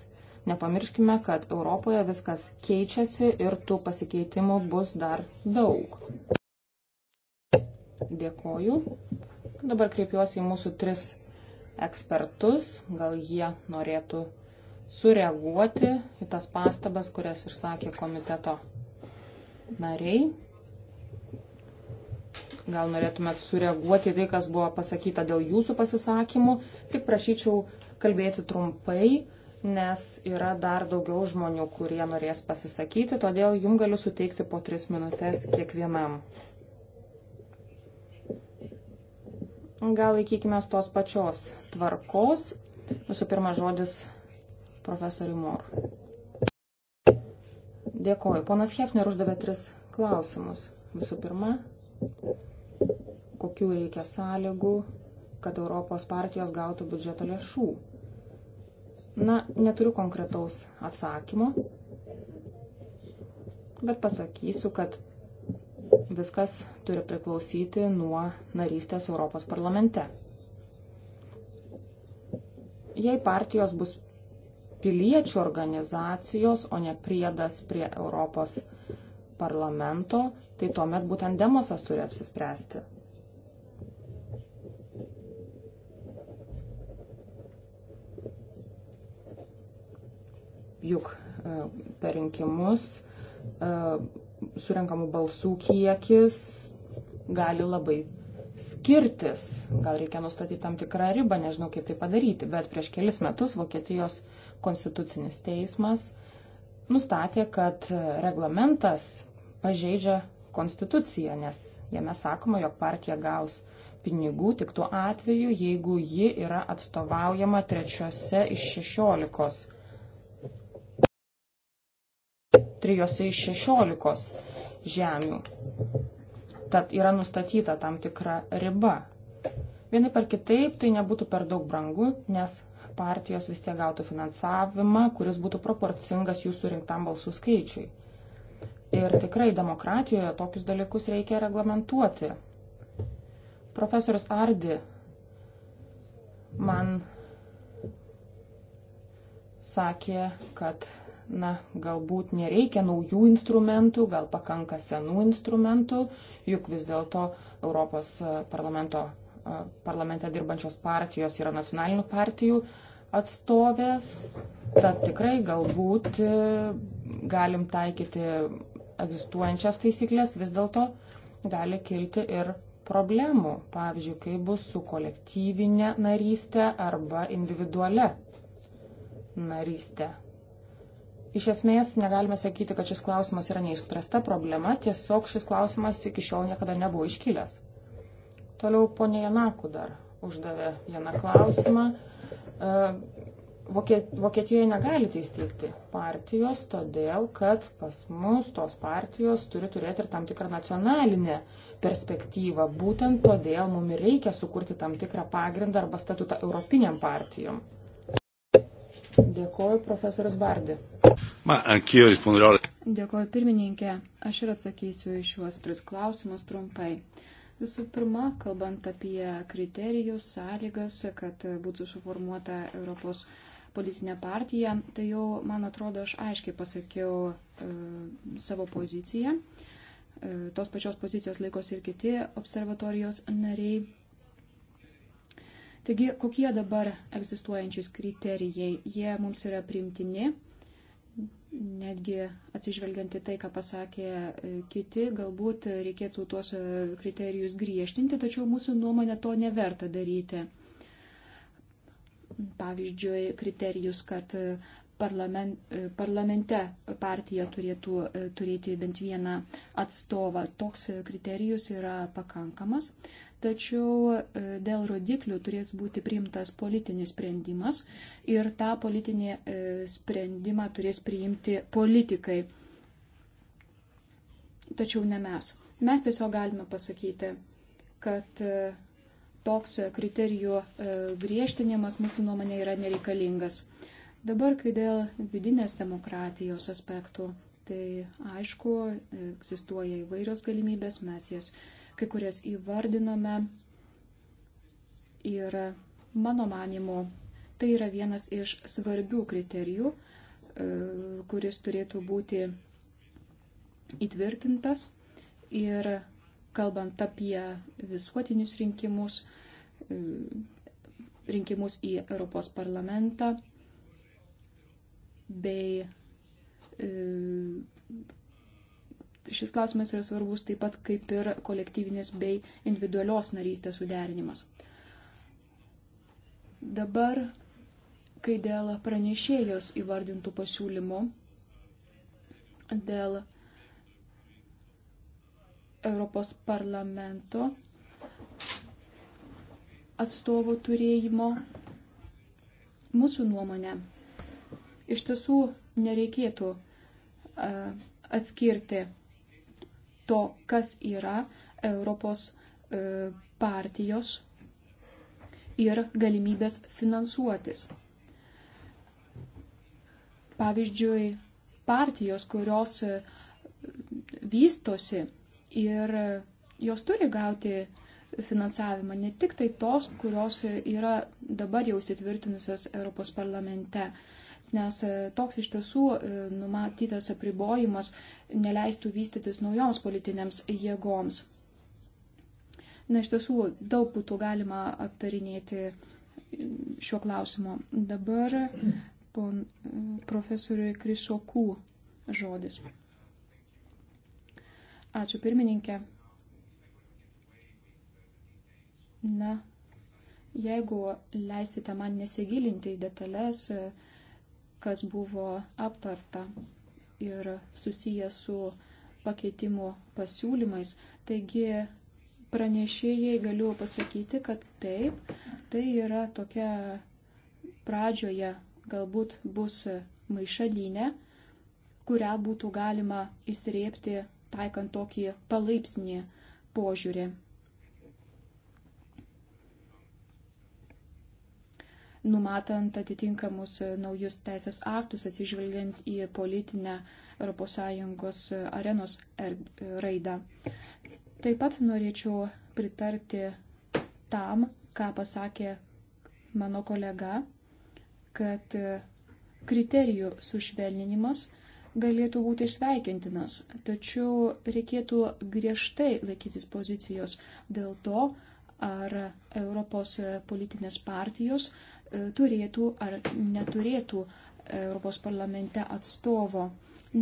Nepamirškime, kad Europoje viskas keičiasi ir tų pasikeitimų bus dar daug. Dėkoju. Dabar kreipiuosi į mūsų tris ekspertus. Gal jie norėtų sureaguoti į tas pastabas, kurias išsakė komiteto nariai. Gal norėtumėt sureaguoti tai, kas buvo pasakyta dėl jūsų pasisakymų. Tik prašyčiau kalbėti trumpai, nes yra dar daugiau žmonių, kurie norės pasisakyti, todėl jum galiu suteikti po tris minutės kiekvienam. Gal laikykime tos pačios tvarkos. Visų pirma, žodis profesoriui Mor. Dėkoju. Ponas Hefner uždavė tris klausimus. Visų pirma, kokių reikia sąlygų, kad Europos partijos gautų biudžeto lėšų. Na, neturiu konkretaus atsakymo, bet pasakysiu, kad viskas turi priklausyti nuo narystės Europos parlamente. Jei partijos bus piliečių organizacijos, o ne priedas prie Europos parlamento, tai tuomet būtent demosas turi apsispręsti. Juk e, per rinkimus e, surinkamų balsų kiekis gali labai skirtis. Gal reikia nustatyti tam tikrą ribą, nežinau kaip tai padaryti, bet prieš kelis metus Vokietijos konstitucinis teismas nustatė, kad reglamentas pažeidžia konstituciją, nes jame sakoma, jog partija gaus pinigų tik tuo atveju, jeigu ji yra atstovaujama trečiose iš šešiolikos. Trijose iš šešiolikos žemių. Tad yra nustatyta tam tikra riba. Vienaip ar kitaip tai nebūtų per daug brangu, nes partijos vis tiek gautų finansavimą, kuris būtų proporcingas jų surinktam balsų skaičiui. Ir tikrai demokratijoje tokius dalykus reikia reglamentuoti. Profesorius Ardi man sakė, kad na, galbūt nereikia naujų instrumentų, gal pakanka senų instrumentų, juk vis dėlto Europos e, parlamento, e, parlamente dirbančios partijos yra nacionalinių partijų atstovės, tad tikrai galbūt e, galim taikyti egzistuojančias taisyklės, vis dėlto gali kilti ir problemų, pavyzdžiui, kai bus su kolektyvinė narystė arba individuale narystė. Iš esmės negalime sakyti, kad šis klausimas yra neišspręsta problema, tiesiog šis klausimas iki šiol niekada nebuvo iškilęs. Toliau ponė Janaku dar uždavė vieną klausimą. E, Vokietijoje negalite tai įsteigti partijos, todėl kad pas mus tos partijos turi turėti ir tam tikrą nacionalinę perspektyvą. Būtent todėl mums reikia sukurti tam tikrą pagrindą arba statutą europiniam partijom. Dėkoju, profesorius Bardi. Dėkoju, pirmininkė. Aš ir atsakysiu iš juos tris klausimus trumpai. Visų pirma, kalbant apie kriterijus, sąlygas, kad būtų suformuota Europos partija politinę partiją, tai jau, man atrodo, aš aiškiai pasakiau e, savo poziciją. E, tos pačios pozicijos laikosi ir kiti observatorijos nariai. Taigi, kokie dabar egzistuojančiais kriterijai? Jie mums yra primtini netgi atsižvelgianti tai, ką pasakė e, kiti, galbūt reikėtų tuos e, kriterijus griežtinti, tačiau mūsų nuomonė to neverta daryti pavyzdžiui, kriterijus, kad parlament, parlamente partija turėtų e, turėti bent vieną atstovą. Toks kriterijus yra pakankamas, tačiau e, dėl rodiklių turės būti priimtas politinis sprendimas ir tą politinį e, sprendimą turės priimti politikai, tačiau ne mes. Mes tiesiog galime pasakyti, kad toks kriterijų e, griežtinimas mūsų nuomonė yra nereikalingas. Dabar, kai dėl vidinės demokratijos aspektų, tai aišku, egzistuoja įvairios galimybės, mes jas kai kurias įvardinome ir mano manimu, tai yra vienas iš svarbių kriterijų, e, kuris turėtų būti įtvirtintas ir kalbant apie visuotinius rinkimus, rinkimus į Europos parlamentą bei e, šis klausimas yra svarbus taip pat kaip ir kolektyvinės bei individualios narystės suderinimas. Dabar, kai dėl pranešėjos įvardintų pasiūlymų, dėl Europos parlamento atstovo turėjimo. Mūsų nuomonė iš tiesų nereikėtų e, atskirti to, kas yra Europos e, partijos ir galimybės finansuotis. Pavyzdžiui, partijos, kurios e, vystosi ir jos turi gauti finansavimą, ne tik tai tos, kurios yra dabar jau įsitvirtinusios Europos parlamente, nes e, toks iš tiesų e, numatytas apribojimas neleistų vystytis naujoms politinėms jėgoms. Na, iš tiesų, daug būtų galima aptarinėti šiuo klausimu. Dabar pon, profesoriui Krisokų žodis. Ačiū pirmininkė. Na, jeigu leisite man nesigilinti į detalės, kas buvo aptarta ir susiję su pakeitimo pasiūlymais, taigi pranešėjai galiu pasakyti, kad taip, tai yra tokia pradžioje galbūt bus maišalinė, kurią būtų galima įsirėpti taikant tokį palaipsnį požiūrį. Numatant atitinkamus naujus teisės aktus, atsižvelgiant į politinę ES arenos er-, raidą. Taip pat norėčiau pritarti tam, ką pasakė mano kolega, kad kriterijų sušvelninimas – galėtų būti sveikintinas, tačiau reikėtų griežtai laikytis pozicijos dėl to, ar Europos politinės partijos e, turėtų ar neturėtų Europos parlamente atstovo.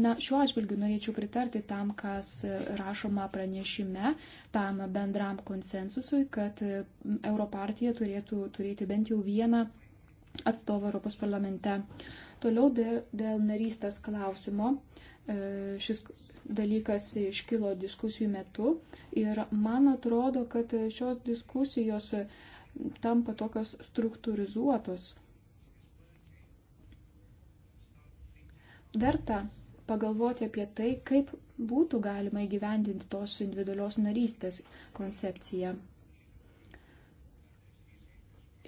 Na, šiuo atžvilgiu norėčiau pritarti tam, kas rašoma pranešime, tam bendram konsensusui, kad Europartija turėtų turėti bent jau vieną atstovą Europos parlamente. Toliau dėl narystės klausimo. E, šis dalykas iškilo diskusijų metu ir man atrodo, kad šios diskusijos tampa tokios struktūrizuotos. Verta pagalvoti apie tai, kaip būtų galima įgyvendinti tos individualios narystės koncepciją.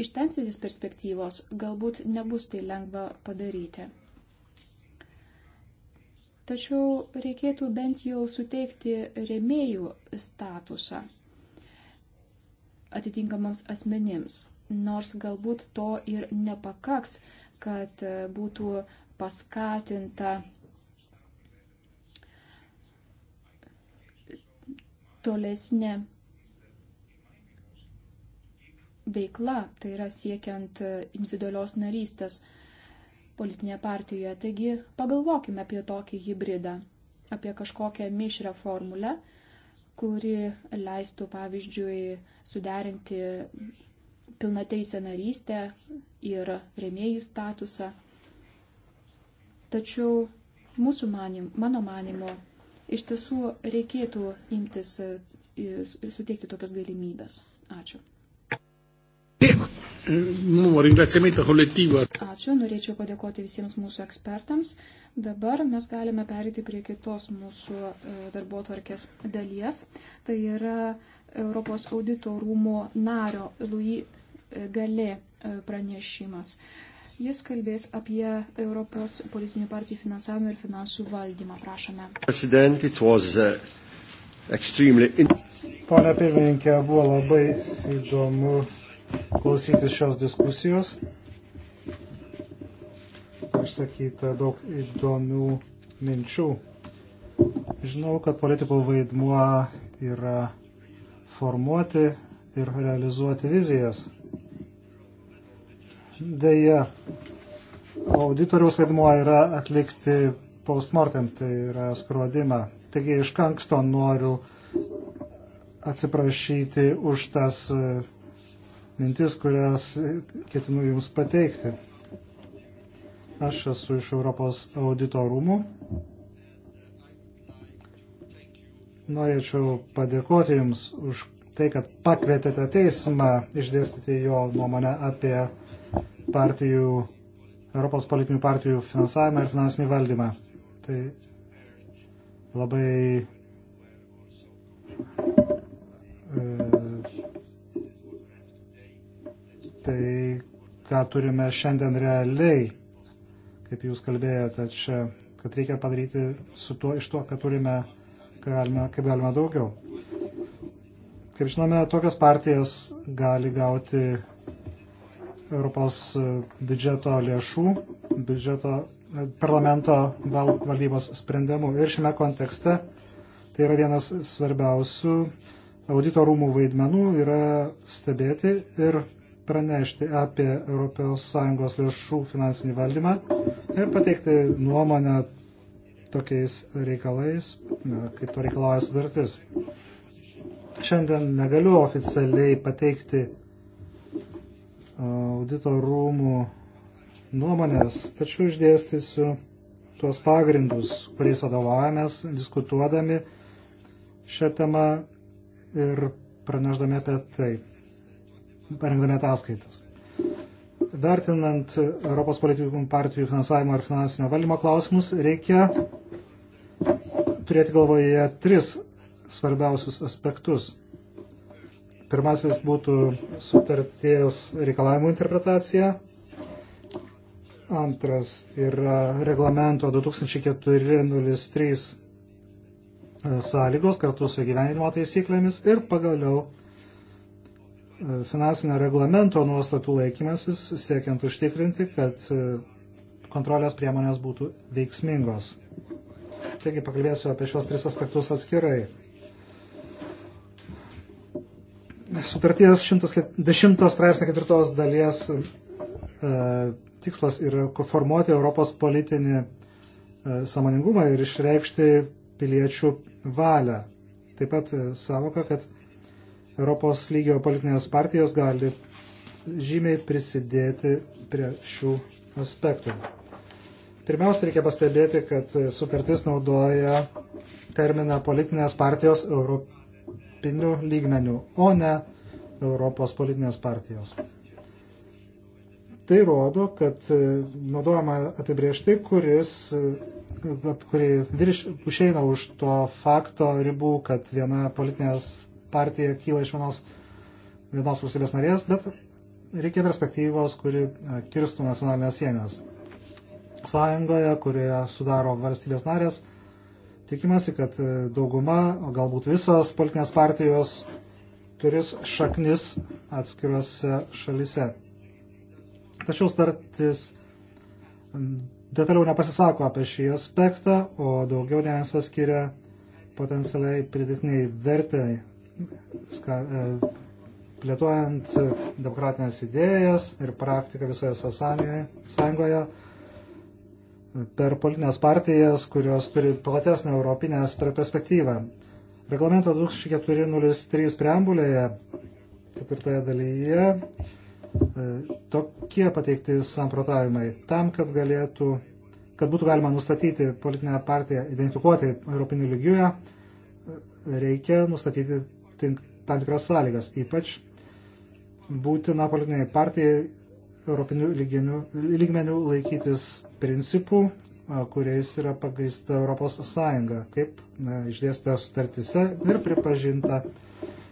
Iš teisinės perspektyvos galbūt nebus tai lengva padaryti. Tačiau reikėtų bent jau suteikti rėmėjų statusą atitinkamams asmenims, nors galbūt to ir nepakaks, kad būtų paskatinta tolesnė veikla, tai yra siekiant individualios narystės politinėje partijoje. Taigi pagalvokime apie tokį hybridą, apie kažkokią mišrę formulę, kuri leistų, pavyzdžiui, suderinti pilnateisę narystę ir remėjų statusą. Tačiau mūsų manim, mano manimo, iš tiesų reikėtų imtis ir suteikti tokias galimybės. Ačiū. Ačiū, norėčiau padėkoti visiems mūsų ekspertams. Dabar mes galime perėti prie kitos mūsų e, darbo tvarkės dalies. Tai yra Europos audito rūmo nario Lui e, Galė e, pranešimas. Jis kalbės apie Europos politinių partijų finansavimą ir finansų valdymą. Prašome. Uh, Pone pirmininkė, buvo labai įdomu klausytis šios diskusijos. Išsakyta daug įdomių minčių. Žinau, kad politikų vaidmuo yra formuoti ir realizuoti vizijas. Deja, auditoriaus vaidmuo yra atlikti postmortem, tai yra skrodimą. Taigi iš anksto noriu atsiprašyti už tas uh, mintis, kurias ketinu Jums pateikti. Aš esu iš Europos audito rūmų. Norėčiau padėkoti Jums už tai, kad pakvietėte teismą išdėstyti jo nuomonę apie partijų, Europos politinių partijų finansavimą ir finansinį valdymą. Tai labai e, tai, ką turime šiandien realiai, kaip jūs kalbėjote čia, kad reikia padaryti su tuo, iš to, ką turime, ką galime, kaip galima daugiau. Kaip žinome, tokias partijas gali gauti Europos biudžeto lėšų, biudžeto parlamento val, valdybos sprendimų. Ir šiame kontekste tai yra vienas svarbiausių audito rūmų vaidmenų yra stebėti ir pranešti apie ES lėšų finansinį valdymą ir pateikti nuomonę tokiais reikalais, kaip to reikalauja sudartis. Šiandien negaliu oficialiai pateikti audito rūmų nuomonės, tačiau išdėstysiu tuos pagrindus, kuriais vadovavomės, diskutuodami šią temą ir pranešdami apie tai parengdami ataskaitas. Vertinant Europos politikų partijų finansavimo ir finansinio valdymo klausimus, reikia turėti galvoje tris svarbiausius aspektus. Pirmasis būtų sutarties reikalavimų interpretacija. Antras yra reglamento 2403 sąlygos kartu su gyvenimo taisyklėmis ir pagaliau finansinio reglamento nuostatų laikymasis, siekiant užtikrinti, kad e, kontrolės priemonės būtų veiksmingos. Taigi pakalbėsiu apie šios tris aspektus atskirai. Sutarties 110 straipsnio ketvirtos dalies e, tikslas yra formuoti Europos politinį e, samoningumą ir išreikšti piliečių valią. Taip pat e, savoka, kad e, Europos lygio politinės partijos gali žymiai prisidėti prie šių aspektų. Pirmiausia, reikia pastebėti, kad sutartis naudoja terminą politinės partijos europinių lygmenių, o ne Europos politinės partijos. Tai rodo, kad naudojama apibriežtai, kuris kuri virš, užeina už to fakto ribų, kad viena politinės partija kyla iš vienos, vienos valstybės narės, bet reikia perspektyvos, kuri kirstų nacionalinės sienas. Sąjungoje, kurioje sudaro valstybės narės, tikimasi, kad e, dauguma, o galbūt visos politinės partijos turis šaknis atskiruose šalise. Tačiau startis detaliau nepasisako apie šį aspektą, o daugiau dėmesio skiria potencialiai pridėtiniai vertai ska, e, plėtojant demokratinės idėjas ir praktiką visoje sąjungoje per politinės partijas, kurios turi platesnę europinę perspektyvą. Reglamento 2403 preambulėje, ketvirtoje dalyje, e, tokie pateikti samprotavimai tam, kad galėtų kad būtų galima nustatyti politinę partiją, identifikuoti europinių lygiuje, reikia nustatyti tink, tam tikras sąlygas. Ypač būtina politiniai partijai europinių lygmenių, lygmenių laikytis principų, kuriais yra pagrįsta Europos Sąjunga, kaip na, išdėsta sutartise ir pripažinta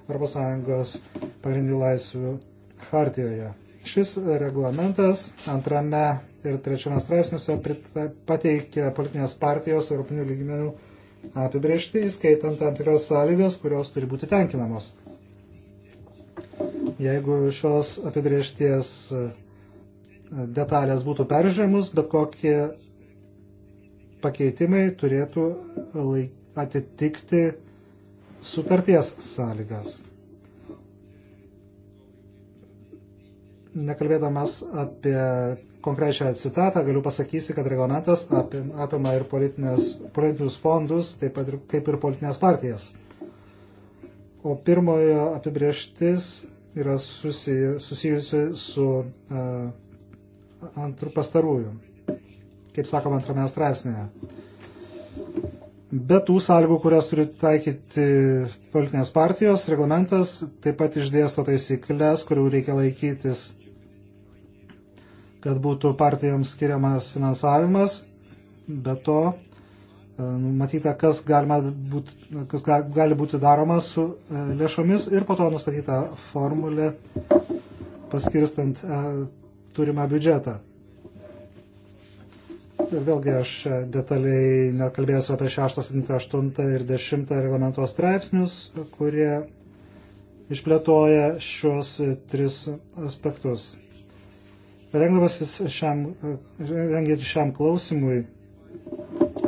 Europos Sąjungos pagrindinių laisvių hartijoje. Šis reglamentas antrame ir trečiame straipsniuose pateikia politinės partijos Europinių lygmenių apibriežti, įskaitant tam tikras sąlygas, kurios turi būti tenkinamos. Jeigu šios apibriežties e, detalės būtų peržiūrimus, bet kokie pakeitimai turėtų atitikti sutarties sąlygas. Nekalbėdamas apie konkrečią citatą, galiu pasakyti, kad reglamentas apima ir politinius fondus, taip pat ir, kaip ir politinės partijas. O pirmojo apibrieštis yra susi, susijusi su uh, e, antrų pastarųjų, kaip sakoma antrame straipsnėje. Be tų sąlygų, kurias turi taikyti politinės partijos, reglamentas taip pat išdėsto taisyklės, kurių reikia laikytis kad būtų partijoms skiriamas finansavimas, be to e, numatyta, kas, būt, kas gali būti daroma su e, lėšomis ir po to nustatyta formulė paskirstant e, turimą biudžetą. Ir vėlgi aš detaliai nekalbėsiu apie 6, 7, 8 ir 10 reglamento straipsnius, kurie išplėtoja šios tris aspektus. Rengdamasis šiam, rengiant šiam klausimui,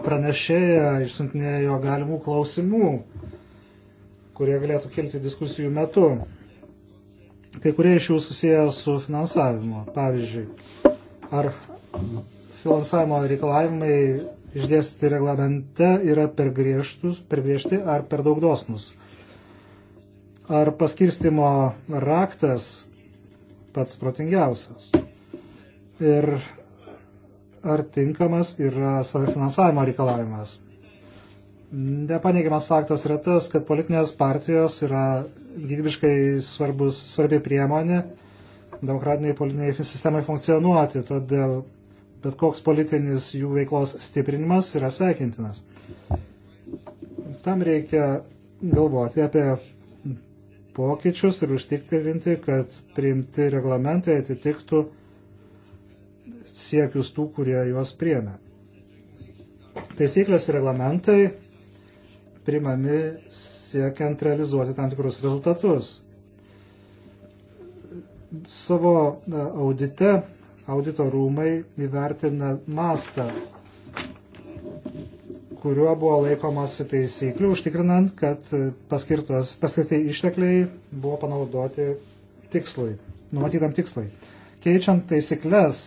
pranešėja išsintinėjo galimų klausimų, kurie galėtų kilti diskusijų metu. Kai kurie iš jų susiję su finansavimu. Pavyzdžiui, ar finansavimo reikalavimai išdėstyti reglamente yra per, griežtus, per griežti ar per daug dosnus. Ar paskirstimo raktas pats protingiausias? ir ar tinkamas yra savifinansavimo reikalavimas. Nepaneigiamas faktas yra tas, kad politinės partijos yra gyvybiškai svarbus, svarbi priemonė demokratiniai politiniai sistemai funkcionuoti, todėl bet koks politinis jų veiklos stiprinimas yra sveikintinas. Tam reikia galvoti apie pokyčius ir užtikrinti, kad priimti reglamentai atitiktų siekius tų, kurie juos priemė. Taisyklės ir reglamentai primami siekiant realizuoti tam tikrus rezultatus. Savo e, audite audito rūmai įvertina mastą, kuriuo buvo laikomasi taisyklių, užtikrinant, kad paskirti ištekliai buvo panaudoti tikslui, numatytam tikslui. Keičiant taisyklės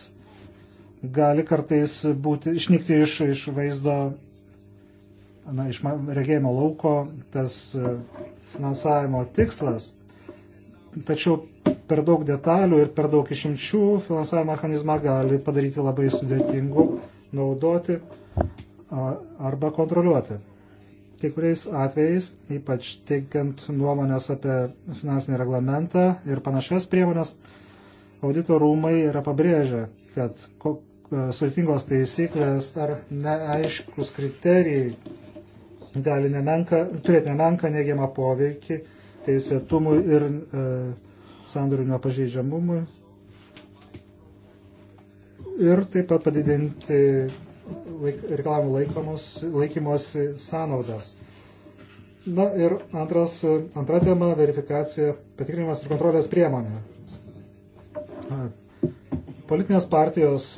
gali kartais būti, išnykti iš, iš vaizdo, na, iš regėjimo lauko tas e, finansavimo tikslas. Tačiau per daug detalių ir per daug išimčių finansavimo mechanizmą gali padaryti labai sudėtingu naudoti arba kontroliuoti. Kai kuriais atvejais, ypač teikiant nuomonės apie finansinį reglamentą ir panašias priemonės, audito rūmai yra pabrėžę, kad E, sudėtingos taisyklės ar neaiškus kriterijai gali nemenka, turėti nemenka neigiamą poveikį teisėtumui ir e, sandorių nepažeidžiamumui. Ir taip pat padidinti laik, reikalavimų laikomos, laikymosi sąnaudas. Na ir antras, antra tema - verifikacija, patikrinimas ir kontrolės priemonė. Politinės partijos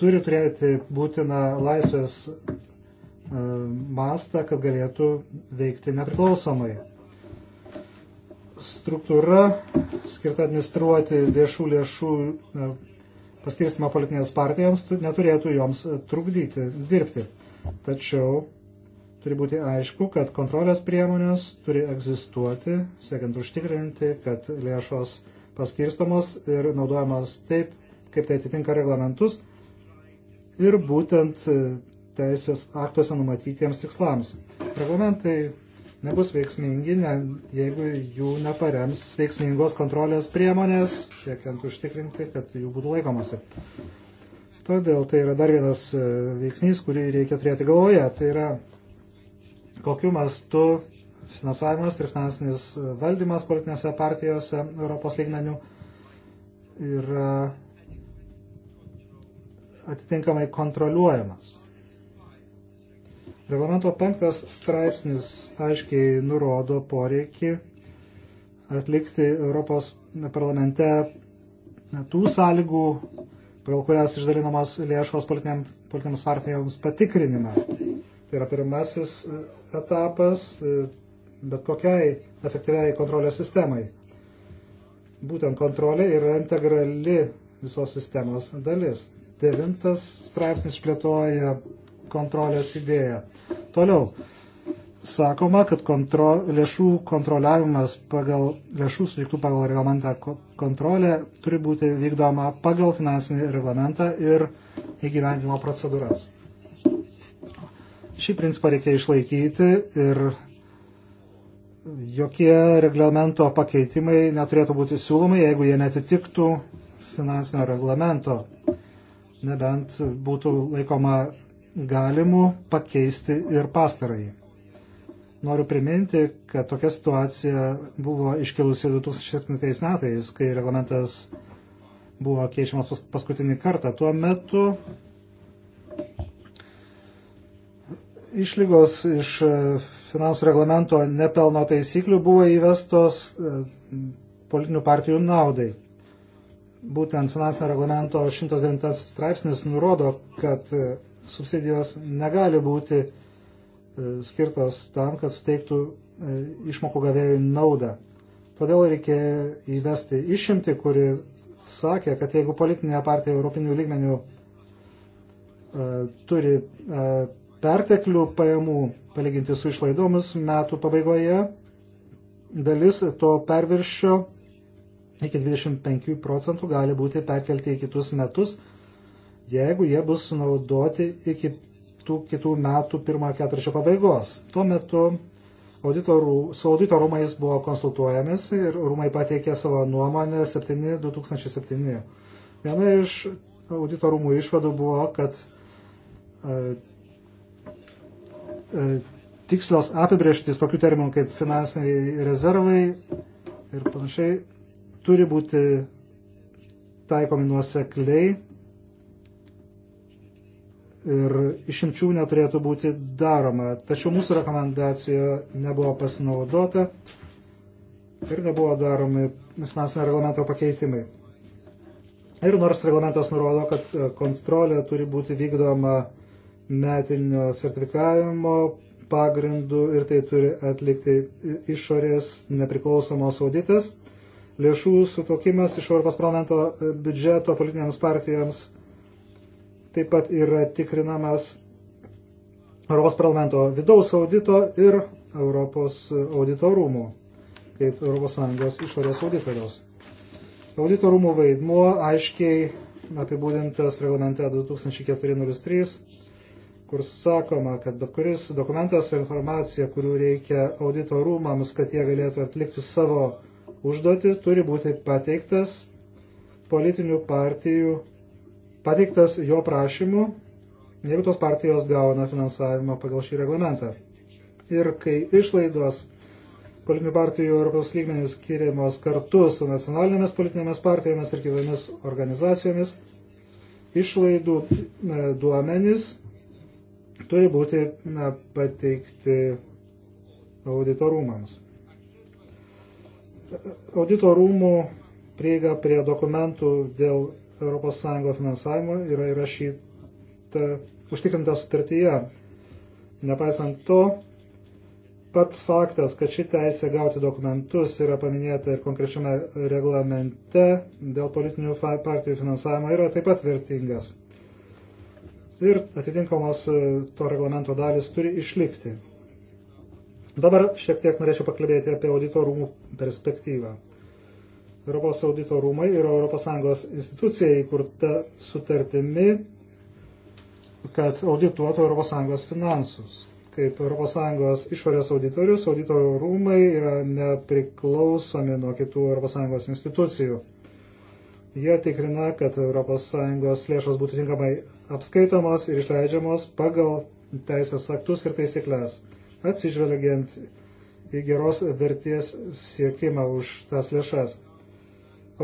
turi turėti būtiną laisvės e, mastą, kad galėtų veikti nepriklausomai. Struktūra skirta administruoti viešų lėšų e, paskirstimą politinės partijams neturėtų joms trukdyti dirbti. Tačiau turi būti aišku, kad kontrolės priemonės turi egzistuoti, siekiant užtikrinti, kad lėšos paskirstomos ir naudojamos taip, kaip tai atitinka reglamentus ir būtent e, teisės aktuose numatytiems tikslams. Reglamentai nebus veiksmingi, ne, jeigu jų neparems veiksmingos kontrolės priemonės, siekiant užtikrinti, kad jų būtų laikomasi. Todėl tai yra dar vienas e, veiksnys, kurį reikia turėti galvoje. Tai yra, kokiu mastu finansavimas ir finansinis valdymas politinėse partijose Europos lygmenių yra atitinkamai kontroliuojamas. Reglamento penktas straipsnis aiškiai nurodo poreikį atlikti Europos parlamente tų sąlygų, pagal kurias išdalinamos lėšos politiniam, politiniams partijoms patikrinimą. Tai yra pirmasis e, etapas e, bet kokiai efektyviai kontrolės sistemai. Būtent kontrolė yra integrali visos sistemos dalis. Devintas straipsnis plėtoja kontrolės idėją. Toliau. Sakoma, kad kontro, lėšų kontroliavimas pagal lėšų suteiktų pagal reglamentą kontrolė turi būti vykdoma pagal finansinį reglamentą ir įgyvendinimo procedūras. Šį principą reikia išlaikyti ir jokie reglamento pakeitimai neturėtų būti siūlomi, jeigu jie netitiktų finansinio reglamento nebent būtų laikoma galimų pakeisti ir pastarąjį. Noriu priminti, kad tokia situacija buvo iškilusi 2007 metais, kai reglamentas buvo keičiamas paskutinį kartą. Tuo metu išlygos iš finansų reglamento nepelno taisyklių buvo įvestos e, politinių partijų naudai būtent finansinio reglamento 109 straipsnis nurodo, kad e, subsidijos negali būti e, skirtos tam, kad suteiktų e, išmokų gavėjų naudą. Todėl reikėjo įvesti išimti, kuri sakė, kad jeigu politinė partija Europinių lygmenių turi perteklių pajamų palyginti su išlaidomis metų pabaigoje, dalis to perviršio iki 25 procentų gali būti perkelti į kitus metus, jeigu jie bus sunaudoti iki tų kitų metų pirmojo ketvirčio pabaigos. Tuo metu auditorų, su audito rūmais buvo konsultuojamis ir rūmai pateikė savo nuomonę 7-2007. Viena iš audito rūmų išvadų buvo, kad e, e, tikslios apibrieštys tokių terminų kaip finansiniai rezervai ir panašiai turi būti taikomi nuosekliai ir išimčių neturėtų būti daroma. Tačiau mūsų rekomendacija nebuvo pasinaudota ir nebuvo daromi finansinio reglamento pakeitimai. Ir nors reglamentas nurodo, kad e, kontrolė turi būti vykdoma metinio sertifikavimo pagrindu ir tai turi atlikti išorės nepriklausomos auditas, lėšų sutokimas iš Europos parlamento e, biudžeto politinėms partijoms taip pat yra tikrinamas Europos parlamento vidaus audito ir Europos audito rūmų, kaip ES išorės auditoriaus. Audito rūmų vaidmuo aiškiai apibūdintas reglamente 2403, kur sakoma, kad bet kuris dokumentas ar informacija, kurių reikia audito rūmams, kad jie galėtų atlikti savo užduotį turi būti pateiktas politinių partijų, pateiktas jo prašymu, jeigu tos partijos gauna finansavimą pagal šį reglamentą. Ir kai išlaidos politinių partijų Europos lygmenys skiriamos kartu su nacionalinėmis politinėmis partijomis ir kitomis organizacijomis, išlaidų e, duomenys turi būti na, pateikti auditorumams. Audito rūmų prieiga prie dokumentų dėl ES finansavimo yra įrašyta užtikrinta sutartyje. Nepaisant to, pats faktas, kad ši teisė gauti dokumentus yra paminėta ir konkrečiame reglamente dėl politinių partijų finansavimo yra taip pat vertingas. Ir atitinkamos e, to reglamento dalis turi išlikti. Dabar šiek tiek norėčiau pakalbėti apie auditorumų perspektyvą. Europos audito rūmai yra ES institucija įkurta sutartimi, kad audituotų ES finansus. Kaip ES išorės auditorius, audito rūmai yra nepriklausomi nuo kitų ES institucijų. Jie tikrina, kad ES lėšos būtų tinkamai apskaitomos ir išleidžiamos pagal teisės aktus ir taisyklės atsižvelgiant į geros vertės siekimą už tas lėšas.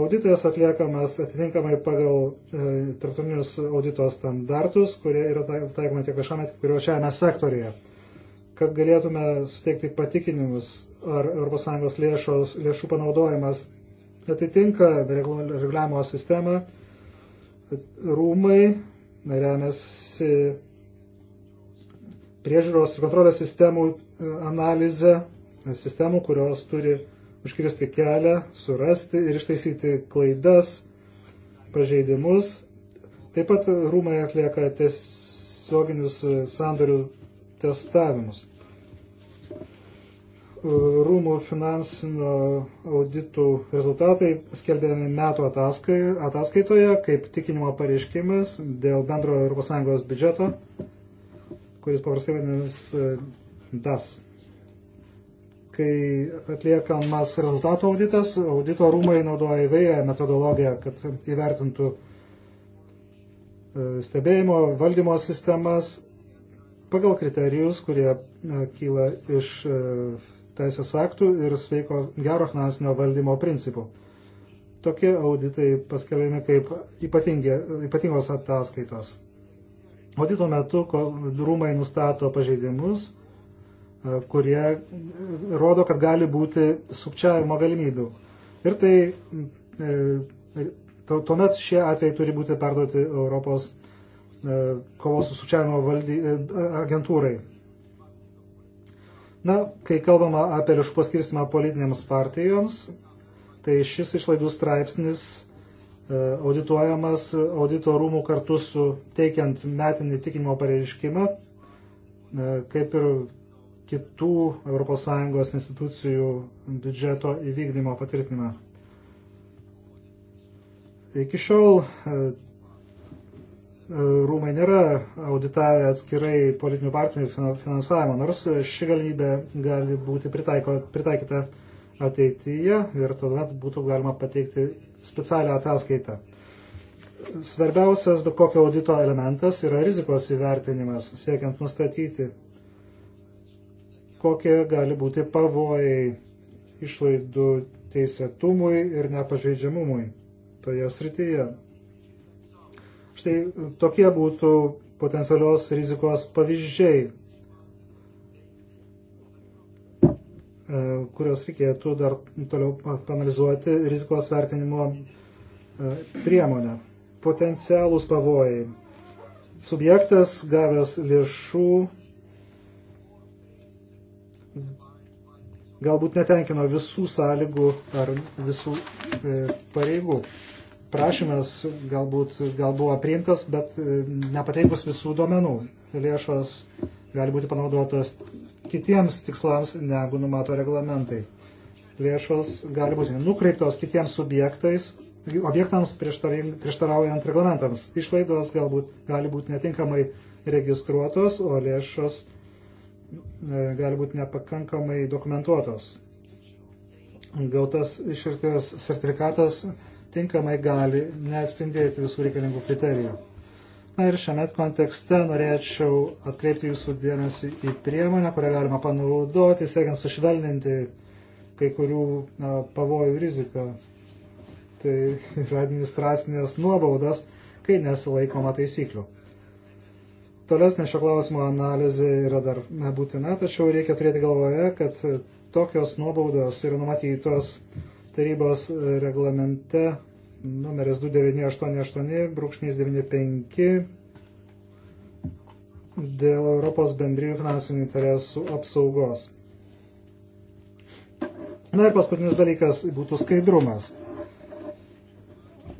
Auditas atliekamas atitinkamai pagal e, tarptautinius audito standartus, kurie yra taikoma tiek viešame, tiek privačiame sektorėje. Kad galėtume suteikti patikinimus, ar ES lėšos, lėšų panaudojimas atitinka reguliavimo sistemą, rūmai remiasi priežiūros ir kontrolės sistemų e, analizę, e, sistemų, kurios turi užkirsti kelią, surasti ir ištaisyti klaidas, pažeidimus. Taip pat rūmai atlieka tiesioginius e, sandorių testavimus. Rūmų finansinio auditų rezultatai skelbiami metų ataskai, ataskaitoje kaip tikinimo pareiškimas dėl bendro ES biudžeto kuris paprastai vadinamas e, DAS. Kai atliekamas rezultato auditas, audito rūmai naudoja įvairią metodologiją, kad įvertintų e, stebėjimo valdymo sistemas pagal kriterijus, kurie e, kyla iš teisės aktų ir sveiko gero finansinio valdymo principų. Tokie auditai paskelbiami kaip ypatingos ataskaitos. Audito tai metu rūmai nustato pažeidimus, e, kurie e, rodo, kad gali būti sukčiavimo galimybių. Ir tai e, tuomet šie atvejai turi būti perduoti Europos kovos su sukčiavimo valdy, agentūrai. Na, kai kalbama apie lėšų paskirstimą politinėms partijoms, tai šis išlaidų straipsnis E, audituojamas audito rūmų kartu su teikiant metinį tikinimo pareiškimą, e, kaip ir kitų ES institucijų biudžeto įvykdymo patvirtinimą. Iki šiol e, rūmai nėra auditavę atskirai politinių partijų finansavimo, nors ši galimybė gali būti pritaiko, pritaikyta ateityje ir tuomet būtų galima pateikti specialią ataskaitą. Svarbiausias bet kokio audito elementas yra rizikos įvertinimas, siekiant nustatyti, kokie gali būti pavojai išlaidų teisėtumui ir nepažeidžiamumui toje srityje. Štai tokie būtų potencialios rizikos pavyzdžiai E, kurios reikėtų dar toliau panalizuoti rizikos vertinimo e, priemonę. Potencialūs pavojai. Subjektas gavęs lėšų galbūt netenkino visų sąlygų ar visų e, pareigų. Prašymas galbūt gal buvo priimtas, bet nepateikus visų duomenų. Lėšos gali būti panaudotas kitiems tikslams, negu numato reglamentai. Lėšos gali būti nukreiptos kitiems subjektais, objektams prieštaraujant reglamentams. Išlaidos galbūt gali būti netinkamai registruotos, o lėšos e, gali būti nepakankamai dokumentuotos. Gautas išrinktas sertifikatas tinkamai gali neatspindėti visų reikalingų kriterijų. Na ir šiame kontekste norėčiau atkreipti jūsų dėmesį į priemonę, kurią galima panaudoti, siekiant sušvelninti kai kurių na, pavojų riziką. Tai yra administracinės nuobaudas, kai nesilaikoma taisyklių. Tolesnė šio klausimo analizė yra dar nebūtina, tačiau reikia turėti galvoje, kad tokios nuobaudos yra numatytos tarybos reglamente numeris 2988-95 dėl Europos bendrijų finansinių interesų apsaugos. Na ir paskutinis dalykas būtų skaidrumas.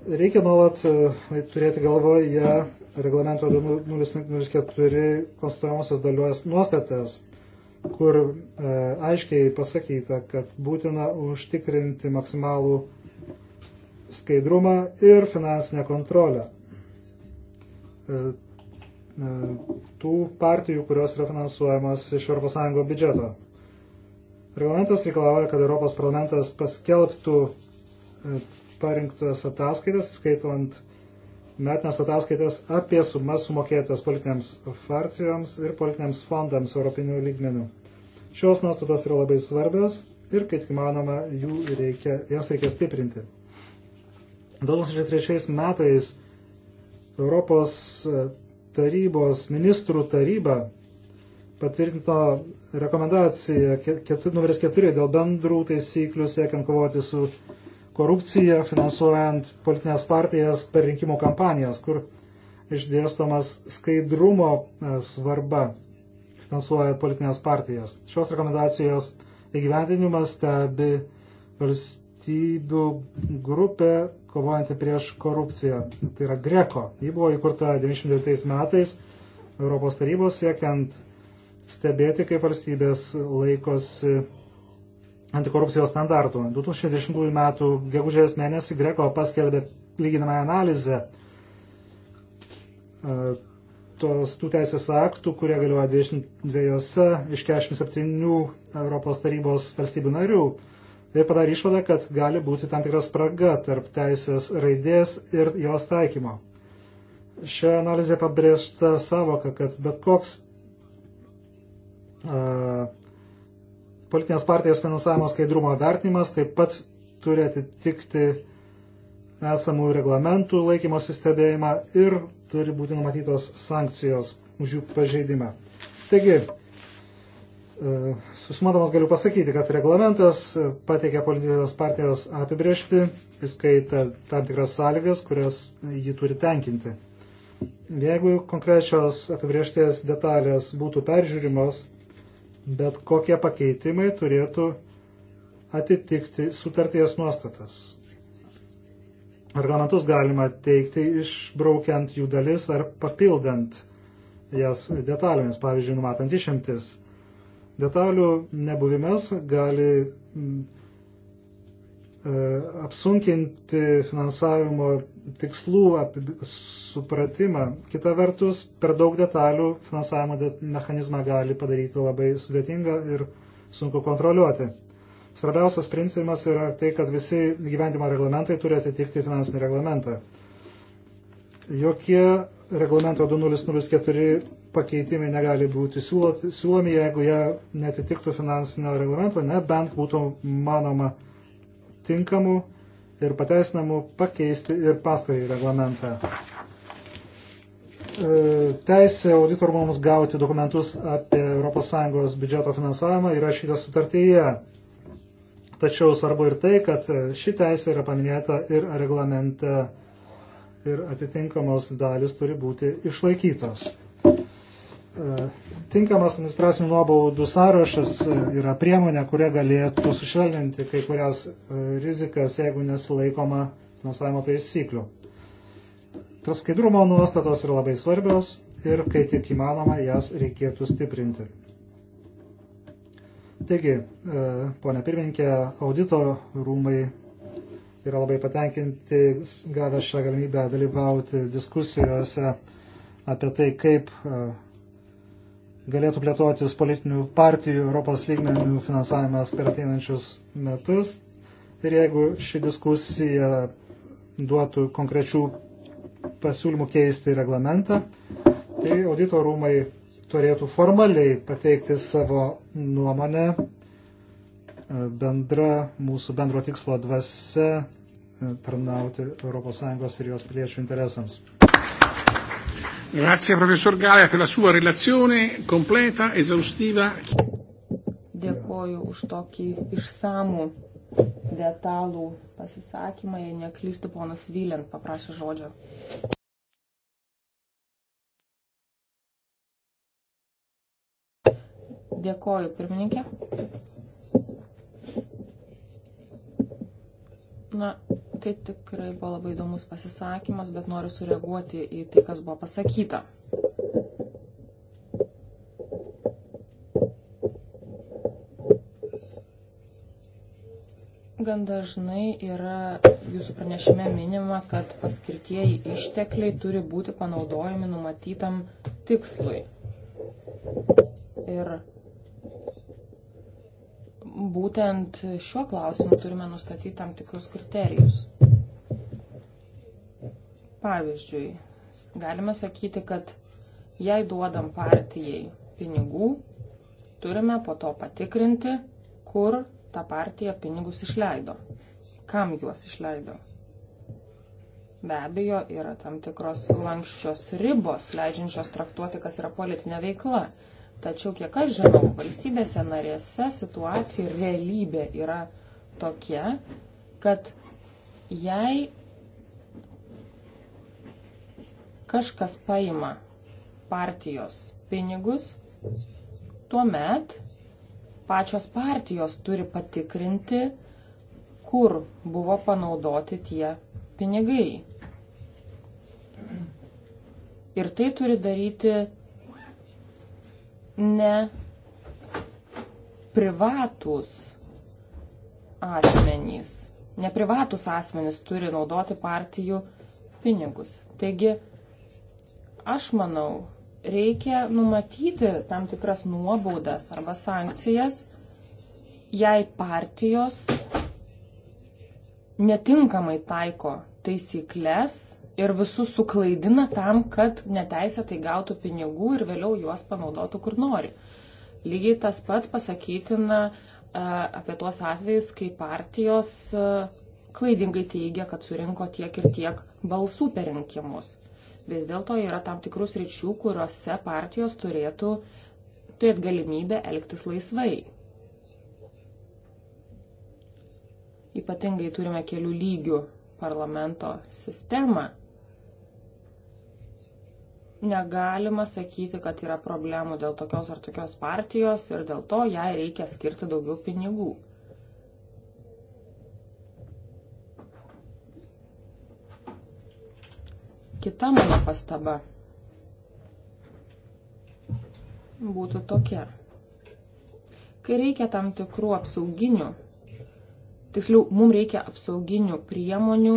Reikia nuolat e, turėti galvoje reglamento 004 konstituojamosios dalios nuostatas, kur e, aiškiai pasakyta, kad būtina užtikrinti maksimalų skaidrumą ir finansinę kontrolę e, e, tų partijų, kurios yra finansuojamos iš ES biudžeto. Reglamentas reikalauja, kad Europos parlamentas paskelbtų e, parinktas ataskaitas, skaitant metinės ataskaitas apie sumas sumokėtas politinėms partijoms ir politinėms fondams europinių lygmenių. Šios nuostatos yra labai svarbios ir, kaip įmanoma, jų reikia, jas reikia stiprinti. 2003 metais Europos e, tarybos ministrų taryba patvirtino rekomendaciją 4.4 dėl bendrų taisyklių siekiant kovoti su korupcija, finansuojant politinės partijas per rinkimų kampanijas, kur išdėstomas skaidrumo e, svarba finansuojant politinės partijas. Šios rekomendacijos įgyvendinimas stebi valstybių grupė kovojanti prieš korupciją. Tai yra Greko. Ji buvo įkurta 99 metais Europos tarybos siekiant stebėti, kaip valstybės laikosi antikorupcijos standartų. 2010 m. gegužės mėnesį Greko paskelbė lyginamąją analizę e, tos, tų teisės aktų, kurie galioja 22 iš 47 Europos tarybos valstybių narių ir padarė išvadą, kad gali būti tam tikras spraga tarp teisės raidės ir jos taikymo. Šioje analizėje pabrėžta savoka, kad bet koks a, politinės partijos finansavimo skaidrumo vertinimas taip pat turi atitikti esamų reglamentų laikymosi stebėjimą ir turi būti numatytos sankcijos už jų pažeidimą. Taigi, Susumadamas galiu pasakyti, kad reglamentas pateikia politinės partijos apibriežti, įskaita tam tikras sąlygas, kurias ji turi tenkinti. Jeigu konkrečios apibriežties detalės būtų peržiūrimos, bet kokie pakeitimai turėtų atitikti sutarties nuostatas. Argumentus galima teikti išbraukiant jų dalis ar papildant jas detalėmis, pavyzdžiui, numatant išimtis. Detalių nebuvimas gali mm, e, apsunkinti finansavimo tikslų supratimą. Kita vertus, per daug detalių finansavimo mechanizmą gali padaryti labai sudėtingą ir sunku kontroliuoti. Svarbiausias principas yra tai, kad visi gyvendimo reglamentai turi atitikti finansinį reglamentą. Jokie reglamento 2004 pakeitimai negali būti siūlomi, jeigu jie netitiktų finansinio reglamento, nebent būtų manoma tinkamų ir pateisinamų pakeisti ir pastarąjį reglamentą. E, teisė auditorumams gauti dokumentus apie ES biudžeto finansavimą yra šitą sutartyje. Tačiau svarbu ir tai, kad ši teisė yra paminėta ir reglamente ir atitinkamos dalis turi būti išlaikytos. E, tinkamas administracinių nuobaudų sąrašas e, yra priemonė, kuria galėtų sušvelninti kai kurias e, rizikas, jeigu nesilaikoma finansavimo taisyklių. Tas skaidrumo nuostatos yra labai svarbios ir kai tik įmanoma, jas reikėtų stiprinti. Taigi, ponė pirmininkė, audito rūmai yra labai patenkinti gavę šią galimybę dalyvauti diskusijose apie tai, kaip e, galėtų plėtotis politinių partijų Europos lygmenių finansavimas per ateinančius metus. Ir jeigu ši diskusija duotų konkrečių pasiūlymų keisti reglamentą, tai audito rūmai turėtų formaliai pateikti savo nuomonę bendra mūsų bendro tikslo dvasia e, tarnauti ES ir jos piliečių interesams. Grazie professor Galia per la sua relazione completa, esaustiva. Dėkoju už tokį išsamų detalų pasisakymą, jei neklystu, ponas Vylent paprašė žodžio. Dėkoju, pirmininkė. Na, tai tikrai buvo labai įdomus pasisakymas, bet noriu sureaguoti į tai, kas buvo pasakyta. Gan dažnai yra jūsų pranešime minima, kad paskirtieji ištekliai turi būti panaudojami numatytam tikslui. Ir būtent šiuo klausimu turime nustatyti tam tikrus kriterijus. Pavyzdžiui, galime sakyti, kad jei duodam partijai pinigų, turime po to patikrinti, kur ta partija pinigus išleido, kam juos išleido. Be abejo, yra tam tikros lankščios ribos, leidžiančios traktuoti, kas yra politinė veikla. Tačiau, kiek aš žinau, valstybėse narėse situacija ir realybė yra tokia, kad jei kažkas paima partijos pinigus, tuomet pačios partijos turi patikrinti, kur buvo panaudoti tie pinigai. Ir tai turi daryti ne privatus asmenys, ne privatus asmenys turi naudoti partijų pinigus. Taigi, aš manau, reikia numatyti tam tikras nuobaudas arba sankcijas, jei partijos netinkamai taiko taisyklės ir visus suklaidina tam, kad neteisėtai gautų pinigų ir vėliau juos panaudotų kur nori. Lygiai tas pats pasakytina e, apie tuos atvejus, kai partijos e, klaidingai teigia, kad surinko tiek ir tiek balsų per rinkimus. Vis dėlto yra tam tikrus ryčių, kuriuose partijos turėtų turėti galimybę elgtis laisvai. Ypatingai turime kelių lygių parlamento sistemą negalima sakyti, kad yra problemų dėl tokios ar tokios partijos ir dėl to jai reikia skirti daugiau pinigų. Kita mano pastaba būtų tokia. Kai reikia tam tikrų apsauginių, tiksliau, mums reikia apsauginių priemonių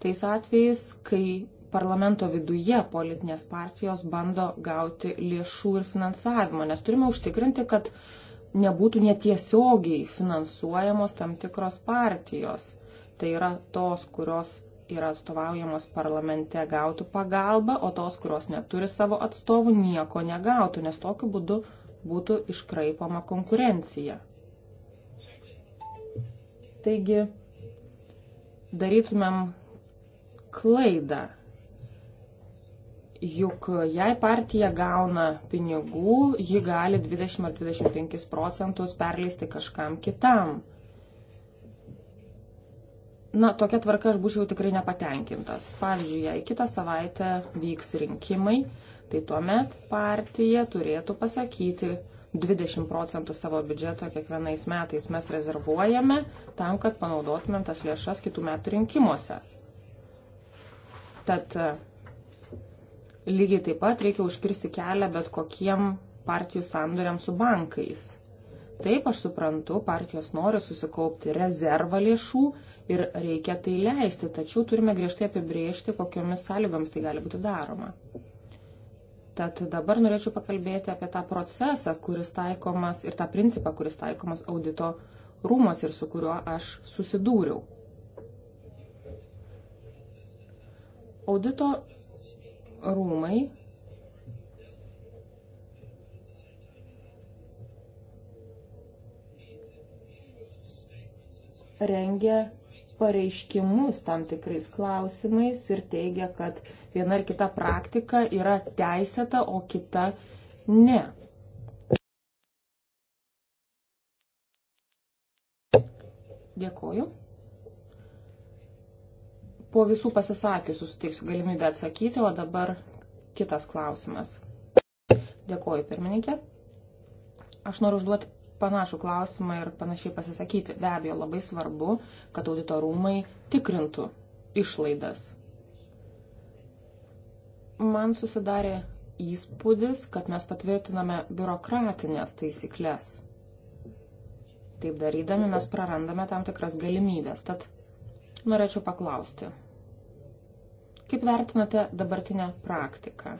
tais atvejais, kai parlamento viduje politinės partijos bando gauti lėšų ir finansavimą, nes turime užtikrinti, kad nebūtų netiesiogiai finansuojamos tam tikros partijos. Tai yra tos, kurios yra atstovaujamos parlamente gautų pagalbą, o tos, kurios neturi savo atstovų, nieko negautų, nes tokiu būdu būtų iškraipama konkurencija. Taigi, darytumėm klaidą, Juk jei partija gauna pinigų, ji gali 20 ar 25 procentus perleisti kažkam kitam. Na, tokia tvarka aš būčiau tikrai nepatenkintas. Pavyzdžiui, jei kitą savaitę vyks rinkimai, tai tuomet partija turėtų pasakyti 20 procentų savo biudžeto kiekvienais metais mes rezervuojame tam, kad panaudotumėm tas lėšas kitų metų rinkimuose. Tad Lygiai taip pat reikia užkirsti kelią bet kokiem partijų sandoriam su bankais. Taip, aš suprantu, partijos nori susikaupti rezervą lėšų ir reikia tai leisti, tačiau turime griežtai apibriežti, kokiomis sąlygomis tai gali būti daroma. Tad dabar norėčiau pakalbėti apie tą procesą, kuris taikomas ir tą principą, kuris taikomas audito rūmos ir su kuriuo aš susidūriau. Audito rūmai. rengia pareiškimus tam tikrais klausimais ir teigia, kad viena ar kita praktika yra teisėta, o kita ne. Dėkoju po visų pasisakysiu suteiksiu galimybę atsakyti, o dabar kitas klausimas. Dėkuoju, pirmininkė. Aš noriu užduoti panašų klausimą ir panašiai pasisakyti. Be abejo, labai svarbu, kad auditorumai tikrintų išlaidas. Man susidarė įspūdis, kad mes patvirtiname biurokratinės taisyklės. Taip darydami mes prarandame tam tikras galimybės. Tad norėčiau paklausti, Kaip vertinate dabartinę praktiką?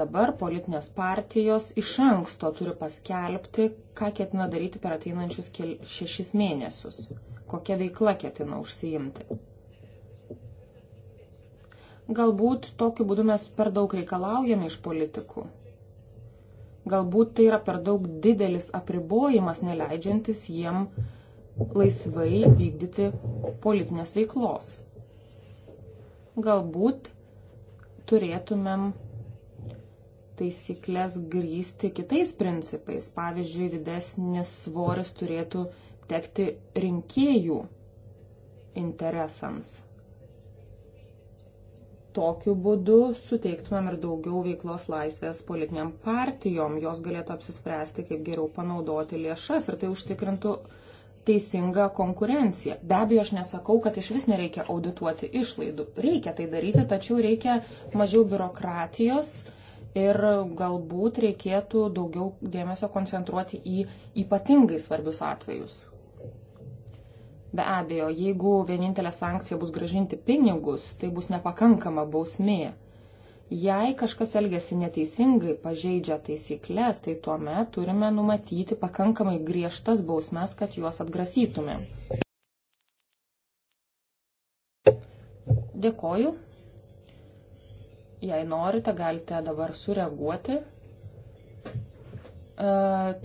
Dabar politinės partijos iš anksto turi paskelbti, ką ketina daryti per ateinančius šešis mėnesius, kokią veiklą ketina užsiimti. Galbūt tokiu būdu mes per daug reikalaujame iš politikų. Galbūt tai yra per daug didelis apribojimas, neleidžiantis jiem laisvai vykdyti politinės veiklos galbūt turėtumėm taisyklės grįsti kitais principais. Pavyzdžiui, didesnis svoris turėtų tekti rinkėjų interesams. Tokiu būdu suteiktumėm ir daugiau veiklos laisvės politiniam partijom, jos galėtų apsispręsti, kaip geriau panaudoti lėšas ir tai užtikrintų teisinga konkurencija. Be abejo, aš nesakau, kad iš vis nereikia audituoti išlaidų. Reikia tai daryti, tačiau reikia mažiau biurokratijos ir galbūt reikėtų daugiau dėmesio koncentruoti į ypatingai svarbius atvejus. Be abejo, jeigu vienintelė sankcija bus gražinti pinigus, tai bus nepakankama bausmė. Jei kažkas elgesi neteisingai, pažeidžia taisyklės, tai tuo metu turime numatyti pakankamai griežtas bausmes, kad juos atgrasytume. Dėkoju. Jei norite, galite dabar sureaguoti. E,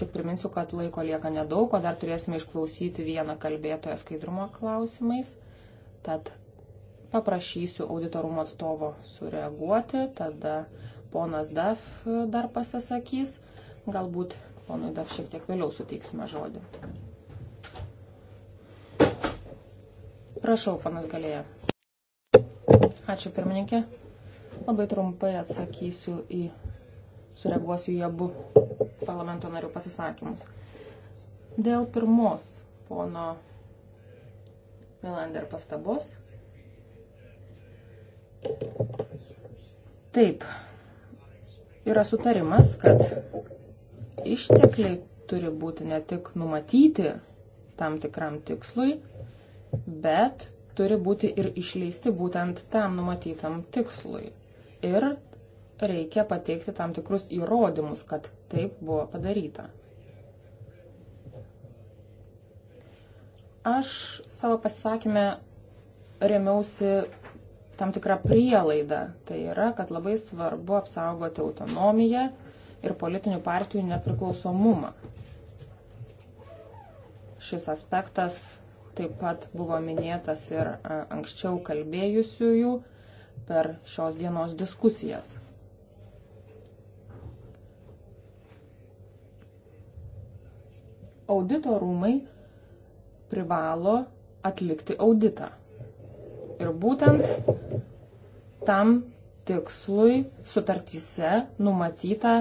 tik priminsiu, kad laiko lieka nedaug, o dar turėsime išklausyti vieną kalbėtoją skaidrumo klausimais. Tad paprašysiu auditorumo atstovo sureaguoti, tada ponas Daf dar pasisakys, galbūt ponui Daf šiek tiek vėliau suteiksime žodį. Prašau, panas Galėja. Ačiū, pirmininkė. Labai trumpai atsakysiu į, sureaguosiu į abu parlamento narių pasisakymus. Dėl pirmos pono Melander pastabos, Taip, yra sutarimas, kad ištekliai turi būti ne tik numatyti tam tikram tikslui, bet turi būti ir išleisti būtent tam numatytam tikslui. Ir reikia pateikti tam tikrus įrodymus, kad taip buvo padaryta. Aš savo pasisakymę remiausi tam tikrą prielaidą. Tai yra, kad labai svarbu apsaugoti autonomiją ir politinių partijų nepriklausomumą. Šis aspektas taip pat buvo minėtas ir anksčiau kalbėjusiųjų per šios dienos diskusijas. Audito rūmai privalo atlikti auditą. Ir būtent tam tikslui sutartyse numatyta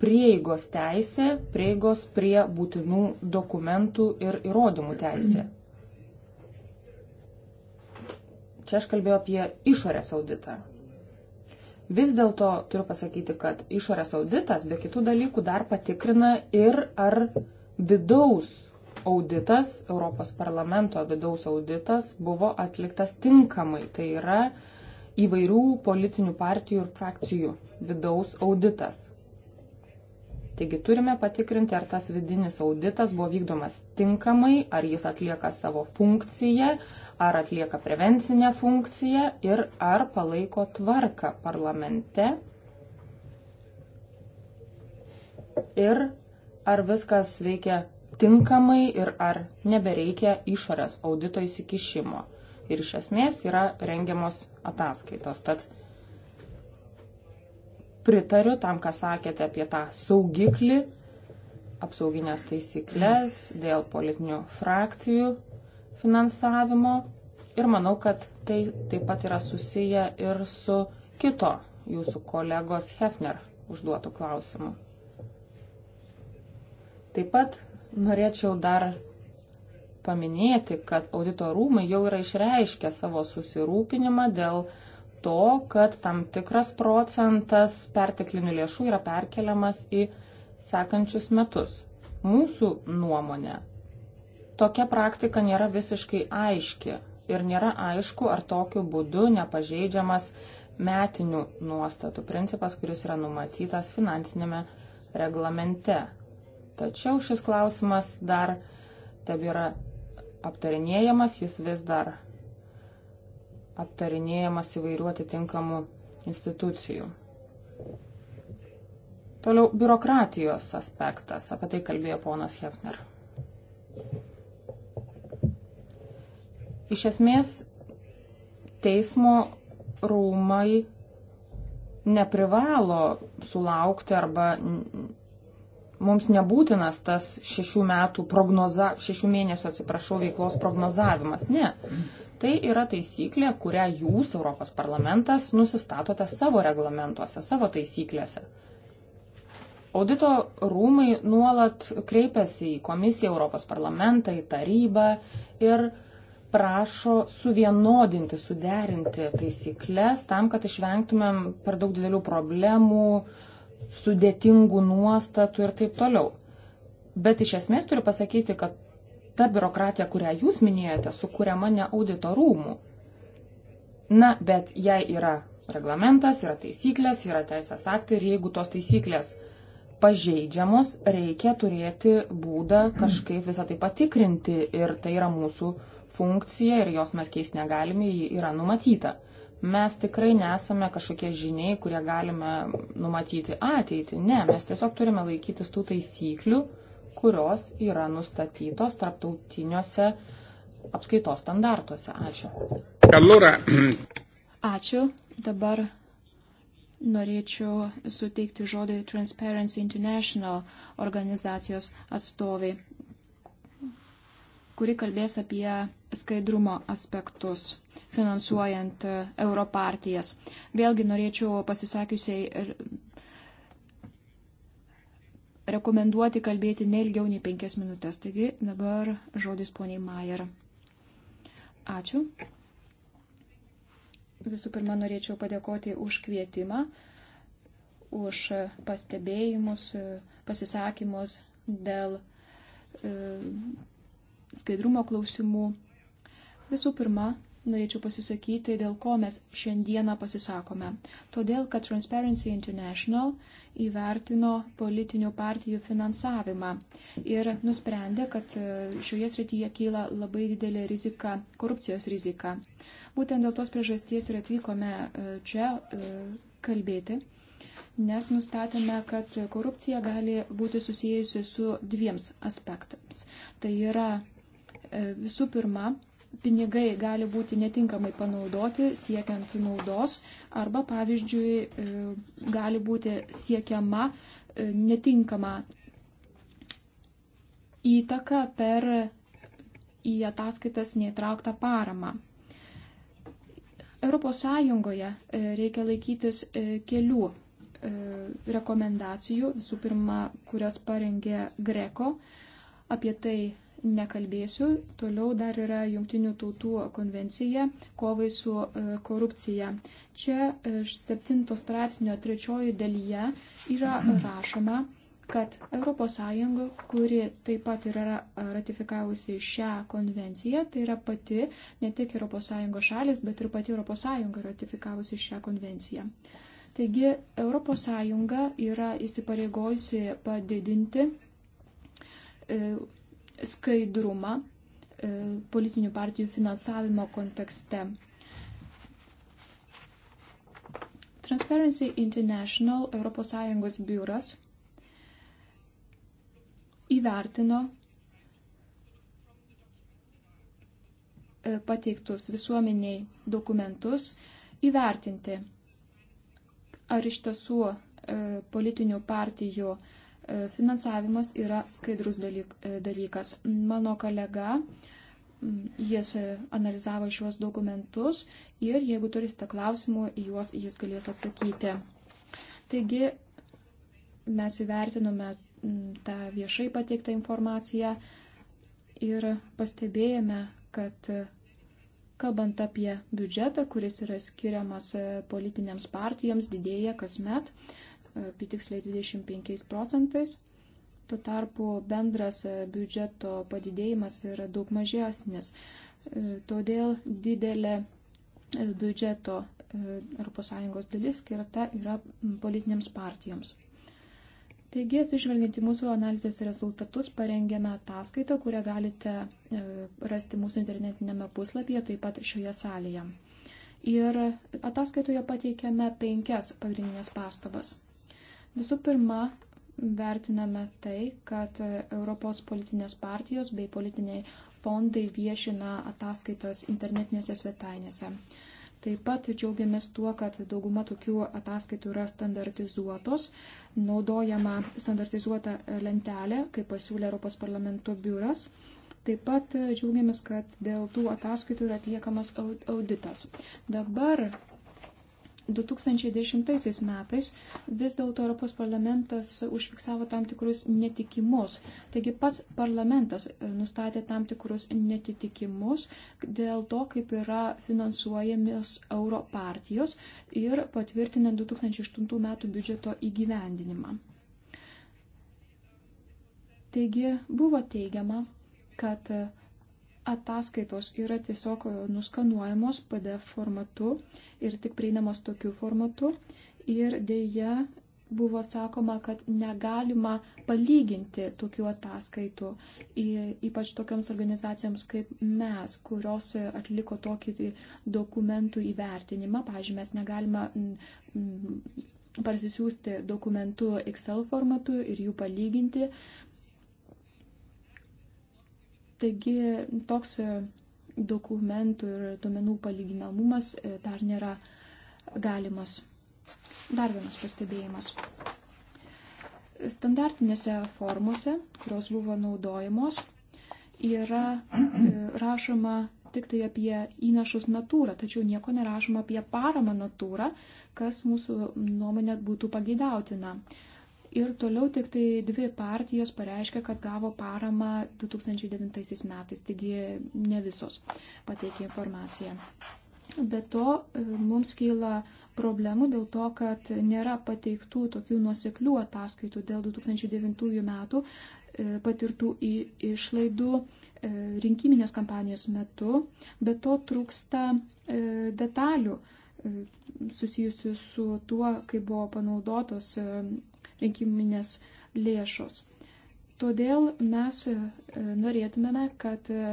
prieigos teisė, prieigos prie būtinų dokumentų ir įrodymų teisė. Čia aš kalbėjau apie išorės auditą. Vis dėlto turiu pasakyti, kad išorės auditas be kitų dalykų dar patikrina ir ar vidaus auditas, Europos parlamento vidaus auditas buvo atliktas tinkamai. Tai yra įvairių politinių partijų ir frakcijų vidaus auditas. Taigi turime patikrinti, ar tas vidinis auditas buvo vykdomas tinkamai, ar jis atlieka savo funkciją, ar atlieka prevencinę funkciją ir ar palaiko tvarką parlamente. Ir ar viskas veikia tinkamai ir ar nebereikia išorės audito įsikišimo. Ir iš esmės yra rengiamos ataskaitos. Tad pritariu tam, ką sakėte apie tą saugiklį, apsauginės taisyklės dėl politinių frakcijų finansavimo. Ir manau, kad tai taip pat yra susiję ir su kito jūsų kolegos Hefner užduotų klausimų. Taip pat Norėčiau dar paminėti, kad audito rūmai jau yra išreiškę savo susirūpinimą dėl to, kad tam tikras procentas perteklinių lėšų yra perkeliamas į sekančius metus. Mūsų nuomonė, tokia praktika nėra visiškai aiški ir nėra aišku, ar tokiu būdu nepažeidžiamas metinių nuostatų principas, kuris yra numatytas finansinėme reglamente. Tačiau šis klausimas dar tebėra aptarinėjamas, jis vis dar aptarinėjamas įvairių atitinkamų institucijų. Toliau biurokratijos aspektas, apie tai kalbėjo ponas Hefner. Iš esmės, teismo rūmai neprivalo sulaukti arba mums nebūtinas tas šešių, prognoza, šešių mėnesių atsiprašau, veiklos prognozavimas. Ne. Tai yra taisyklė, kurią jūs, Europos parlamentas, nusistatote savo reglamentuose, savo taisyklėse. Audito rūmai nuolat kreipiasi į komisiją, Europos parlamentą, į tarybą ir prašo suvienodinti, suderinti taisyklės tam, kad išvengtumėm per daug didelių problemų, uh, sudėtingų nuostatų ir taip toliau. Bet iš esmės turiu pasakyti, kad ta biurokratija, kurią jūs minėjote, sukūriama ne audito rūmų. Na, bet jei yra reglamentas, yra taisyklės, yra teisės aktai ir jeigu tos taisyklės pažeidžiamos, reikia turėti būdą kažkaip visą tai patikrinti ir tai yra mūsų funkcija ir jos mes keis negalime, ji yra numatyta. Mes tikrai nesame kažkokie žiniai, kurie galime numatyti ateitį. Ne, mes tiesiog turime laikytis tų taisyklių, kurios yra nustatytos tarptautiniuose apskaitos standartuose. Ačiū. Allora. Ačiū. Dabar norėčiau suteikti žodį Transparency International organizacijos atstovai, kuri kalbės apie skaidrumo aspektus finansuojant e, Europartijas. Vėlgi norėčiau pasisakiusiai rekomenduoti kalbėti neilgiau nei penkias minutės. Taigi dabar žodis poniai Majer. Ačiū. Visų pirma, norėčiau padėkoti už kvietimą, už pastebėjimus, pasisakymus dėl e, skaidrumo klausimų. Visų pirma, norėčiau pasisakyti, dėl ko mes šiandieną pasisakome. Todėl, kad Transparency International įvertino politinių partijų finansavimą ir nusprendė, kad e, šioje srityje kyla labai didelė rizika, korupcijos rizika. Būtent dėl tos priežasties ir atvykome e, čia e, kalbėti nes nustatėme, kad korupcija gali būti susijusi su dviems aspektams. Tai yra visų pirma pinigai gali būti netinkamai panaudoti siekiant naudos arba, pavyzdžiui, e, gali būti siekiama e, netinkama įtaka per į ataskaitas neįtrauktą paramą. ES e, reikia laikytis kelių rekomendacijų, visų pirma, kurias parengė Greko, apie tai nekalbėsiu. Toliau dar yra Junktinių tautų konvencija kovai su e, korupcija. Čia 7 e, straipsnio 3 dalyje yra rašoma, kad ES, kuri taip pat yra ratifikavusi šią konvenciją, tai yra pati ne tik ES šalis, bet ir pati ES ratifikavusi šią konvenciją. Taigi ES yra įsipareigojusi padidinti e, skaidrumą e, politinių partijų finansavimo kontekste. Transparency International ES biuras įvertino e, pateiktus visuomeniai dokumentus, įvertinti, ar iš tiesų e, politinių partijų uh, E, finansavimas yra skaidrus dalyk, e, dalykas. Mano kolega, jis e, analizavo šiuos dokumentus ir jeigu turite klausimų, juos jis galės atsakyti. Taigi, mes įvertinome tą viešai pateiktą informaciją ir pastebėjome, kad kalbant apie biudžetą, kuris yra skiriamas politinėms partijoms, didėja kasmet, apytiksliai 25 procentais. Tuo tarpu bendras e, biudžeto padidėjimas yra daug mažesnis. E, todėl didelė e, biudžeto ES dalis skirta yra politinėms partijoms. Taigi, atsižvelgiant į mūsų analizės rezultatus, parengėme ataskaitą, kurią galite rasti mūsų internetinėme puslapyje, taip pat šioje salėje. Ir ataskaitoje pateikėme penkias pagrindinės pastabas. Visų pirma, vertiname tai, kad Europos politinės partijos bei politiniai fondai viešina ataskaitas internetinėse svetainėse. Taip pat džiaugiamės tuo, kad dauguma tokių ataskaitų yra standartizuotos. Naudojama standartizuota lentelė, kaip pasiūlė Europos parlamento biuras. Taip pat džiaugiamės, kad dėl tų ataskaitų yra atliekamas auditas. Dabar 2010 metais vis dėlto Europos parlamentas užfiksavo tam tikrus netikimus. Taigi pats parlamentas e, nustatė tam tikrus netitikimus dėl to, kaip yra finansuojamos euro partijos ir patvirtinę 2008 metų biudžeto įgyvendinimą. Taigi buvo teigiama, kad ataskaitos yra tiesiog e, nuskanuojamos PDF formatu ir tik prieinamos tokiu formatu. Ir dėja buvo sakoma, kad negalima palyginti tokių ataskaitų, ypač tokiams organizacijoms kaip mes, kurios e, atliko tokį dokumentų įvertinimą. Pavyzdžiui, mes negalime parsisiųsti dokumentų Excel formatu ir jų palyginti. Taigi toks e, dokumentų ir duomenų palyginamumas e, dar nėra galimas. Dar vienas pastebėjimas. Standartinėse formose, kurios buvo naudojamos, yra e, rašoma tik tai apie įnašus natūrą, tačiau nieko nerašoma apie paramą natūrą, kas mūsų nuomonė būtų pageidautina. Ir toliau tik tai dvi partijos pareiškia, kad gavo paramą 2009 metais, taigi ne visos pateikė informaciją. Be to, e, mums kyla problemų dėl to, kad nėra pateiktų tokių nuoseklių ataskaitų dėl 2009 metų e, patirtų išlaidų e, rinkiminės kampanijos metu. Be to, trūksta detalių susijusių su tuo, kaip buvo panaudotos rinkiminės lėšos. Todėl mes e, norėtumėme, kad e,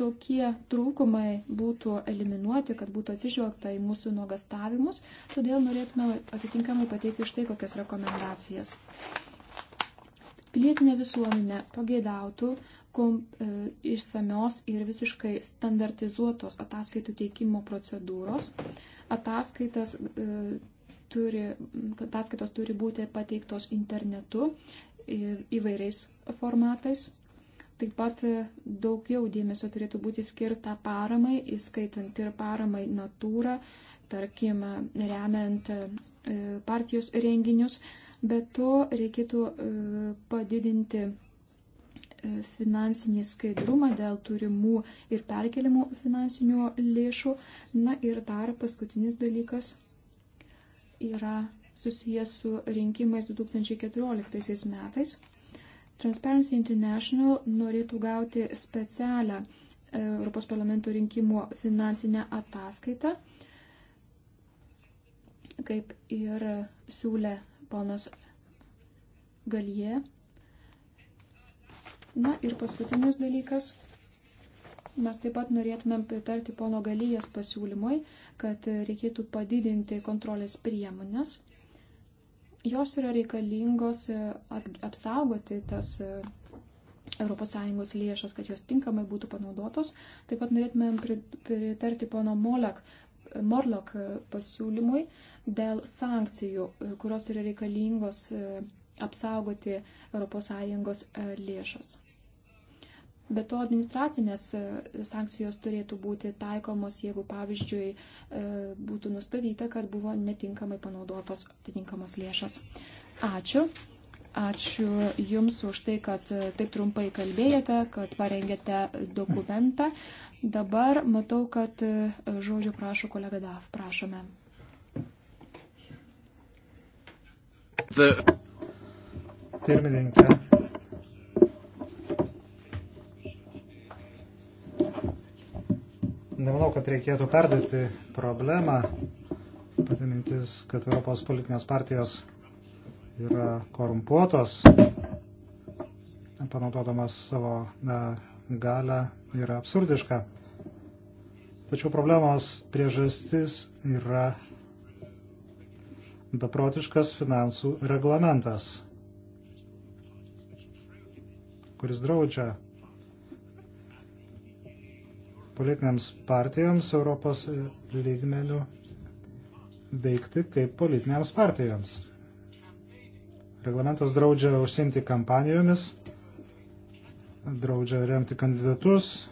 tokie trūkumai būtų eliminuoti, kad būtų atsižvelgta į mūsų nuogastavimus, todėl norėtume atitinkamai pateikti štai kokias rekomendacijas. Pilietinė visuomenė pageidautų kom, e, išsamios ir visiškai standartizuotos ataskaitų teikimo procedūros. Ataskaitas e, turi, kad ataskaitos turi būti pateiktos internetu įvairiais formatais. Taip pat daugiau dėmesio turėtų būti skirta paramai, įskaitant ir paramai natūrą, tarkim, remiant e, partijos renginius, bet to reikėtų e, padidinti e, finansinį skaidrumą dėl turimų ir perkelimų finansinių lėšų. Na ir dar paskutinis dalykas yra susijęs su rinkimais 2014 metais. Transparency International norėtų gauti specialią e, Europos parlamento rinkimų finansinę ataskaitą, kaip ir siūlė ponas Galie. Na ir paskutinis dalykas Mes taip pat norėtumėm pritarti pono Galyjas pasiūlymui, kad reikėtų padidinti kontrolės priemonės. Jos yra reikalingos e, apsaugoti tas ES lėšas, kad jos tinkamai būtų panaudotos. Taip pat norėtumėm pritarti pono Molek Morlok e, pasiūlymui dėl sankcijų, e, kurios yra reikalingos apsaugoti ES lėšas. Be to administracinės e, sankcijos turėtų būti taikomos, jeigu, pavyzdžiui, e, būtų nustatyta, kad buvo netinkamai panaudotos atitinkamos lėšas. Ačiū. Ačiū Jums už tai, kad e, taip trumpai kalbėjote, kad parengėte dokumentą. Dabar matau, kad žodžio prašo kolega DAF. Prašome. The... Pirmininkė, nemanau, kad reikėtų perdėti problemą. Patimintis, kad Europos politinės partijos yra korumpuotos, panaudodamas savo na, galę, yra absurdiška. Tačiau problemos priežastis yra beprotiškas finansų reglamentas, kuris draudžia politinėms partijoms Europos lygmenių veikti kaip politinėms partijoms. Reglamentas draudžia užsimti kampanijomis, draudžia remti kandidatus,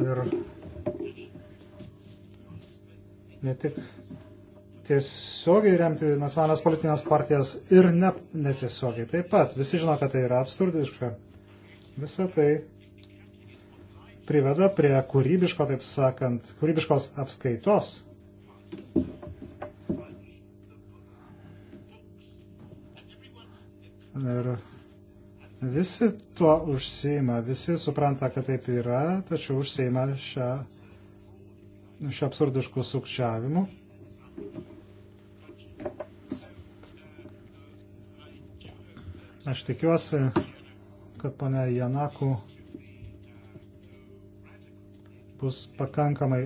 ir ne tik tiesiogiai remti nacionalinės politinės partijas ir ne, netiesiogiai taip pat. Visi žino, kad tai yra absurdiška. Visą tai priveda prie kūrybiško, taip sakant, kūrybiškos apskaitos. Ir visi tuo užsieima, visi supranta, kad taip yra, tačiau užsieima šią, šią absurdiškų sukčiavimų. Aš tikiuosi, kad ponia Janaku bus pakankamai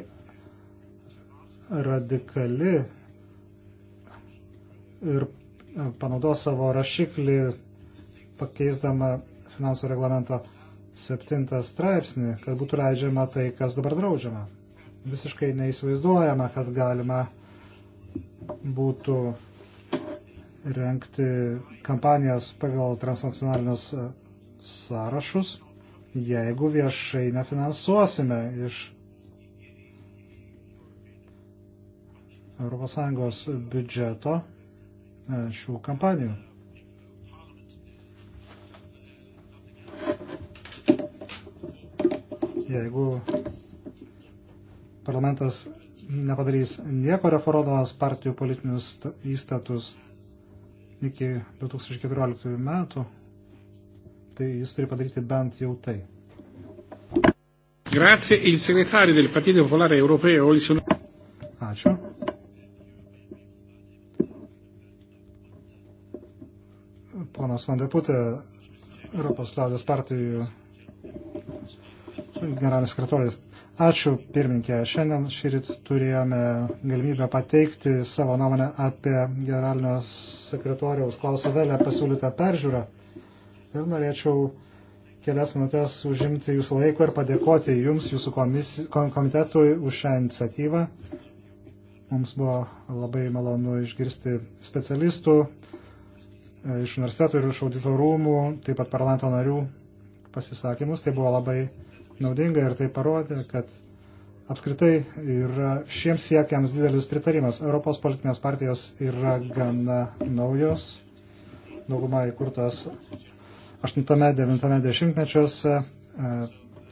radikali ir e, panaudos savo rašiklį pakeisdama finansų reglamento septintą straipsnį, kad būtų leidžiama tai, kas dabar draudžiama. Visiškai neįsivaizduojama, kad galima būtų renkti kampanijas pagal transnacionalinius e, sąrašus, jeigu viešai nefinansuosime iš ES biudžeto e, šių kampanijų. Jeigu parlamentas nepadarys nieko reformuodamas partijų politinius įstatus, iki 2014 metų, tai jis turi padaryti bent jau tai. Grazie, il segretario del Partito Popolare Europeo. Il... Ačiū. Ponas Vandeputė, Europos liaudės partijų generalinis sekretorius. Ačiū, pirminkė. Šiandien šį rytą turėjome galimybę pateikti savo nuomonę apie generalinio sekretoriaus Klauso Velę pasiūlytą peržiūrą. Ir norėčiau kelias minutės užimti jūsų laiko ir padėkoti jums, jūsų komisi, komitetui už šią iniciatyvą. Mums buvo labai malonu išgirsti specialistų e, iš universitetų ir iš audito rūmų, taip pat parlamento narių pasisakymus. Tai buvo labai naudinga ir tai parodė, kad apskritai yra šiems siekiams didelis pritarimas. Europos politinės partijos yra gana naujos, dauguma įkurtas 8-9 mečiuose,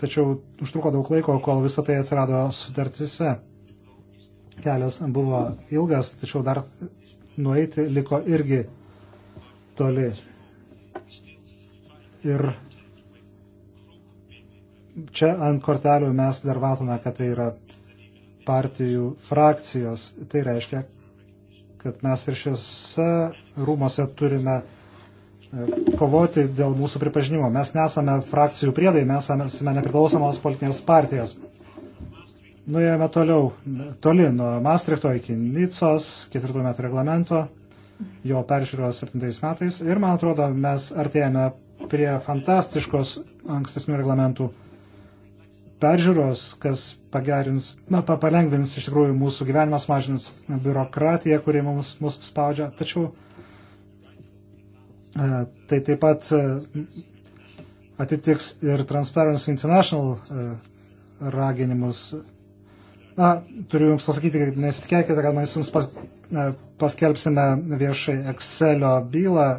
tačiau užtruko daug laiko, kol visą tai atsirado sutartise. Kelias buvo ilgas, tačiau dar nueiti liko irgi toli. Ir čia ant kortelių mes dar matome, kad tai yra partijų frakcijos. Tai reiškia, kad mes ir šiuose rūmose turime e, kovoti dėl mūsų pripažinimo. Mes nesame frakcijų priedai, mes esame nepriklausomos politinės partijos. Nuėjome toliau, toli nuo Maastrichto iki Nicos, ketvirtų metų reglamento, jo peržiūros septintais metais ir, man atrodo, mes artėjame prie fantastiškos ankstesnių reglamentų peržiūros, kas pagerins, na, palengvins iš tikrųjų mūsų gyvenimas, mažins biurokratiją, kuri mums, mus spaudžia. Tačiau e, tai taip pat e, atitiks ir Transparency International e, raginimus. Na, turiu Jums pasakyti, kad nesitikėkite, kad mes Jums pas, e, paskelbsime viešai Excelio bylą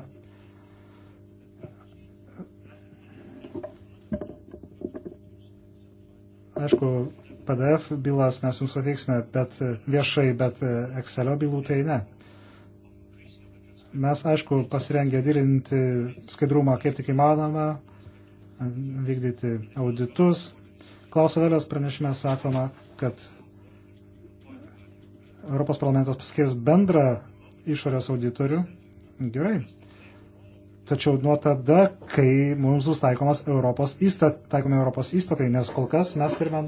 Aišku, PDF bylas mes jums pateiksime bet e, viešai, bet e, Excelio bylų tai ne. Mes, aišku, pasirengę didinti skaidrumą kaip tik įmanoma, vykdyti auditus. Klausavėlės pranešime sakoma, kad Europos parlamentas paskirs bendrą išorės auditorių. Gerai, tačiau nuo tada, kai mums bus taikomas Europos, įstat, taikomi Europos įstatai, nes kol kas mes turime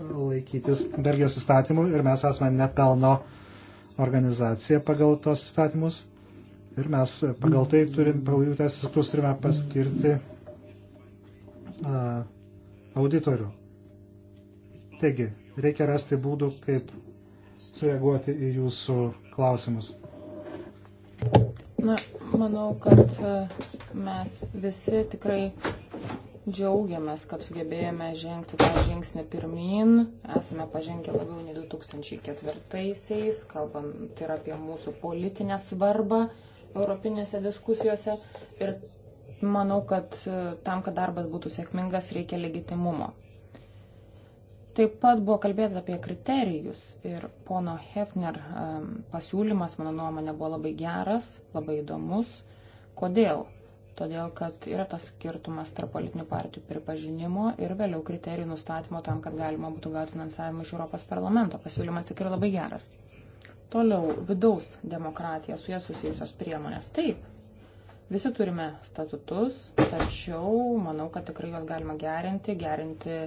laikytis Belgijos įstatymų ir mes esame nepelno organizacija pagal tos įstatymus ir mes pagal tai turim, pagal jų teisės aktus turime paskirti uh, auditorių. Taigi, reikia rasti būdų, kaip sureaguoti į jūsų klausimus. Na, Manau, kad e, mes visi tikrai džiaugiamės, kad sugebėjome žengti tą žingsnį pirmin. Esame pažengę labiau nei 2004-aisiais, kalbant tai yra apie mūsų politinę svarbą europinėse diskusijose. Ir manau, kad e, tam, kad darbas būtų sėkmingas, reikia legitimumo. Taip pat buvo kalbėta apie kriterijus ir pono Hefner pasiūlymas, mano nuomonė, buvo labai geras, labai įdomus. Kodėl? Todėl, kad yra tas skirtumas tarp politinių partijų pripažinimo ir vėliau kriterijų nustatymo tam, kad galima būtų gauti finansavimą iš Europos parlamento. Pasiūlymas tikrai labai geras. Toliau, vidaus demokratija, su jie susijusios priemonės. Taip, visi turime statutus, tačiau manau, kad tikrai juos galima gerinti, gerinti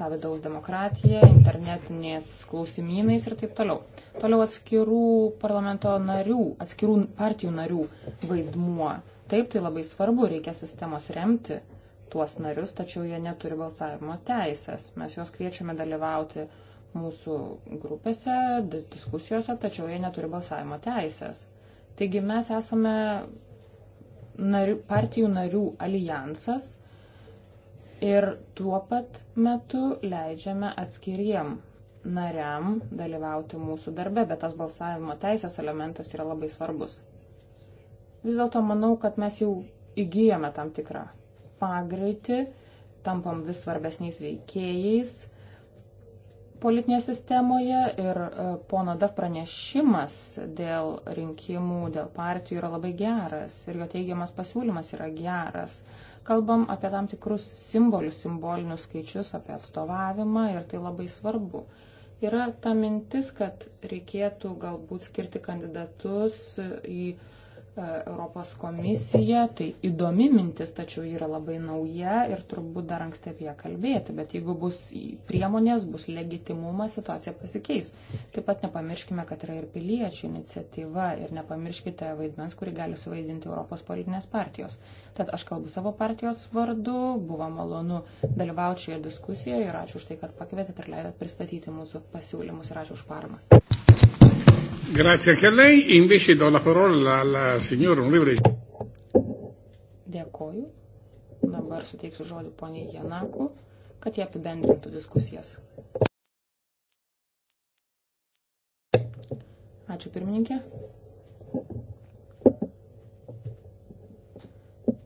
tą vidaus demokratiją, internetinės klausimynais ir taip toliau. Toliau atskirų parlamento narių, atskirų partijų narių vaidmuo. Taip, tai labai svarbu, reikia sistemos remti tuos narius, tačiau jie neturi balsavimo teisės. Mes juos kviečiame dalyvauti mūsų grupėse, diskusijose, tačiau jie neturi balsavimo teisės. Taigi mes esame narių, partijų narių alijansas, ir tuo pat metu leidžiame atskiriem nariam dalyvauti mūsų darbe, bet tas balsavimo teisės elementas yra labai svarbus. Vis dėlto manau, kad mes jau įgyjame tam tikrą pagreitį, tampam vis svarbesniais veikėjais politinėje sistemoje ir e, pono DAF pranešimas dėl rinkimų, dėl partijų yra labai geras ir jo teigiamas pasiūlymas yra geras kalbam apie tam tikrus simbolius, simbolinius skaičius, apie atstovavimą ir tai labai svarbu. Yra ta mintis, kad reikėtų galbūt skirti kandidatus į E, Europos komisija, tai įdomi mintis, tačiau yra labai nauja ir turbūt dar anksti apie ją kalbėti, bet jeigu bus priemonės, bus legitimumas, situacija pasikeis. Taip pat nepamirškime, kad yra ir piliečių iniciatyva ir nepamirškite vaidmens, kurį gali suvaidinti Europos politinės partijos. Tad aš kalbu savo partijos vardu, buvo malonu dalyvauti šioje diskusijoje ir ačiū už tai, kad pakvietėt ir leidot pristatyti mūsų pasiūlymus ir ačiū už paramą. Grazie anche a lei. Invece do la parola alla signora onorevole. Dėkoju. Dabar suteiksiu žodį poniai Janaku, kad jie apibendrintų diskusijas. Ačiū pirmininkė.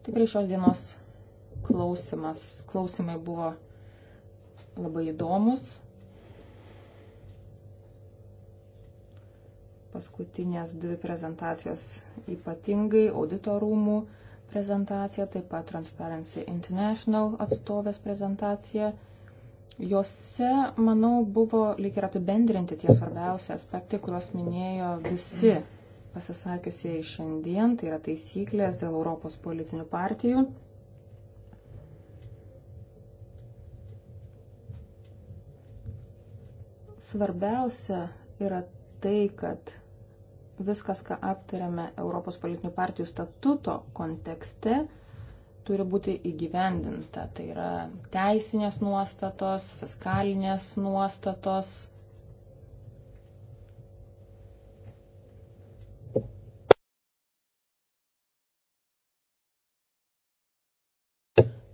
Tikrai šios dienos klausimas, klausimai buvo labai įdomus paskutinės dvi prezentacijos ypatingai auditorumų prezentacija, taip pat Transparency International atstovės prezentacija. Jose, manau, buvo lyg ir apibendrinti tie svarbiausi aspektai, kuriuos minėjo visi pasisakiusieji šiandien, tai yra taisyklės dėl Europos politinių partijų. Svarbiausia yra tai, kad viskas, ką aptariame Europos politinių partijų statuto kontekste, turi būti įgyvendinta. Tai yra teisinės nuostatos, fiskalinės nuostatos.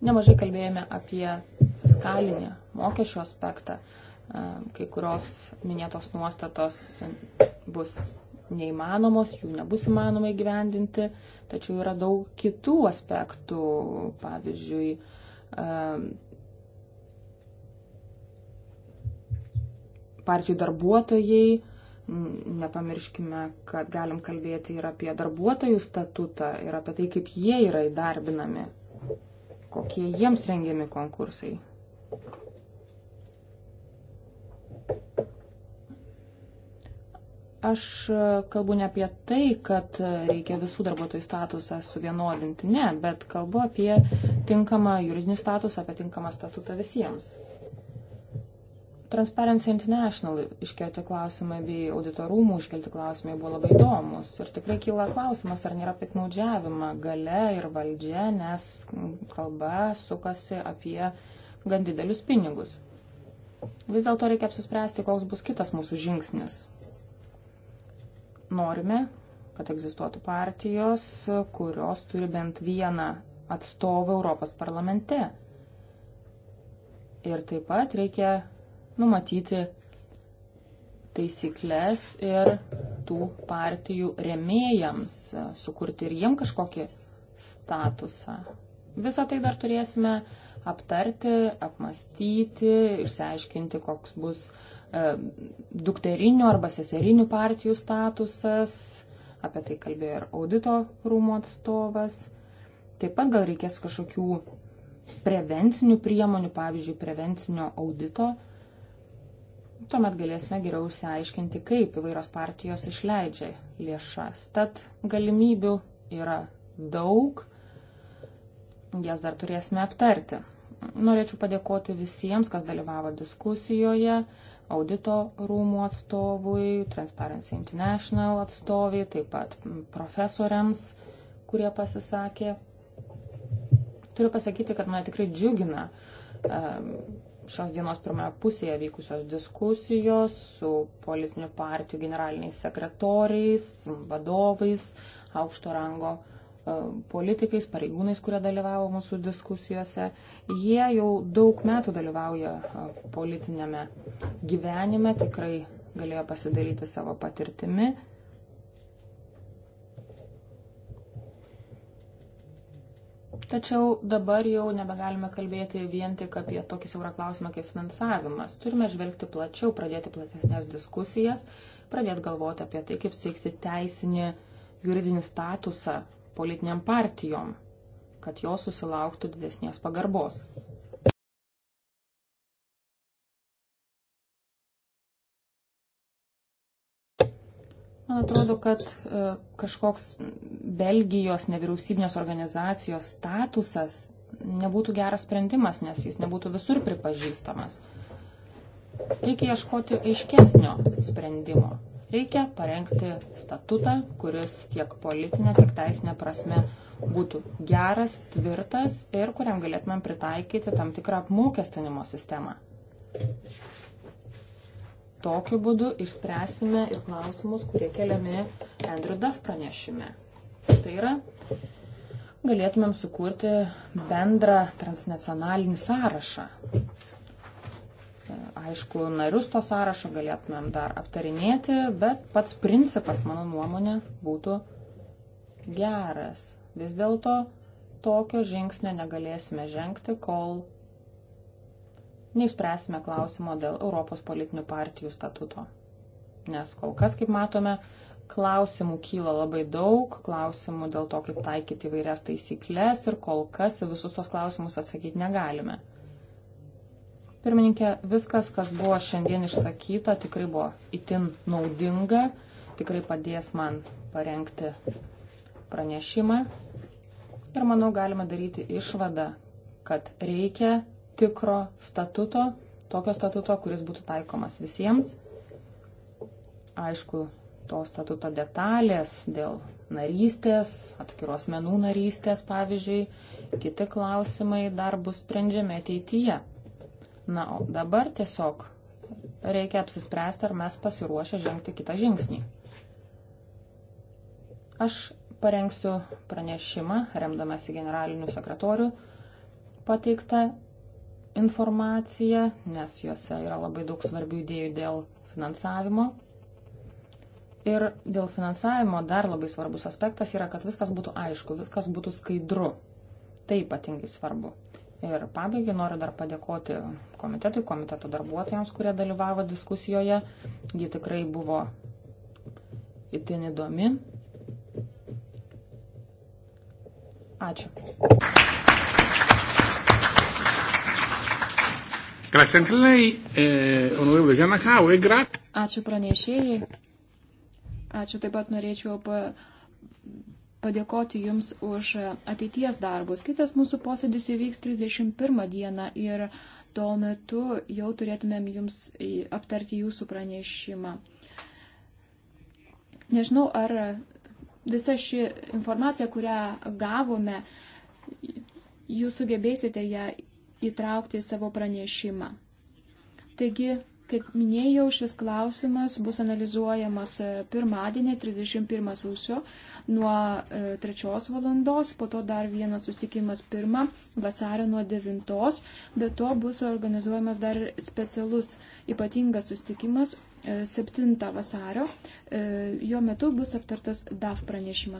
Nemažai kalbėjome apie fiskalinį mokesčių aspektą. Kai kurios minėtos nuostatos bus neįmanomos, jų nebus įmanoma įgyvendinti, tačiau yra daug kitų aspektų, pavyzdžiui, partijų darbuotojai, nepamirškime, kad galim kalbėti ir apie darbuotojų statutą, ir apie tai, kaip jie yra įdarbinami, kokie jiems rengiami konkursai. Aš e, kalbu ne apie tai, kad e, reikia visų darbuotojų statusą suvienodinti, ne, bet kalbu apie tinkamą juridinį statusą, apie tinkamą statutą visiems. Transparency International iškelti klausimai bei auditorumų iškelti klausimai buvo labai įdomus. Ir tikrai kyla klausimas, ar nėra piknaudžiavima gale ir valdžia, nes kalba sukasi apie gan didelius pinigus. Vis dėlto reikia apsispręsti, koks bus kitas mūsų žingsnis Norime, kad egzistuotų partijos, kurios turi bent vieną atstovą Europos parlamente. Ir taip pat reikia numatyti taisyklės ir tų partijų remėjams, sukurti ir jiem kažkokį statusą. Visą tai dar turėsime aptarti, apmastyti, išsiaiškinti, koks bus uh, E, dukterinių arba seserinių partijų statusas, apie tai kalbėjo ir audito rūmų atstovas. Taip pat gal reikės kažkokių prevencinių priemonių, pavyzdžiui, prevencinio audito. Tuomet galėsime geriau išsiaiškinti, kaip įvairios partijos išleidžia lėšas. Tad galimybių yra daug, jas dar turėsime aptarti. Norėčiau padėkoti visiems, kas dalyvavo diskusijoje audito rūmų atstovui, Transparency International atstoviai, taip pat profesoriams, kurie pasisakė. Turiu pasakyti, kad mane tikrai džiugina šios dienos pirmoje pusėje vykusios diskusijos su politinių partijų generaliniais sekretoriais, vadovais, aukšto rango E, politikais, pareigūnais, kurie dalyvavo mūsų diskusijose. Jie jau daug metų dalyvauja e, politinėme gyvenime, tikrai galėjo pasidalyti savo patirtimi. Tačiau dabar jau nebegalime kalbėti vien tik apie tokį siaurą klausimą kaip finansavimas. Turime žvelgti plačiau, pradėti platesnės diskusijas, pradėti galvoti apie tai, kaip steigti teisinį juridinį statusą politiniam partijom, kad jos susilauktų didesnės pagarbos. Man atrodo, kad e, kažkoks Belgijos nevyriausybinės organizacijos statusas nebūtų geras sprendimas, nes jis nebūtų visur pripažįstamas. Reikia ieškoti aiškesnio sprendimo. Reikia parengti statutą, kuris tiek politinė, tiek teisinė prasme būtų geras, tvirtas ir kuriam galėtumėm pritaikyti tam tikrą apmokestinimo sistemą. Tokiu būdu išspręsime ir klausimus, kurie keliami Andrew Duff pranešime. Tai yra, galėtumėm sukurti bendrą transnacionalinį sąrašą aišku, narius to sąrašo galėtumėm dar aptarinėti, bet pats principas, mano nuomonė, būtų geras. Vis dėlto tokio žingsnio negalėsime žengti, kol neišspręsime klausimo dėl Europos politinių partijų statuto. Nes kol kas, kaip matome, klausimų kyla labai daug, klausimų dėl to, kaip taikyti įvairias taisyklės ir kol kas visus tos klausimus atsakyti negalime. Pirmininkė, viskas, kas buvo šiandien išsakyta, tikrai buvo itin naudinga, tikrai padės man parengti pranešimą. Ir manau, galime daryti išvadą, kad reikia tikro statuto, tokio statuto, kuris būtų taikomas visiems. Aišku, to statuto detalės dėl narystės, atskiros menų narystės, pavyzdžiui, kiti klausimai dar bus sprendžiami ateityje. Na, o dabar tiesiog reikia apsispręsti, ar mes pasiruošę žengti kitą žingsnį. Aš parengsiu pranešimą, remdamasi generalinių sekretorių pateiktą informaciją, nes juose yra labai daug svarbių idėjų dėl finansavimo. Ir dėl finansavimo dar labai svarbus aspektas yra, kad viskas būtų aišku, viskas būtų skaidru. Tai ypatingai svarbu. Ir pabaigai noriu dar padėkoti komitetui, komiteto darbuotojams, kurie dalyvavo diskusijoje. Ji tikrai buvo itin įdomi. Ačiū. Grazie anche lei, eh, onorevole Giannacau, e grazie. Ačiū pranešėjai. Ačiū taip pat norėčiau pa padėkoti Jums už ateities darbus. Kitas mūsų posėdis įvyks 31 dieną ir tuo metu jau turėtumėm Jums aptarti Jūsų pranešimą. Nežinau, ar visa ši informacija, kurią gavome, Jūs sugebėsite ją įtraukti į savo pranešimą. Taigi, Kaip minėjau, šis klausimas bus analizuojamas e, pirmadienį, 31 sausio, nuo 3 e, valandos, po to dar vienas susitikimas 1 vasario nuo 9, bet to bus organizuojamas dar specialus ypatingas susitikimas 7 e, vasario, jo metu bus aptartas DAF pranešimas.